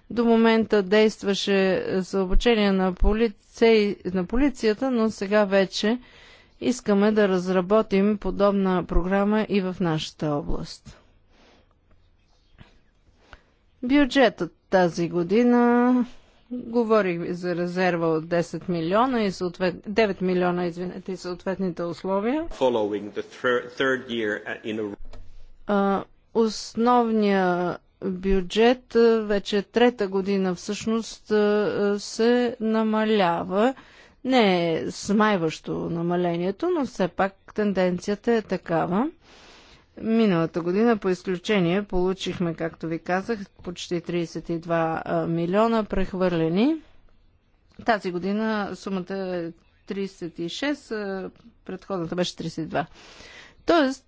Speaker 2: до момента действаше за обучение на, полицей, на полицията, но сега вече искаме да разработим подобна програма и в нашата област. Бюджетът тази година Говорих за резерва от 10 милиона и съответ... 9 милиона, извинете, и съответните условия. Uh, Основният бюджет вече трета година всъщност се намалява. Не е смайващо намалението, но все пак тенденцията е такава. Миналата година по изключение получихме, както ви казах, почти 32 милиона прехвърлени. Тази година сумата е 36, предходната беше 32. Тоест,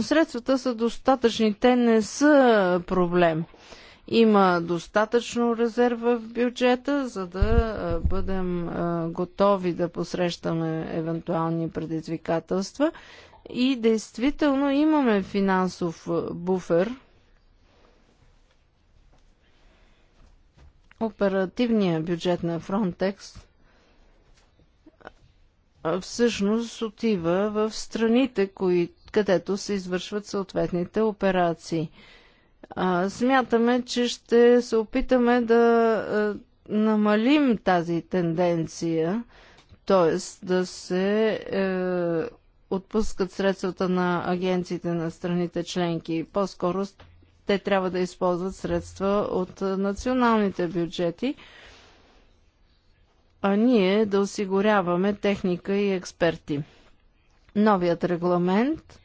Speaker 2: средствата са достатъчни, те не са проблем. Има достатъчно резерва в бюджета, за да бъдем готови да посрещаме евентуални предизвикателства. И действително имаме финансов е, буфер. Оперативният бюджет на Frontex всъщност отива в страните, кои, където се извършват съответните операции. А, смятаме, че ще се опитаме да а, е, намалим тази тенденция, т.е. да се е, отпускат средствата на агенциите на страните членки. По-скоро те трябва да използват средства от националните бюджети, а ние да осигуряваме техника и експерти. Новият регламент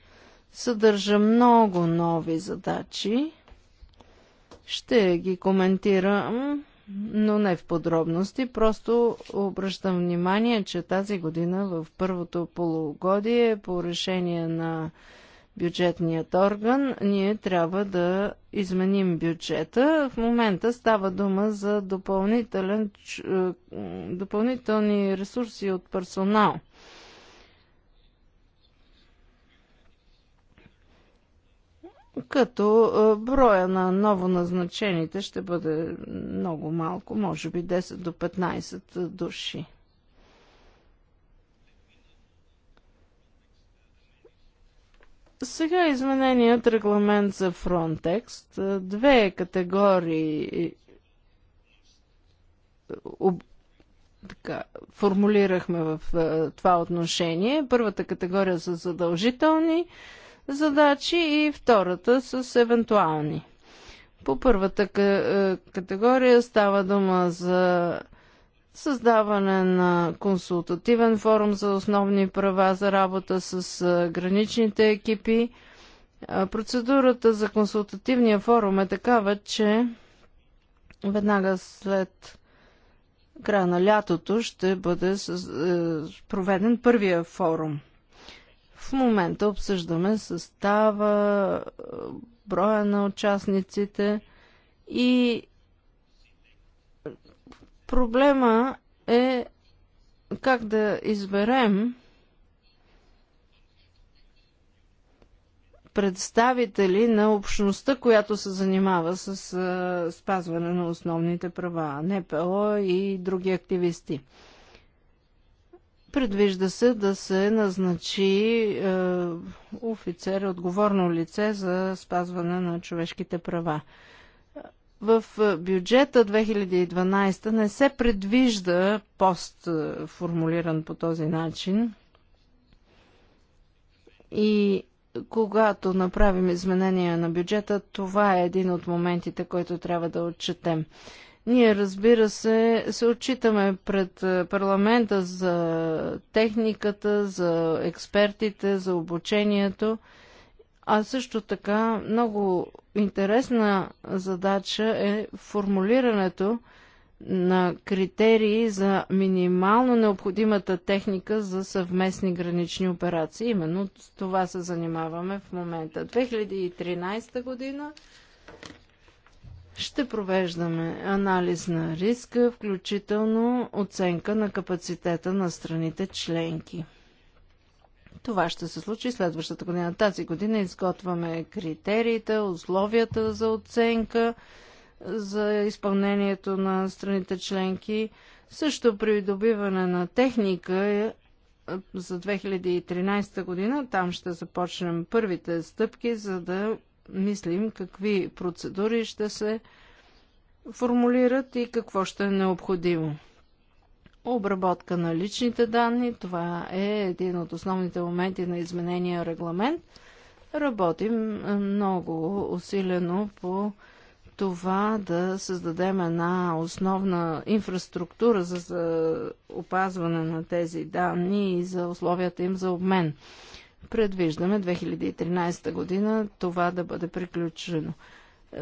Speaker 2: съдържа много нови задачи. Ще ги коментирам но не в подробности. Просто обръщам внимание, че тази година в първото полугодие по решение на бюджетният орган, ние трябва да изменим бюджета. В момента става дума за допълнителен, е, допълнителни ресурси от персонал. като броя на новоназначените ще бъде много малко, може би 10 до 15 души. Сега измененият регламент за Frontex. Две категории об, така, формулирахме в това отношение. Първата категория са задължителни задачи и втората с евентуални. По първата е, категория става дума за създаване на консултативен форум за основни права за работа с е, граничните екипи. Е, процедурата за консултативния форум е такава, че веднага след края на лятото ще бъде проведен първия форум. В момента обсъждаме състава, броя на участниците и проблема е как да изберем представители на общността, която се занимава с спазване на основните права, НПО и други активисти. Предвижда се да се назначи е, офицер, отговорно лице за спазване на човешките права. В е, бюджета 2012 не се предвижда пост, е, формулиран по този начин. И когато направим изменения на бюджета, това е един от моментите, който трябва да отчетем. Ние, разбира се, се отчитаме пред е, парламента за техниката, за експертите, за обучението, а също така много интересна задача е формулирането на критерии за минимално необходимата техника за съвместни гранични операции. Именно с това се занимаваме в момента. 2013 година ще провеждаме анализ на риска, включително оценка на капацитета на страните членки. Това ще се случи следващата година. Тази година изготвяме критериите, условията за оценка за изпълнението на страните членки, също при добиване на техника е, е, за 2013 година. Там ще започнем първите стъпки, за да мислим какви процедури ще се формулират и какво ще е необходимо. Обработка на личните данни, това е един от основните моменти на изменения регламент. Работим е, много усилено по това да създадем една основна инфраструктура за, опазване на тези данни и за условията им за обмен. Предвиждаме 2013 година това да бъде приключено.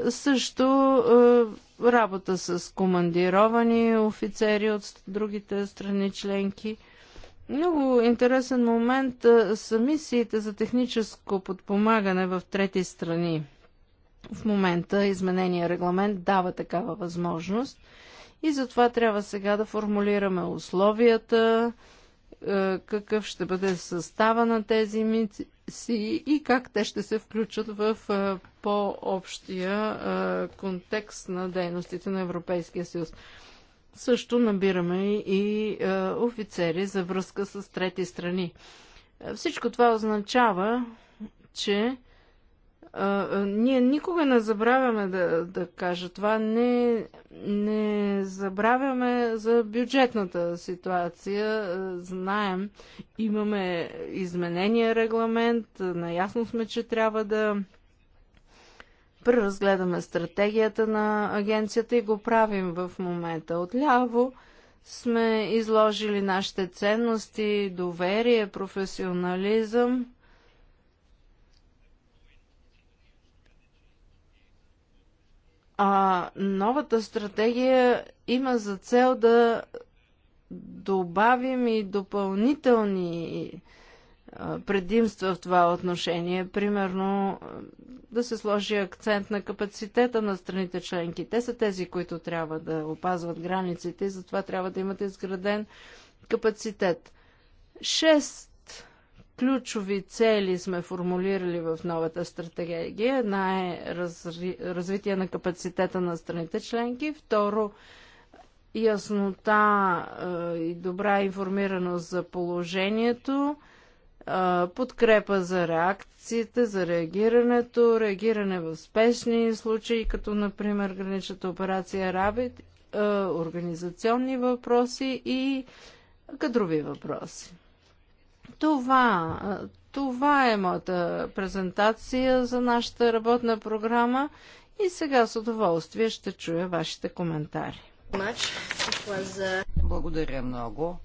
Speaker 2: Също е, работа с командировани офицери от другите страни членки. Много интересен момент е, са мисиите за техническо подпомагане в трети страни. В момента изменения регламент дава такава възможност и затова трябва сега да формулираме условията, е, какъв ще бъде състава на тези мисии и как те ще се включат в е, по-общия е, контекст на дейностите на Европейския съюз. Също набираме и офицери за връзка с трети страни. Всичко това означава, че ние никога не забравяме да, да кажа това. Не, не забравяме за бюджетната ситуация. Знаем, имаме изменения регламент. Наясно сме, че трябва да преразгледаме стратегията на агенцията и го правим в момента. Отляво сме изложили нашите ценности, доверие, професионализъм А новата стратегия има за цел да добавим и допълнителни предимства в това отношение. Примерно да се сложи акцент на капацитета на страните членки. Те са тези, които трябва да опазват границите и затова трябва да имат изграден капацитет. Шест ключови цели сме формулирали в новата стратегия. Една е разри... развитие на капацитета на страните членки, второ яснота и добра информираност за положението, подкрепа за реакциите, за реагирането, реагиране в спешни случаи, като например граничната операция Рабит, организационни въпроси и кадрови въпроси. Това, това е моята презентация за нашата работна програма и сега с удоволствие ще чуя вашите коментари.
Speaker 3: Благодаря много.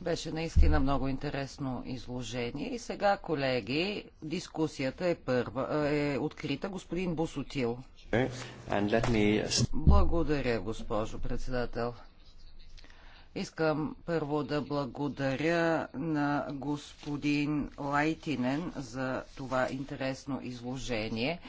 Speaker 3: Беше наистина много интересно изложение. И сега, колеги, дискусията е, първа, е открита. Господин Босотил.
Speaker 4: Me...
Speaker 3: Благодаря, госпожо председател. Искам първо да благодаря на господин Лайтинен за това интересно изложение.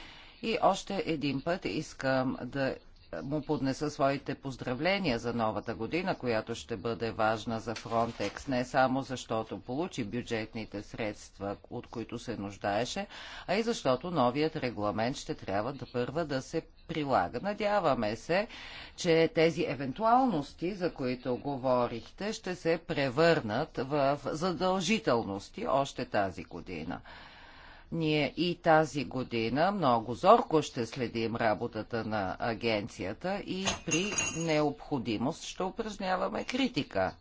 Speaker 3: И още един път искам да му поднеса своите поздравления за новата година, която ще бъде важна за Фронтекс, не само защото получи бюджетните средства, от които се нуждаеше, а и защото новият регламент ще трябва да първа да се прилага. Надяваме се, че тези евентуалности, за които говорихте, ще се превърнат в задължителности още тази година. Ние и тази година много зорко ще следим работата на агенцията и при необходимост ще упражняваме критика.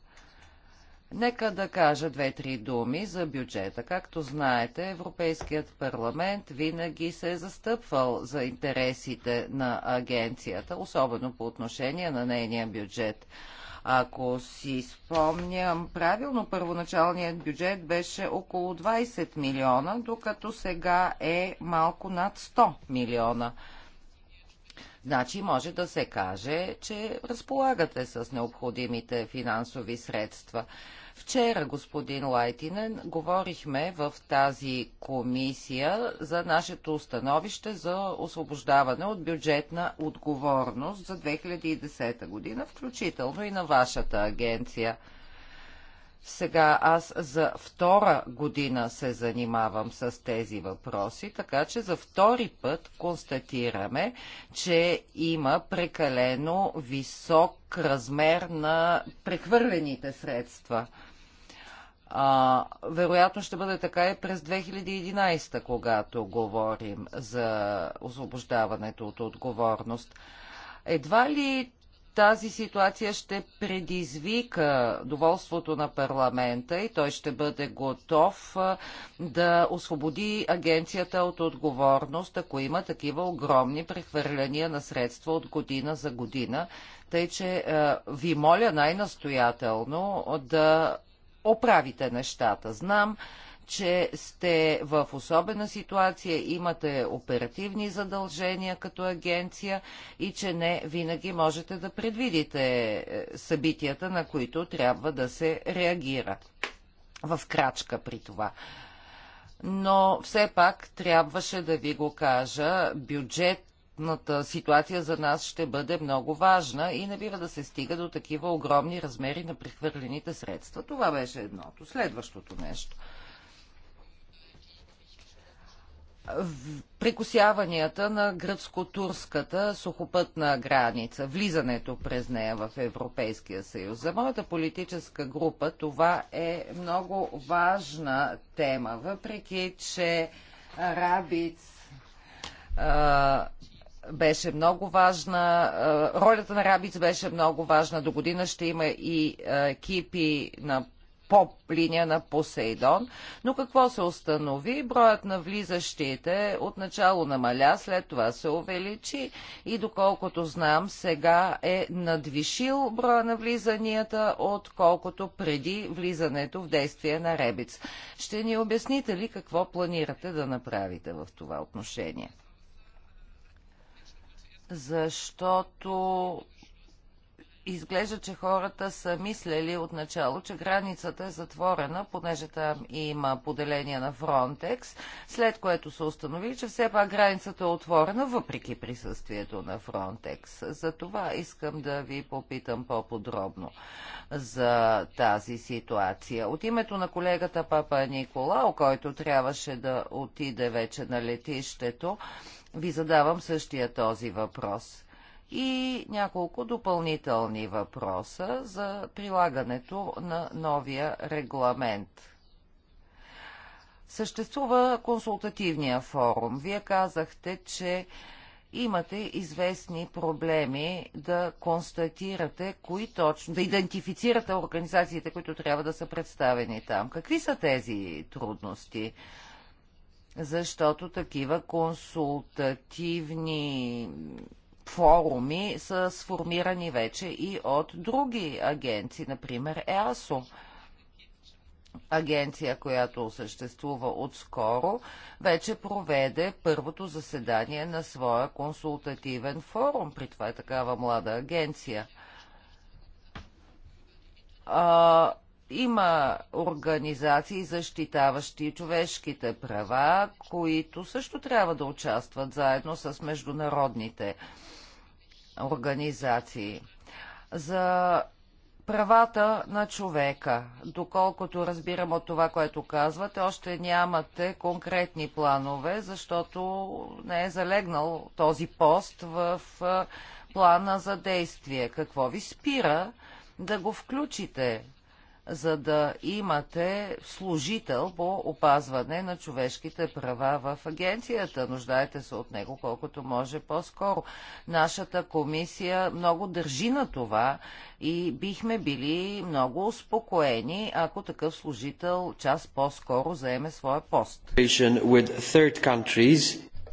Speaker 3: Нека да кажа две-три думи за бюджета. Както знаете, Европейският парламент винаги се е застъпвал за интересите на агенцията, особено по отношение на нейния бюджет. Ако си спомням правилно, първоначалният бюджет беше около 20 милиона, докато сега е малко над 100 милиона. Значи може да се каже, че разполагате с необходимите финансови средства. Вчера, господин Лайтинен, говорихме в тази комисия за нашето установище за освобождаване от бюджетна отговорност за 2010 година, включително и на вашата агенция. Сега аз за втора година се занимавам с тези въпроси, така че за втори път констатираме, че има прекалено висок размер на прехвърлените средства. А, вероятно ще бъде така и през 2011, когато говорим за освобождаването от отговорност. Едва ли тази ситуация ще предизвика доволството на парламента и той ще бъде готов да освободи агенцията от отговорност, ако има такива огромни прехвърляния на средства от година за година. Тъй, че ви моля най-настоятелно да оправите нещата. Знам, че сте в особена ситуация, имате оперативни задължения като агенция и че не винаги можете да предвидите е, събитията, на които трябва да се реагира. В крачка при това. Но все пак трябваше да ви го кажа. Бюджет Транспортната ситуация за нас ще бъде много важна и не бива да се стига до такива огромни размери на прехвърлените средства. Това беше едното. Следващото нещо. прекусяванията на гръцко-турската сухопътна граница, влизането през нея в Европейския съюз. За моята политическа група това е много важна тема, въпреки че Рабиц беше много важна, ролята на Рабиц беше много важна. До година ще има и екипи на по линия на Посейдон. Но какво се установи? Броят на влизащите отначало намаля, след това се увеличи и доколкото знам, сега е надвишил броя на влизанията, отколкото преди влизането в действие на Ребиц. Ще ни обясните ли какво планирате да направите в това отношение? защото изглежда, че хората са мислели отначало, че границата е затворена, понеже там има поделение на Фронтекс, след което са установили, че все пак границата е отворена, въпреки присъствието на Фронтекс. За това искам да ви попитам по-подробно за тази ситуация. От името на колегата Папа Николао, който трябваше да отиде вече на летището, ви задавам същия този въпрос. И няколко допълнителни въпроса за прилагането на новия регламент. Съществува консултативния форум. Вие казахте, че имате известни проблеми да констатирате кои точно, да идентифицирате организациите, които трябва да са представени там. Какви са тези трудности? защото такива консултативни форуми са сформирани вече и от други агенции, например ЕАСО. Агенция, която съществува отскоро, вече проведе първото заседание на своя консултативен форум. При това е такава млада агенция. А, има организации, защитаващи човешките права, които също трябва да участват заедно с международните организации. За правата на човека. Доколкото разбирам от това, което казвате, още нямате конкретни планове, защото не е залегнал този пост в плана за действие. Какво ви спира да го включите за да имате служител по опазване на човешките права в агенцията. Нуждаете се от него колкото може по-скоро. Нашата комисия много държи на това и бихме били много успокоени, ако такъв служител час по-скоро заеме своя пост.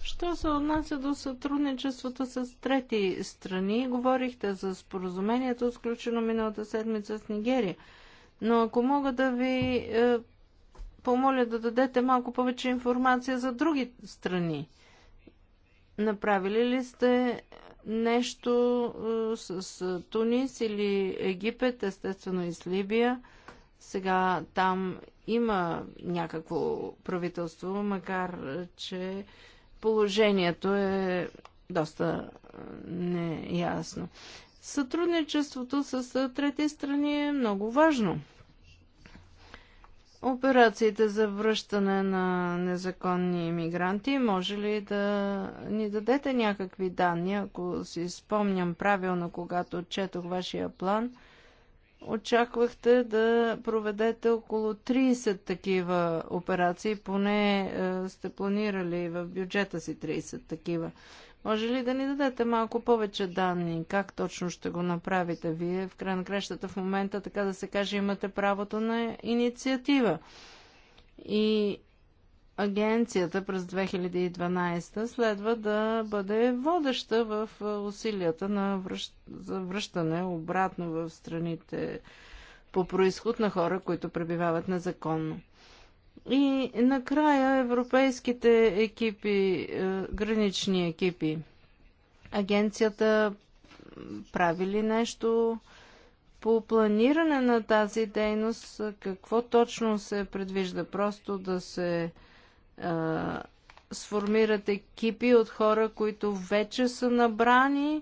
Speaker 3: Що се
Speaker 2: отнася до сътрудничеството с трети страни, говорихте за споразумението, сключено миналата седмица с Нигерия. Но ако мога да ви е, помоля да дадете малко повече информация за други страни. Направили ли сте нещо е, с, с Тунис или Египет, естествено и с Либия? Сега там има някакво правителство, макар че положението е доста е, неясно. Сътрудничеството с трети страни е много важно. Операциите за връщане на незаконни иммигранти, може ли да ни дадете някакви данни? Ако си спомням правилно, когато четох вашия план, очаквахте да проведете около 30 такива операции, поне е, сте планирали в бюджета си 30 такива. Може ли да ни дадете малко повече данни? Как точно ще го направите? Вие в край на крещата в момента, така да се каже, имате правото на инициатива. И агенцията през 2012 следва да бъде водеща в усилията на връщ... за връщане обратно в страните по происход на хора, които пребивават незаконно. И накрая европейските екипи, е, гранични екипи. Агенцията прави ли нещо по планиране на тази дейност? Какво точно се предвижда? Просто да се а, е, сформират екипи от хора, които вече са набрани?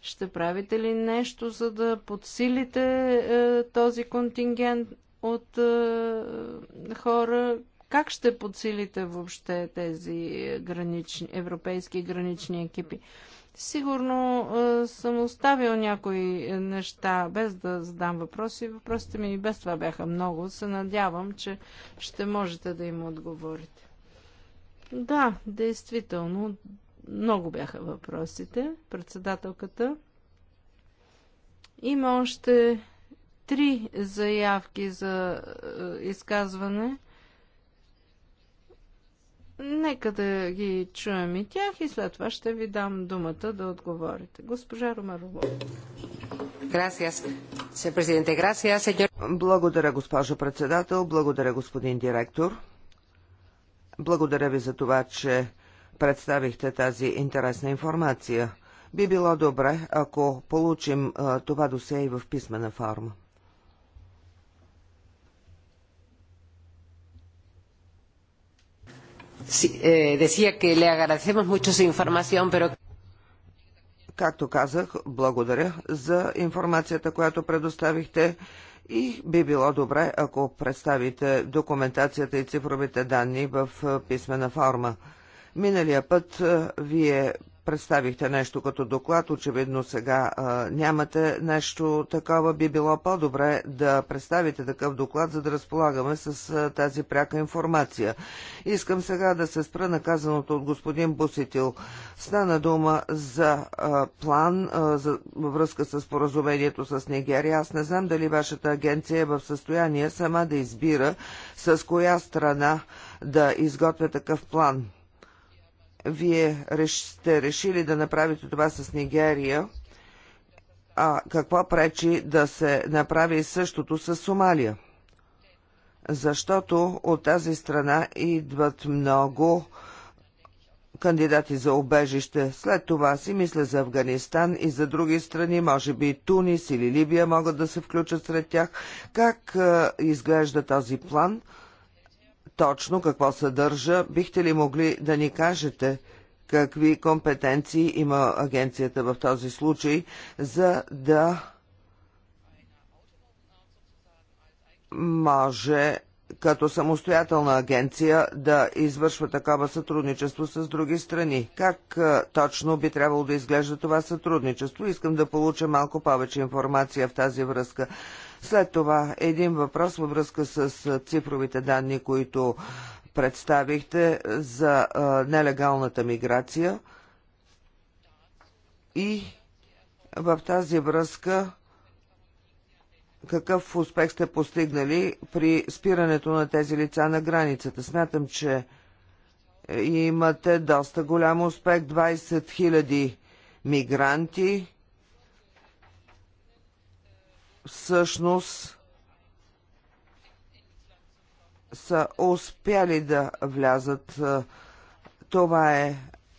Speaker 2: Ще правите ли нещо, за да подсилите а, е, този контингент от е, хора. Как ще подсилите въобще тези гранични, европейски гранични екипи? Сигурно е, съм оставил някои неща без да задам въпроси. Въпросите ми и без това бяха много. Се надявам, че ще можете да им отговорите. Да, действително, много бяха въпросите. Председателката. Има още три заявки за е, изказване. Нека да ги чуем и тях и след това ще ви дам думата да отговорите. Госпожа Ромарова.
Speaker 5: Благодаря, госпожо председател. Благодаря, господин директор. Благодаря ви за това, че представихте тази интересна информация. Би било добре, ако получим а, това досе
Speaker 3: и в писмена форма. Е, decía que le agradecemos mucho su información, pero... Както казах, благодаря
Speaker 5: за информацията, която предоставихте и би било добре, ако представите документацията и цифровите данни в е, писмена форма. Миналия път е, вие представихте нещо като доклад, очевидно сега а, нямате нещо такова, би било по-добре да представите такъв доклад, за да разполагаме с а, тази пряка информация. Искам сега да се спра на казаното от господин Буситил. Стана дума за а, план а, за, във връзка с поразумението с Нигерия. Аз не знам дали вашата агенция е в състояние сама да избира с коя страна да изготвя такъв план. Вие сте решили да направите това с Нигерия, а какво пречи да се направи същото с Сомалия? Защото от тази страна идват много кандидати за обежище. След това си мисля за Афганистан и за други страни, може би Тунис или Либия могат да се включат сред тях. Как изглежда този план – точно какво съдържа. Бихте ли могли да ни кажете какви компетенции има агенцията в този случай, за да може като самостоятелна агенция да извършва такова сътрудничество с други страни. Как точно би трябвало да изглежда това сътрудничество? Искам да получа малко повече информация в тази връзка. След това един въпрос във връзка с цифровите данни, които представихте за нелегалната миграция и в тази връзка какъв успех сте постигнали при спирането на тези лица на границата. Смятам, че имате доста голям успех. 20 000 мигранти всъщност са успяли да влязат. Това е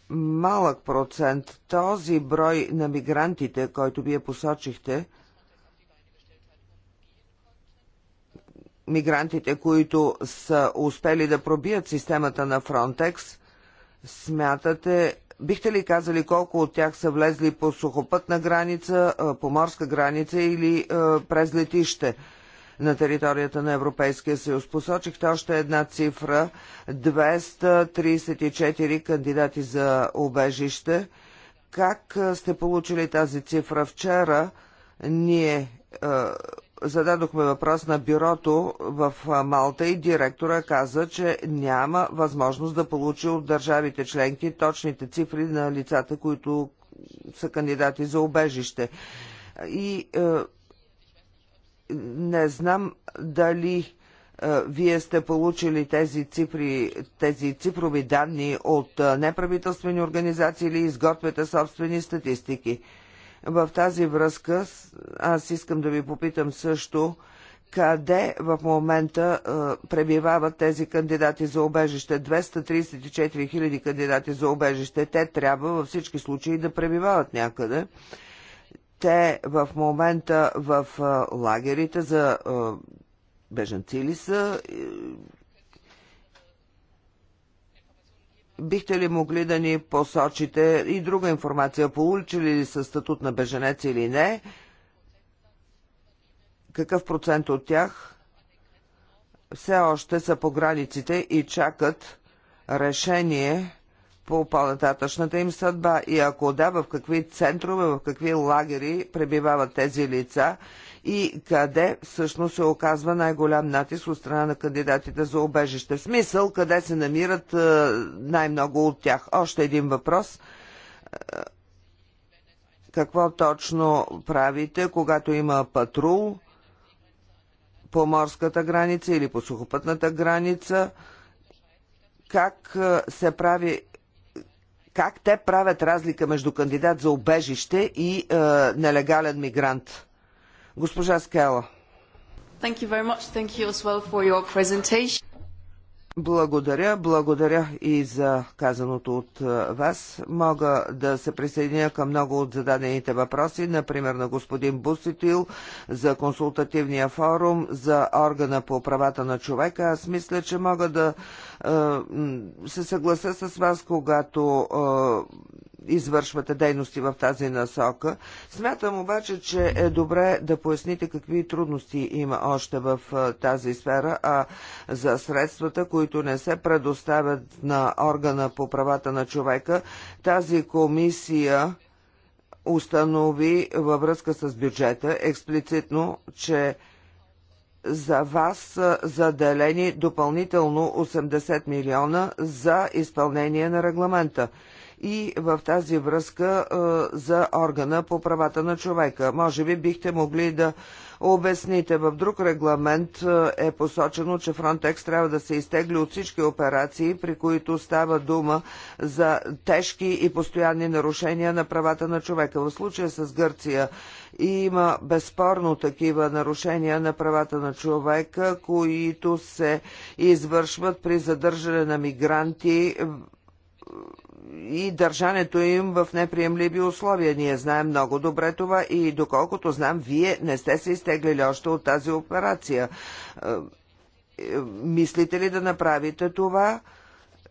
Speaker 5: малък процент. Този брой на мигрантите, който вие посочихте, мигрантите, които са успели да пробият системата на Фронтекс, смятате Бихте ли казали колко от тях са влезли по сухопътна граница, по морска граница или през летище? на територията на Европейския съюз. Посочихте още една цифра 234 кандидати за обежище. Как сте получили тази цифра вчера? Ние зададохме въпрос на бюрото в Малта и директора каза, че няма възможност да получи от държавите членки точните цифри на лицата, които са кандидати за обежище. И е, не знам дали е, вие сте получили тези цифри, тези цифрови данни от е, неправителствени организации или изготвяте собствени статистики. В тази връзка аз искам да ви попитам също къде в момента а, е, пребивават тези кандидати за обежище. 234 000 кандидати за обежище. Те трябва във всички случаи да пребивават някъде. Те в момента в а, е, лагерите за а, е, бежанци ли са Бихте ли могли да ни посочите и друга информация? Получили ли са статут на беженец или не? Какъв процент от тях все още са по границите и чакат решение по по-нататъчната им съдба и ако да, в какви центрове, в какви лагери пребивават тези лица и къде всъщност се оказва най-голям натиск от страна на кандидатите за обежище. В смисъл, къде се намират е, най-много от тях. Още един въпрос. Е, какво точно правите, когато има патрул по морската граница или по сухопътната граница? Как е, се прави как те правят разлика между кандидат за убежище и е, нелегален мигрант. Госпожа Скела.
Speaker 2: Thank you very much. Thank you as well for your
Speaker 5: presentation. Благодаря, благодаря и за казаното от вас. Мога да се присъединя към много от зададените въпроси, например на господин Буситил за консултативния форум, за органа по правата на човека. Аз мисля, че мога да е, се съглася с вас, когато е, извършвате дейности в тази насока. Смятам обаче, че е добре да поясните какви трудности има още в тази сфера, а за средствата, които не се предоставят на органа по правата на човека, тази комисия установи във връзка с бюджета експлицитно, че за вас са заделени допълнително 80 милиона за изпълнение на регламента и в тази връзка е, за органа по правата на човека. Може би бихте могли да обясните. В друг регламент е, е посочено, че Фронтекс трябва да се изтегли от всички операции, при които става дума за тежки и постоянни нарушения на правата на човека. В случая с Гърция има безспорно такива нарушения на правата на човека, които се извършват при задържане на мигранти и държането им в неприемливи условия. Ние знаем много добре това и доколкото знам, вие не сте се изтеглили още от тази операция. Е, е, мислите ли да направите това?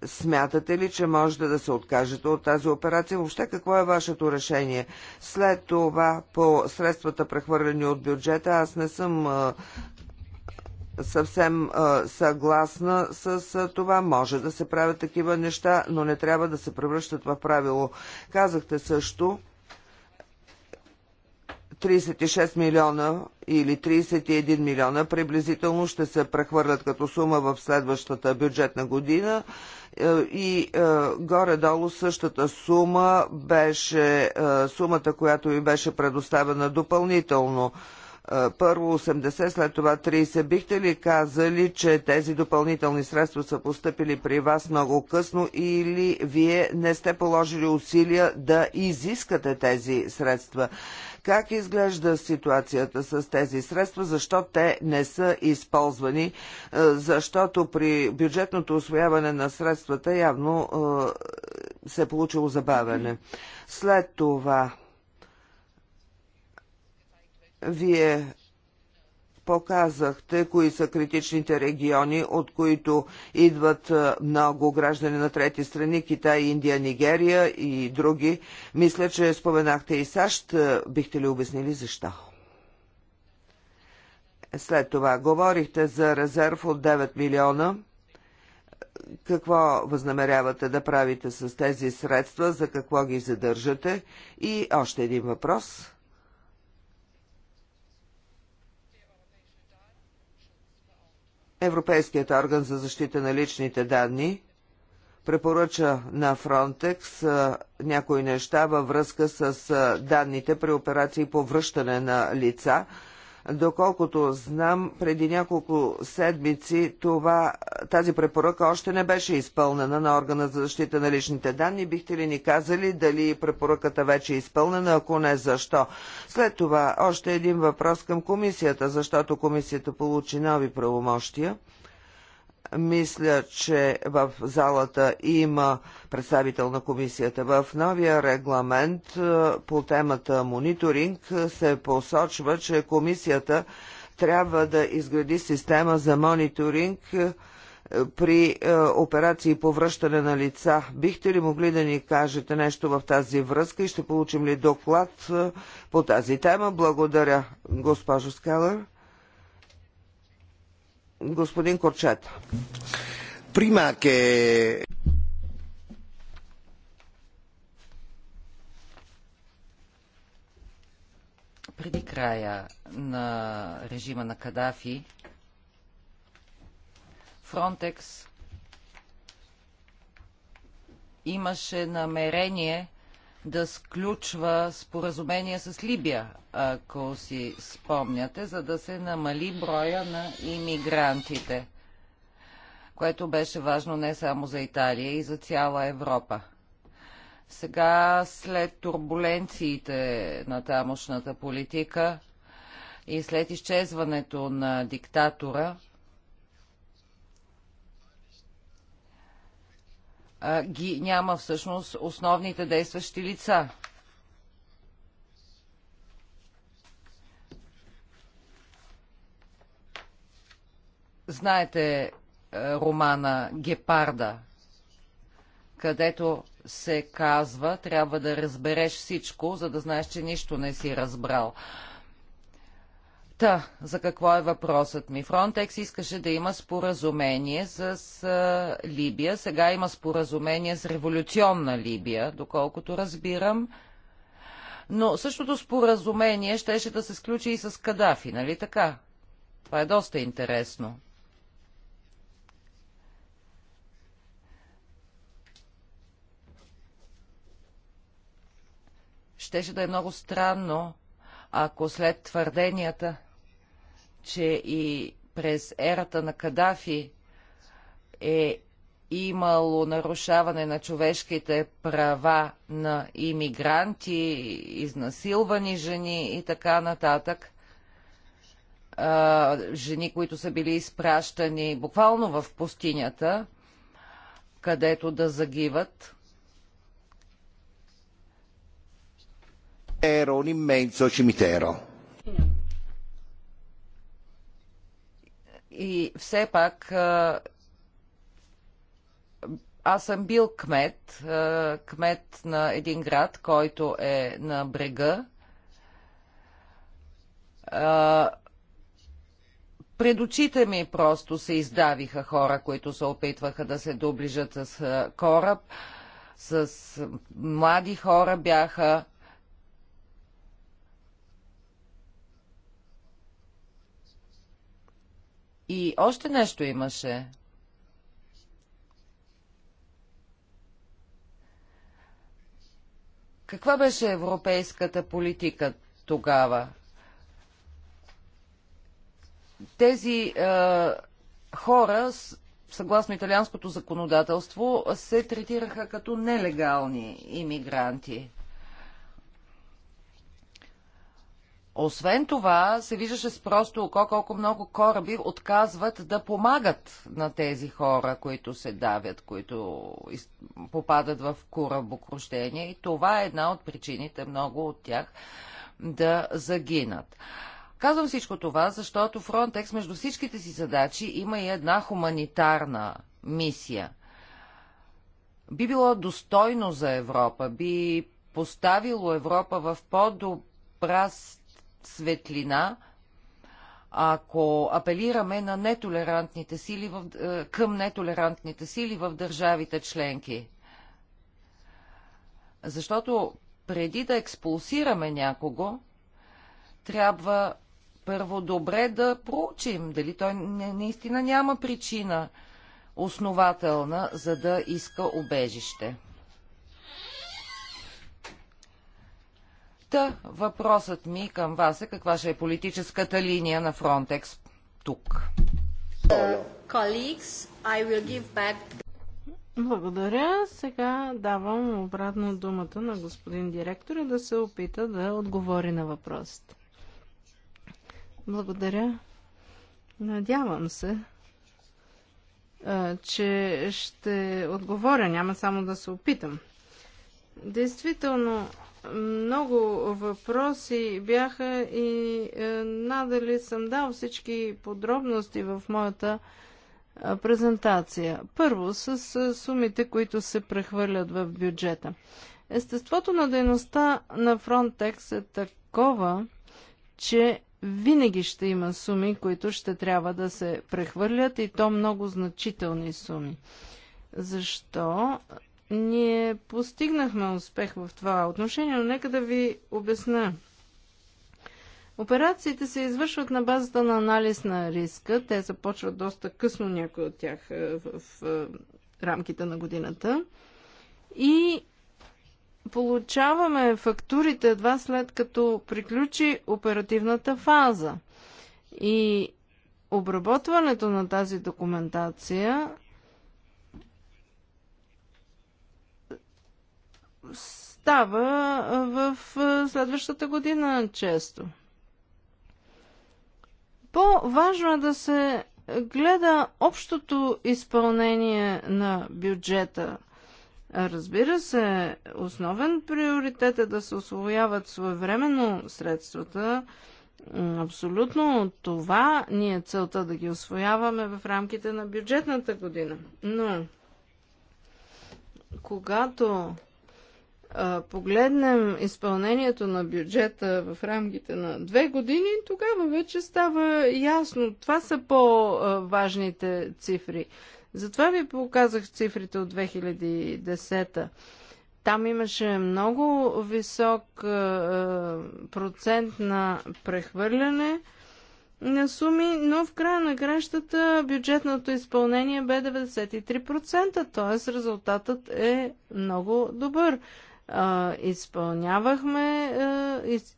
Speaker 5: Смятате ли, че можете да се откажете от тази операция? Въобще какво е вашето решение? След това по средствата прехвърлени от бюджета, аз не съм е, съвсем а, съгласна с а, това. Може да се правят такива неща, но не трябва да се превръщат в правило. Казахте също 36 милиона или 31 милиона приблизително ще се прехвърлят като сума в следващата бюджетна година е, и е, горе-долу същата сума беше е, сумата, която ви беше предоставена допълнително първо 80, след това 30. Бихте ли казали, че тези допълнителни средства са поступили при вас много късно или вие не сте положили усилия да изискате тези средства? Как изглежда ситуацията с тези средства? Защо те не са използвани? Защото при бюджетното освояване на средствата явно се е получило забавяне. След това вие показахте кои са критичните региони, от които идват много граждани на трети страни Китай, Индия, Нигерия и други. Мисля, че споменахте и САЩ. Бихте ли обяснили защо? След това говорихте за резерв от 9 милиона. Какво възнамерявате да правите с тези средства, за какво ги задържате? И още един въпрос – Европейският орган за защита на личните данни препоръча на Фронтекс някои неща във връзка с данните при операции по връщане на лица – Доколкото знам, преди няколко седмици това, тази препоръка още не беше изпълнена на органа за защита на личните данни. Бихте ли ни казали дали препоръката вече е изпълнена, ако не защо? След това още един въпрос към комисията, защото комисията получи нови правомощия. Мисля, че в залата има представител на комисията. В новия регламент е, по темата мониторинг се посочва, че комисията трябва да изгради система за мониторинг е, при е, операции по връщане на лица. Бихте ли могли да ни кажете нещо в тази връзка и ще получим ли доклад по тази тема? Благодаря, госпожо Скелър господин Корчета. Прима ке...
Speaker 3: Преди края на режима на Кадафи, Фронтекс имаше намерение – да сключва споразумение с Либия, ако си спомняте, за да се намали броя на иммигрантите, което беше важно не само за Италия и за цяла Европа. Сега, след турбуленциите на тамошната политика и след изчезването на диктатора, ги няма всъщност основните действащи лица. Знаете е, романа Гепарда, където се казва, трябва да разбереш всичко, за да знаеш, че нищо не си разбрал. А, Та, за какво е въпросът ми? Фронтекс искаше да има споразумение с Либия. Сега има споразумение с революционна Либия, доколкото разбирам. Но същото споразумение щеше да се сключи и с Кадафи, нали така? Това е доста интересно. Щеше да е много странно, ако след твърденията че и през ерата на Кадафи е имало нарушаване на човешките права на иммигранти, изнасилвани жени и така нататък. жени, които са били изпращани буквално в пустинята, където да загиват.
Speaker 5: Era un immenso cimitero.
Speaker 3: И все пак аз съм бил кмет, кмет на един град, който е на брега. Пред очите ми просто се издавиха хора, които се опитваха да се доближат с кораб. С млади хора бяха И още нещо имаше. Каква беше европейската политика тогава? Тези е, хора, съгласно италианското законодателство, се третираха като нелегални иммигранти. Освен това, се виждаше с просто око колко много кораби отказват да помагат на тези хора, които се давят, които из... попадат в корабокрушение. И това е една от причините много от тях да загинат. Казвам всичко това, защото Фронтекс между всичките си задачи има и една хуманитарна мисия. Би било достойно за Европа, би поставило Европа в по-добра светлина, ако апелираме на нетолерантните сили в, е, към нетолерантните сили в държавите членки. Защото преди да експулсираме някого, трябва първо добре да проучим дали той наистина няма причина основателна, за да иска убежище. Та въпросът ми към вас е каква ще е политическата линия на Фронтекс тук.
Speaker 2: Благодаря. Сега давам обратно думата на господин директор да се опита да отговори на въпросите. Благодаря. Надявам се, че ще отговоря. Няма само да се опитам. Действително, много въпроси бяха и е, надали съм дал всички подробности в моята е, презентация. Първо, с сумите, които се прехвърлят в бюджета. Естеството на дейността на Frontex е такова, че винаги ще има суми, които ще трябва да се прехвърлят и то много значителни суми. Защо? Ние постигнахме успех в това отношение, но нека да ви обясня. Операциите се извършват на базата на анализ на риска. Те започват доста късно някои от тях е, в, в е, рамките на годината. И получаваме фактурите едва след като приключи оперативната фаза. И обработването на тази документация става в следващата година често. По-важно е да се гледа общото изпълнение на бюджета. Разбира се, основен приоритет е да се освояват своевременно средствата. Абсолютно това ни е целта да ги освояваме в рамките на бюджетната година. Но когато погледнем изпълнението на бюджета в рамките на две години, тогава вече става ясно. Това са по-важните цифри. Затова ви показах цифрите от 2010 -та. Там имаше много висок процент на прехвърляне на суми, но в края на кращата бюджетното изпълнение бе 93%, т.е. резултатът е много добър а, изпълнявахме а, из,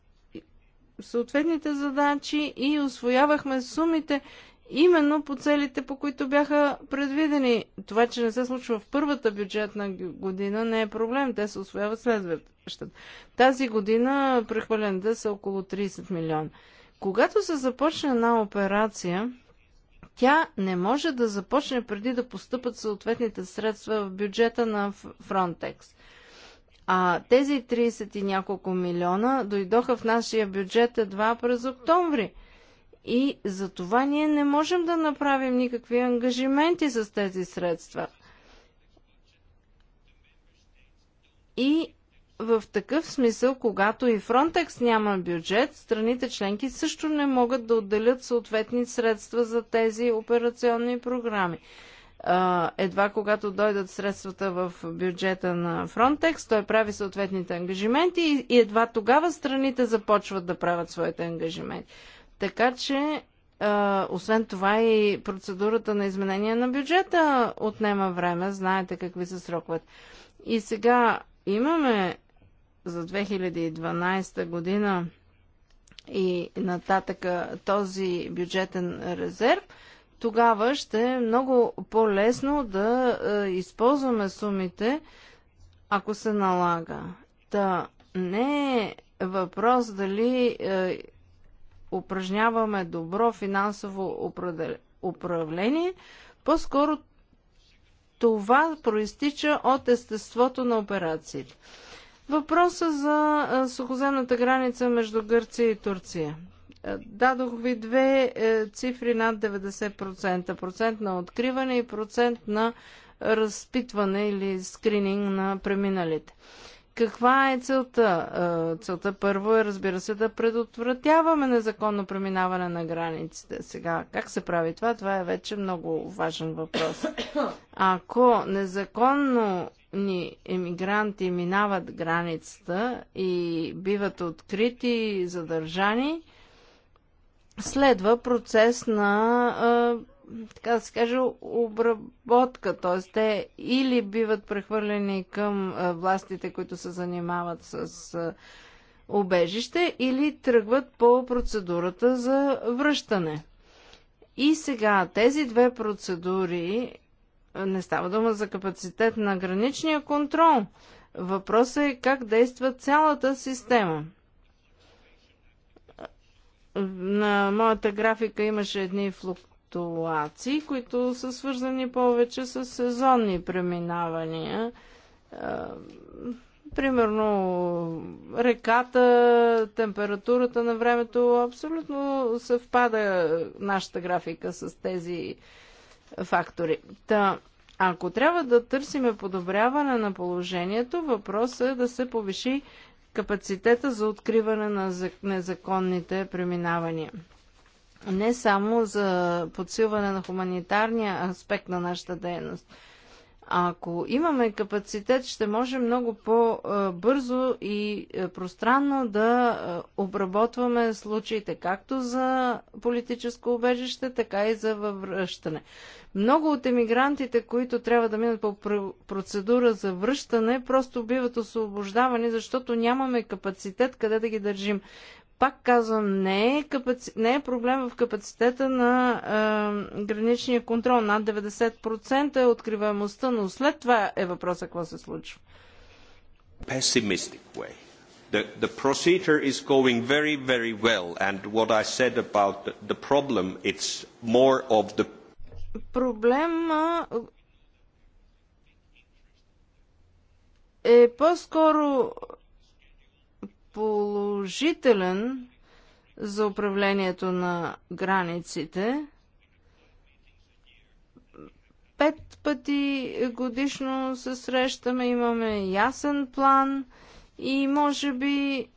Speaker 2: съответните задачи и освоявахме сумите именно по целите, по които бяха предвидени. Това, че не се случва в първата бюджетна година, не е проблем. Те се освояват следващата. Тази година прехвърлените да са около 30 милиона. Когато се започне една операция, тя не може да започне преди да постъпат съответните средства в бюджета на Frontex. А тези 30 и няколко милиона дойдоха в нашия бюджет едва през октомври. И за това ние не можем да направим никакви ангажименти с тези средства. И в такъв смисъл, когато и Frontex няма бюджет, страните членки също не могат да отделят съответни средства за тези операционни програми едва когато дойдат средствата в бюджета на Frontex, той прави съответните ангажименти и едва тогава страните започват да правят своите ангажименти. Така че, освен това и процедурата на изменение на бюджета отнема време, знаете какви са срокват. И сега имаме за 2012 година и нататъка този бюджетен резерв – тогава ще е много по-лесно да е, използваме сумите, ако се налага. Та не е въпрос дали е, упражняваме добро финансово управление, по-скоро това проистича от естеството на операциите. Въпросът за е, сухоземната граница между Гърция и Турция. Е, дадох ви две е, цифри над 90%. Процент на откриване и процент на разпитване или скрининг на преминалите. Каква е целта? Е, целта първо е, разбира се, да предотвратяваме незаконно преминаване на границите. Сега, как се прави това? Това е вече много важен въпрос. Ако незаконно ни емигранти минават границата и биват открити, и задържани, следва процес на, а, така да се каже, обработка. Т.е. те или биват прехвърлени към а, властите, които се занимават с а, убежище, или тръгват по процедурата за връщане. И сега тези две процедури не става дума за капацитет на граничния контрол. Въпросът е как действа цялата система. На моята графика имаше едни флуктуации, които са свързани повече с сезонни преминавания. Примерно реката, температурата на времето абсолютно съвпада нашата графика с тези фактори. Та, ако трябва да търсиме подобряване на положението, въпросът е да се повиши капацитета за откриване на незаконните преминавания. Не само за подсилване на хуманитарния аспект на нашата дейност – ако имаме капацитет, ще може много по-бързо и е, пространно да е, обработваме случаите както за политическо убежище, така и за връщане. Много от емигрантите, които трябва да минат по процедура за връщане, просто биват освобождавани, защото нямаме капацитет къде да ги държим. Пак казвам, не е, капаци... не е проблем в капацитета на е, граничния контрол. Над 90% е откриваемостта, но след това е въпросът какво се случва.
Speaker 4: Pessimistic way. The, the procedure is going very, very well. And what I said about the problem, it's more of the...
Speaker 2: Проблема е по-скоро положителен за управлението на границите. Пет пъти годишно се срещаме, имаме ясен план и може би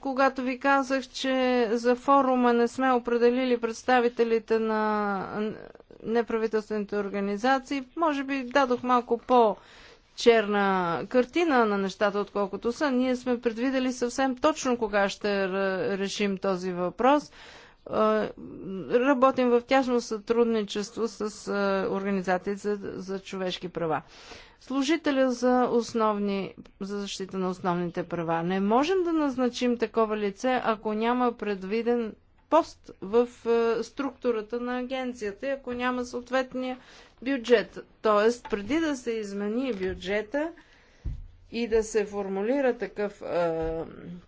Speaker 2: когато ви казах, че за форума не сме определили представителите на неправителствените организации, може би дадох малко по- черна картина на нещата, отколкото са. Ние сме предвидели съвсем точно кога ще решим този въпрос. Е, работим в тясно сътрудничество с е, Организацията за, за човешки права. Служителя за, основни, за защита на основните права. Не можем да назначим такова лице, ако няма предвиден пост в е, структурата на агенцията, ако няма съответния бюджет. Тоест, преди да се измени бюджета и да се формулира такъв е,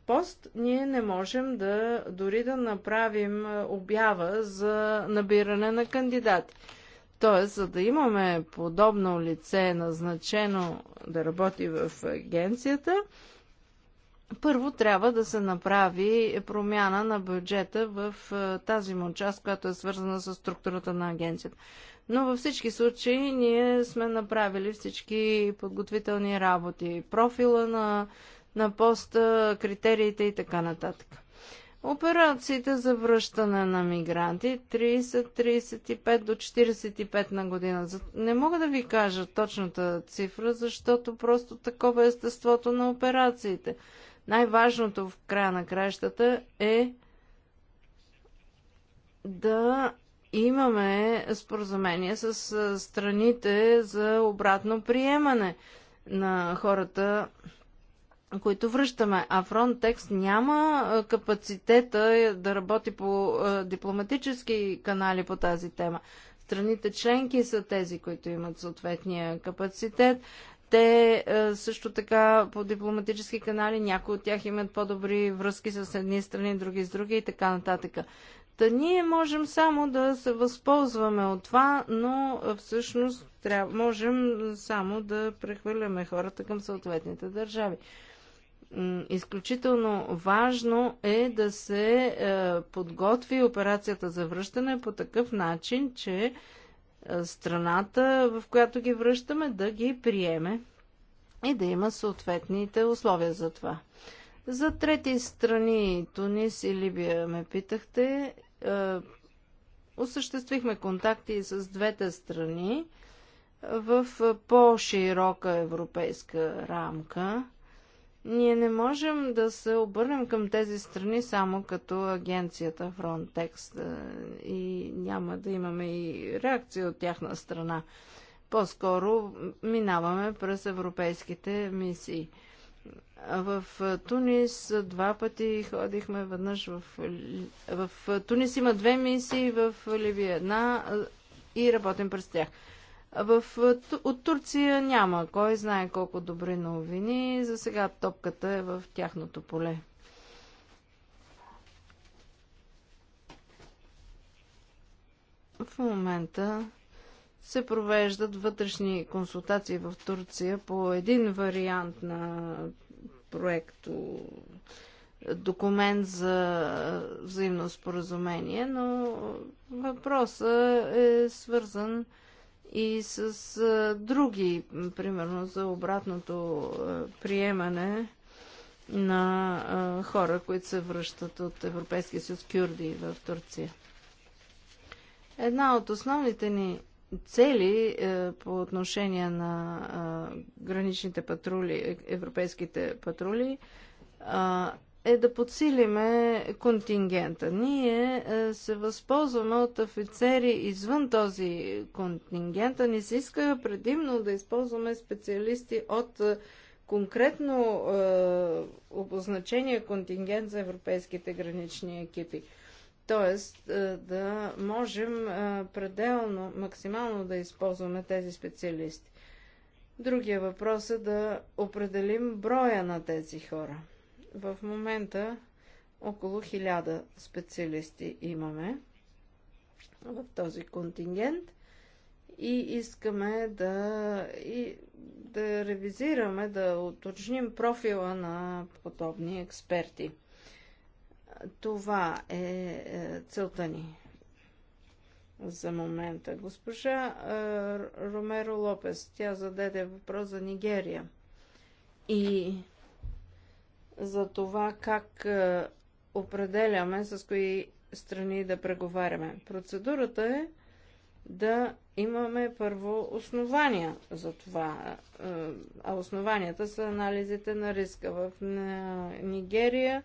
Speaker 2: пост, ние не можем да дори да направим е, обява за набиране на кандидати. Тоест, за да имаме подобно лице назначено да работи в агенцията, първо трябва да се направи промяна на бюджета в е, тази му част, която е свързана с структурата на агенцията. Но във всички случаи ние сме направили всички подготвителни работи, профила на, на поста, критериите и така нататък. Операциите за връщане на мигранти 30, 35 до 45 на година. Не мога да ви кажа точната цифра, защото просто такова е естеството на операциите. Най-важното в края на краищата е да имаме споразумение с страните за обратно приемане на хората, които връщаме. А Frontex няма капацитета да работи по дипломатически канали по тази тема. Страните членки са тези, които имат съответния капацитет. Те е, също така по дипломатически канали, някои от тях имат по-добри връзки с едни страни, други с други и така нататък. Та ние можем само да се възползваме от това, но е, всъщност трябва, можем само да прехвърляме хората към съответните държави. Изключително важно е да се е, подготви операцията за връщане по такъв начин, че страната, в която ги връщаме, да ги приеме и да има съответните условия за това. За трети страни, Тунис и Либия, ме питахте, осъществихме контакти с двете страни в по-широка европейска рамка. Ние не можем да се обърнем към тези страни само като агенцията Frontex е, и няма да имаме и реакция от тяхна страна. По-скоро минаваме през европейските мисии. В Тунис два пъти ходихме веднъж в... В Тунис има две мисии, в Ливия една е, и работим през тях. В, от Турция няма кой знае колко добри новини. За сега топката е в тяхното поле. В момента се провеждат вътрешни консултации в Турция по един вариант на проекто документ за взаимно споразумение, но въпросът е свързан с и с а, други, примерно за обратното а, приемане на а, хора, които се връщат от Европейския съюз кюрди в Турция. Една от основните ни цели е, по отношение на е, граничните патрули, е, европейските патрули, е е да подсилиме контингента. Ние е, се възползваме от офицери извън този контингент, а ни се иска предимно да използваме специалисти от е, конкретно е, обозначения контингент за европейските гранични екипи. Тоест е, да можем е, пределно, максимално да използваме тези специалисти. Другия въпрос е да определим броя на тези хора – в момента около 1000 специалисти имаме в този контингент и искаме да, и, да ревизираме, да уточним профила на подобни експерти. Това е, е целта ни за момента. Госпожа е, Ромеро Лопес, тя зададе въпрос за Нигерия. И за това как е, определяме с кои страни да преговаряме. Процедурата е да имаме първо основания за това. Е, а основанията са анализите на риска. В Нигерия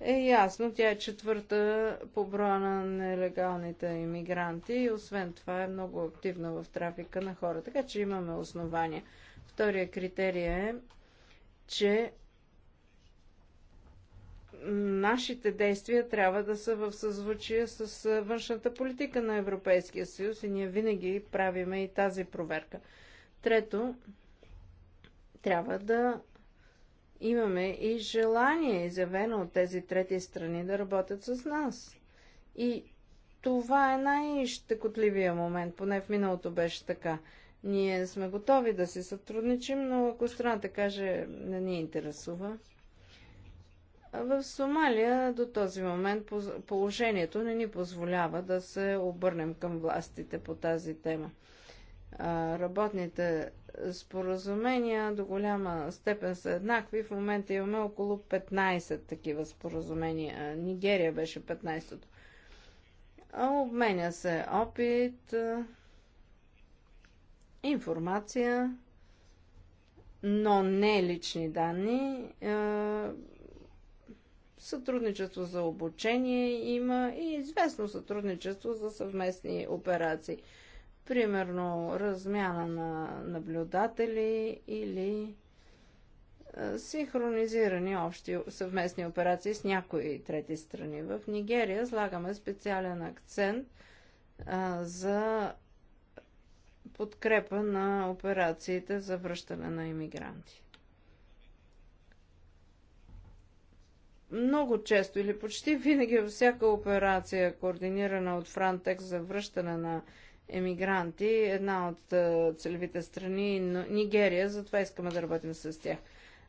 Speaker 2: е ясно, тя е четвърта по броя на нелегалните иммигранти и освен това е много активна в трафика на хора, така че имаме основания. Втория критерий е, че нашите действия трябва да са в съзвучие с външната политика на Европейския съюз и ние винаги правиме и тази проверка. Трето, трябва да имаме и желание, изявено от тези трети страни, да работят с нас. И това е най-щекотливия момент, поне в миналото беше така. Ние сме готови да се сътрудничим, но ако страната каже не ни интересува, в Сомалия до този момент положението не ни позволява да се обърнем към властите по тази тема. Работните споразумения до голяма степен са еднакви. В момента имаме около 15 такива споразумения. Нигерия беше 15-то. Обменя се опит, информация, но не лични данни Сътрудничество за обучение има и известно сътрудничество за съвместни операции. Примерно размяна на наблюдатели или синхронизирани общи съвместни операции с някои трети страни. В Нигерия слагаме специален акцент а, за подкрепа на операциите за връщане на иммигранти. много често или почти винаги във всяка операция, координирана от Франтекс за връщане на емигранти, една от целевите страни Нигерия, затова искаме да работим с тях.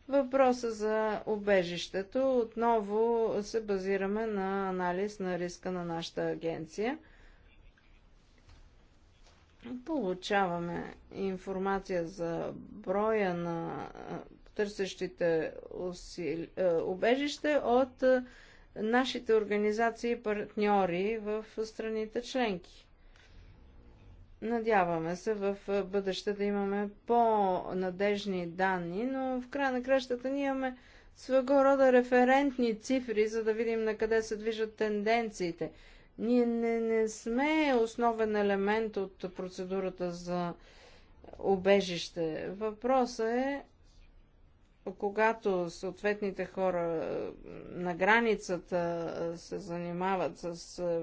Speaker 2: Въпроса за обежището отново се базираме на анализ на риска на нашата агенция. Получаваме информация за броя на търсещите усили... Е, убежище от е, нашите организации и партньори в страните членки. Надяваме се в е, бъдеще да имаме по-надежни данни, но в края на кращата ние имаме своего рода референтни цифри, за да видим на къде се движат тенденциите. Ние не, не сме основен елемент от процедурата за обежище. Въпросът е когато съответните хора е, на границата е, се занимават с е,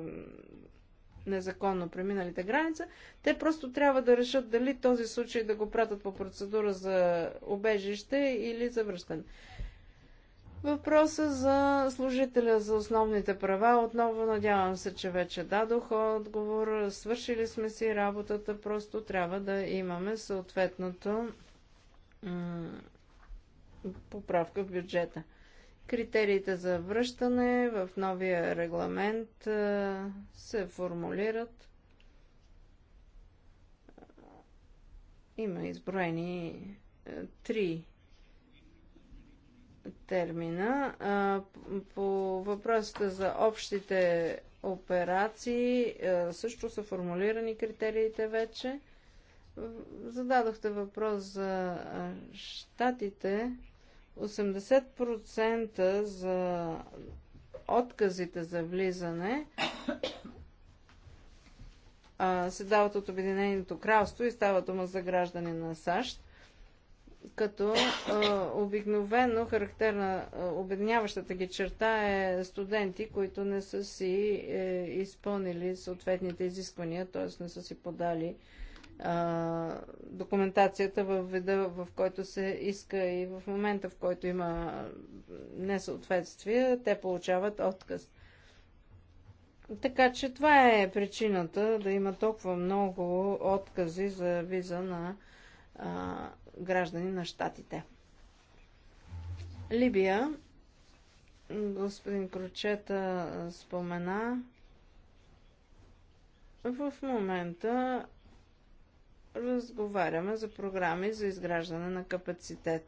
Speaker 2: незаконно преминалите граница, те просто трябва да решат дали този случай да го пратят по процедура за обежище или за връщане. Въпроса за служителя за основните права. Отново надявам се, че вече дадох отговор. Свършили сме си работата, просто трябва да имаме съответното поправка в бюджета. Критериите за връщане в новия регламент се формулират. Има изброени три термина. По въпросите за общите операции също са формулирани критериите вече. Зададохте въпрос за щатите. 80% за отказите за влизане а, се дават от Обединеното кралство и става дума за граждани на САЩ, като а, обикновено характерна а, обедняващата ги черта е студенти, които не са си е, изпълнили съответните изисквания, т.е. не са си подали а, документацията в вида, в който се иска и в момента, в който има несъответствие, те получават отказ. Така че това е причината да има толкова много откази за виза на а, граждани на щатите. Либия, господин Крочета спомена, в момента разговаряме за програми за изграждане на капацитет.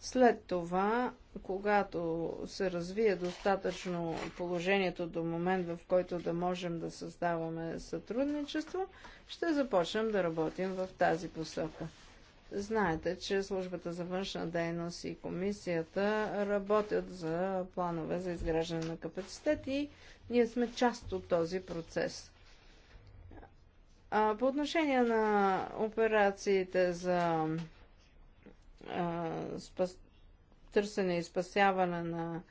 Speaker 2: След това, когато се развие достатъчно положението до момент, в който да можем да създаваме сътрудничество, ще започнем да работим в тази посока. Знаете, че службата за външна дейност и комисията работят за планове за изграждане на капацитет и ние сме част от този процес. А, по отношение на операциите за а, спас... търсене и спасяване на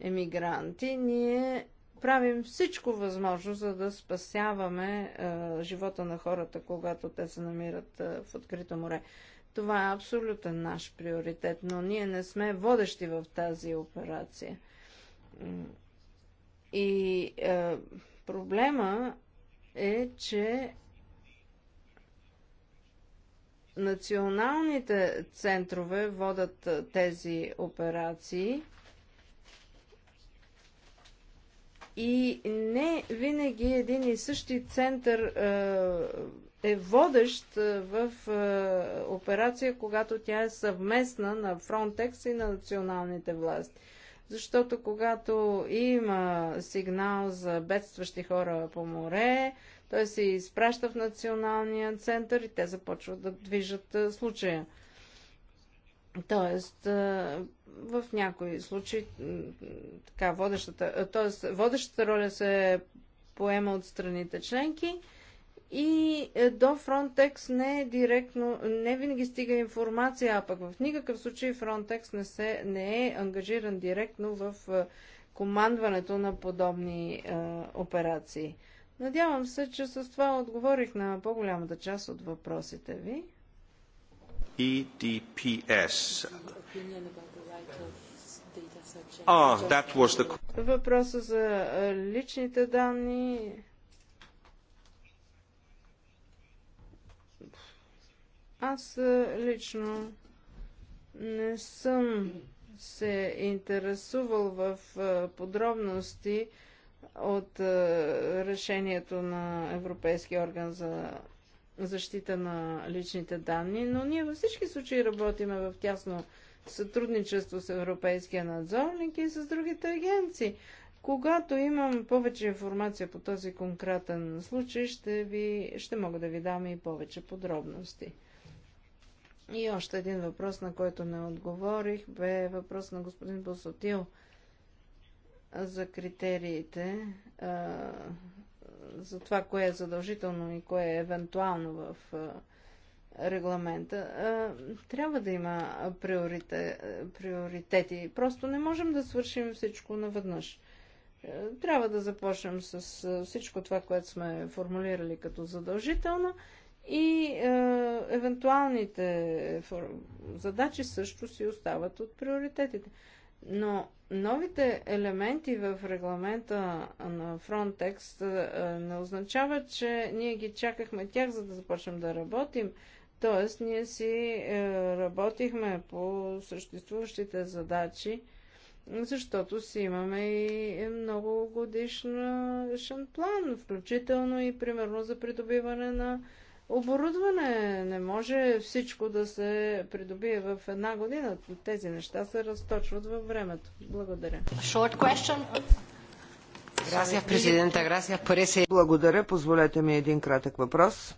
Speaker 2: емигранти, ние правим всичко възможно, за да спасяваме а, живота на хората, когато те се намират а, в открито море. Това е абсолютен наш приоритет, но ние не сме водещи в тази операция. И е, проблема е, че Националните центрове водат тези операции и не винаги един и същи център е водещ в операция, когато тя е съвместна на Frontex и на националните власти. Защото когато има сигнал за бедстващи хора по море, той се изпраща в националния център и те започват да движат случая. Тоест, в някои случаи, така, водещата, тоест, водещата роля се поема от страните членки и е, до Frontex не е директно, не винаги стига информация, а пък в никакъв случай Frontex не, се, не е ангажиран директно в е, командването на подобни е, операции. Надявам се, че с това отговорих на по-голямата част от въпросите ви.
Speaker 4: EDPS. Ah, the...
Speaker 2: Въпроса за личните данни. Аз лично не съм се интересувал в подробности от е, решението на Европейския орган за защита на личните данни, но ние във всички случаи работиме в тясно сътрудничество с Европейския надзорник и с другите агенции. Когато имам повече информация по този конкретен случай, ще, ви, ще мога да ви дам и повече подробности. И още един въпрос, на който не отговорих, бе въпрос на господин Босотил – за критериите, за това кое е задължително и кое е евентуално в регламента. Трябва да има приоритети. Просто не можем да свършим всичко наведнъж. Трябва да започнем с всичко това, което сме формулирали като задължително и е, евентуалните задачи също си остават от приоритетите. Но новите елементи в регламента на Frontex не означава, че ние ги чакахме тях, за да започнем да работим. Тоест, ние си е, работихме по съществуващите задачи, защото си имаме и много годишен план, включително и примерно за придобиване на оборудване. Не може всичко да се придобие в една година. Тези неща се разточват във времето.
Speaker 1: Благодаря.
Speaker 5: Благодаря. Позволете ми един кратък въпрос.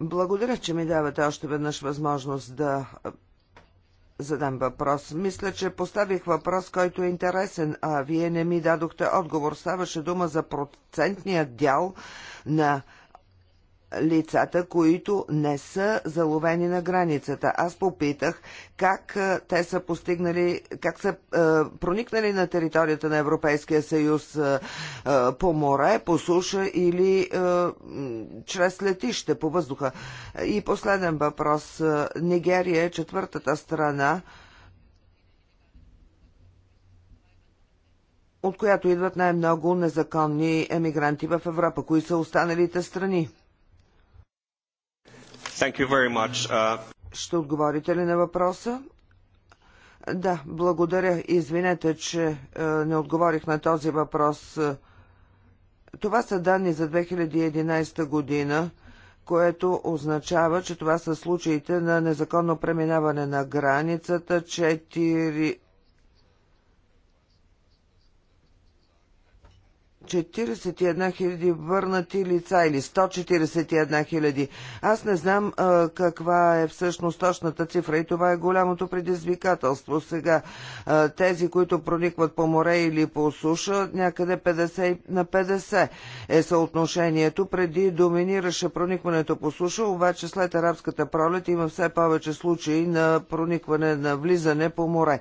Speaker 5: Благодаря, че ми давате още веднъж възможност да задам въпрос. Мисля, че поставих въпрос, който е интересен, а вие не ми дадохте отговор. Ставаше дума за процентния дял на лицата, които не са заловени на границата. Аз попитах как те са постигнали, как са е, проникнали на територията на Европейския съюз е, по море, по суша или е, чрез летище, по въздуха. И последен въпрос. Нигерия е четвъртата страна, от която идват най-много незаконни емигранти в Европа. Кои са останалите страни?
Speaker 4: Thank you very much. Uh,
Speaker 5: Ще отговорите ли на въпроса? Да, благодаря. Извинете, че е, не отговорих на този въпрос. Това са данни за 2011 година, което означава, че това са случаите на незаконно преминаване на границата 4 41 хиляди върнати лица или 141 хиляди. Аз не знам а, каква е всъщност точната цифра и това е голямото предизвикателство. Сега а, тези, които проникват по море или по суша, някъде 50 на 50 е съотношението. Преди доминираше проникването по суша, обаче след арабската пролет има все повече случаи на проникване, на влизане по море.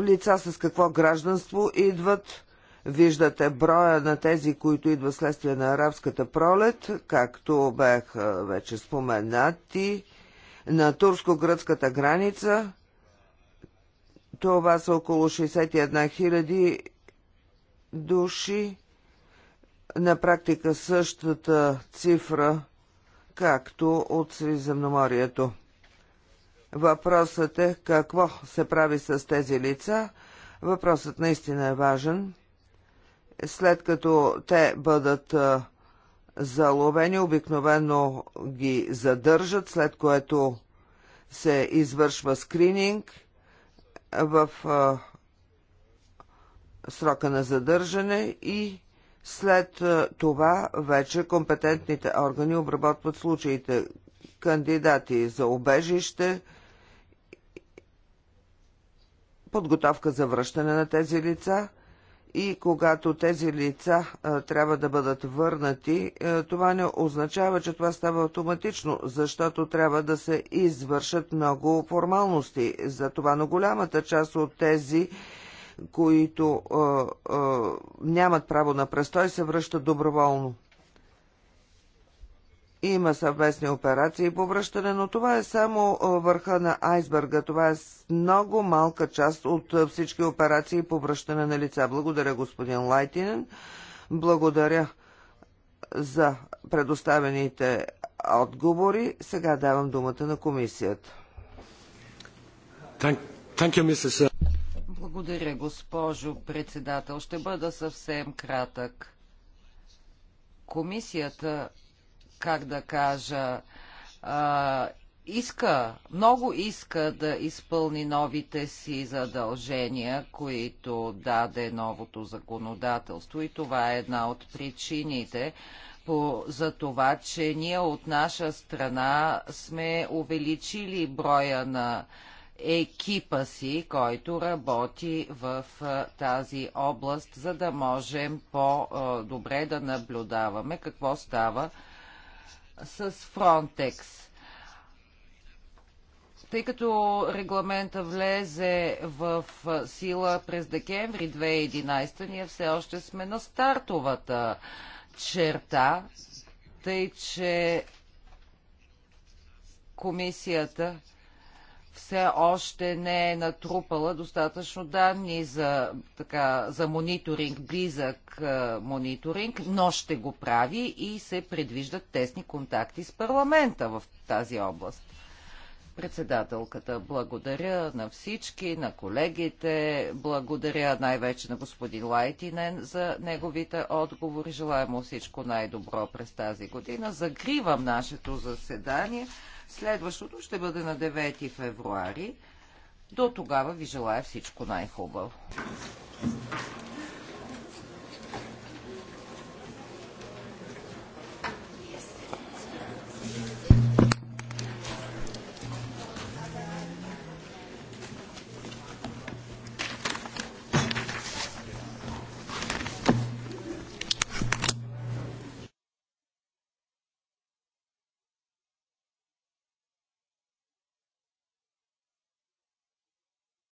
Speaker 5: лица с какво гражданство идват. Виждате броя на тези, които идват следствие на арабската пролет, както бях вече споменати, на турско-гръцката граница. Това са около 61 000 души. На практика същата цифра, както от Средиземноморието. Въпросът е какво се прави с тези лица. Въпросът наистина е важен. След като те бъдат заловени, обикновено ги задържат, след което се извършва скрининг в срока на задържане и след това вече компетентните органи обработват случаите кандидати за обежище, подготовка за връщане на тези лица и когато тези лица а, трябва да бъдат върнати, а, това не означава, че това става автоматично, защото трябва да се извършат много формалности. Затова на голямата част от тези, които а, нямат право на престой, се връщат доброволно. Има съвместни операции по връщане, но това е само върха на айсберга. Това е много малка част от всички операции по връщане на лица. Благодаря, господин Лайтинен. Благодаря за предоставените отговори. Сега давам думата на комисията.
Speaker 3: Благодаря, госпожо председател. Ще бъда съвсем кратък. Комисията как да кажа, а, иска, много иска да изпълни новите си задължения, които даде новото законодателство и това е една от причините по, за това, че ние от наша страна сме увеличили броя на екипа си, който работи в тази област, за да можем по-добре да наблюдаваме какво става с Фронтекс. Тъй като регламента влезе в сила през декември 2011, ние все още сме на стартовата черта, тъй че комисията все още не е натрупала достатъчно данни за, така, за мониторинг, близък е, мониторинг, но ще го прави и се предвиждат тесни контакти с парламента в тази област. Председателката, благодаря на всички, на колегите, благодаря най-вече на господин Лайтинен за неговите отговори. Желая му всичко най-добро през тази година. Закривам нашето заседание. Следващото ще бъде на 9 февруари. До тогава ви желая всичко най-хубаво.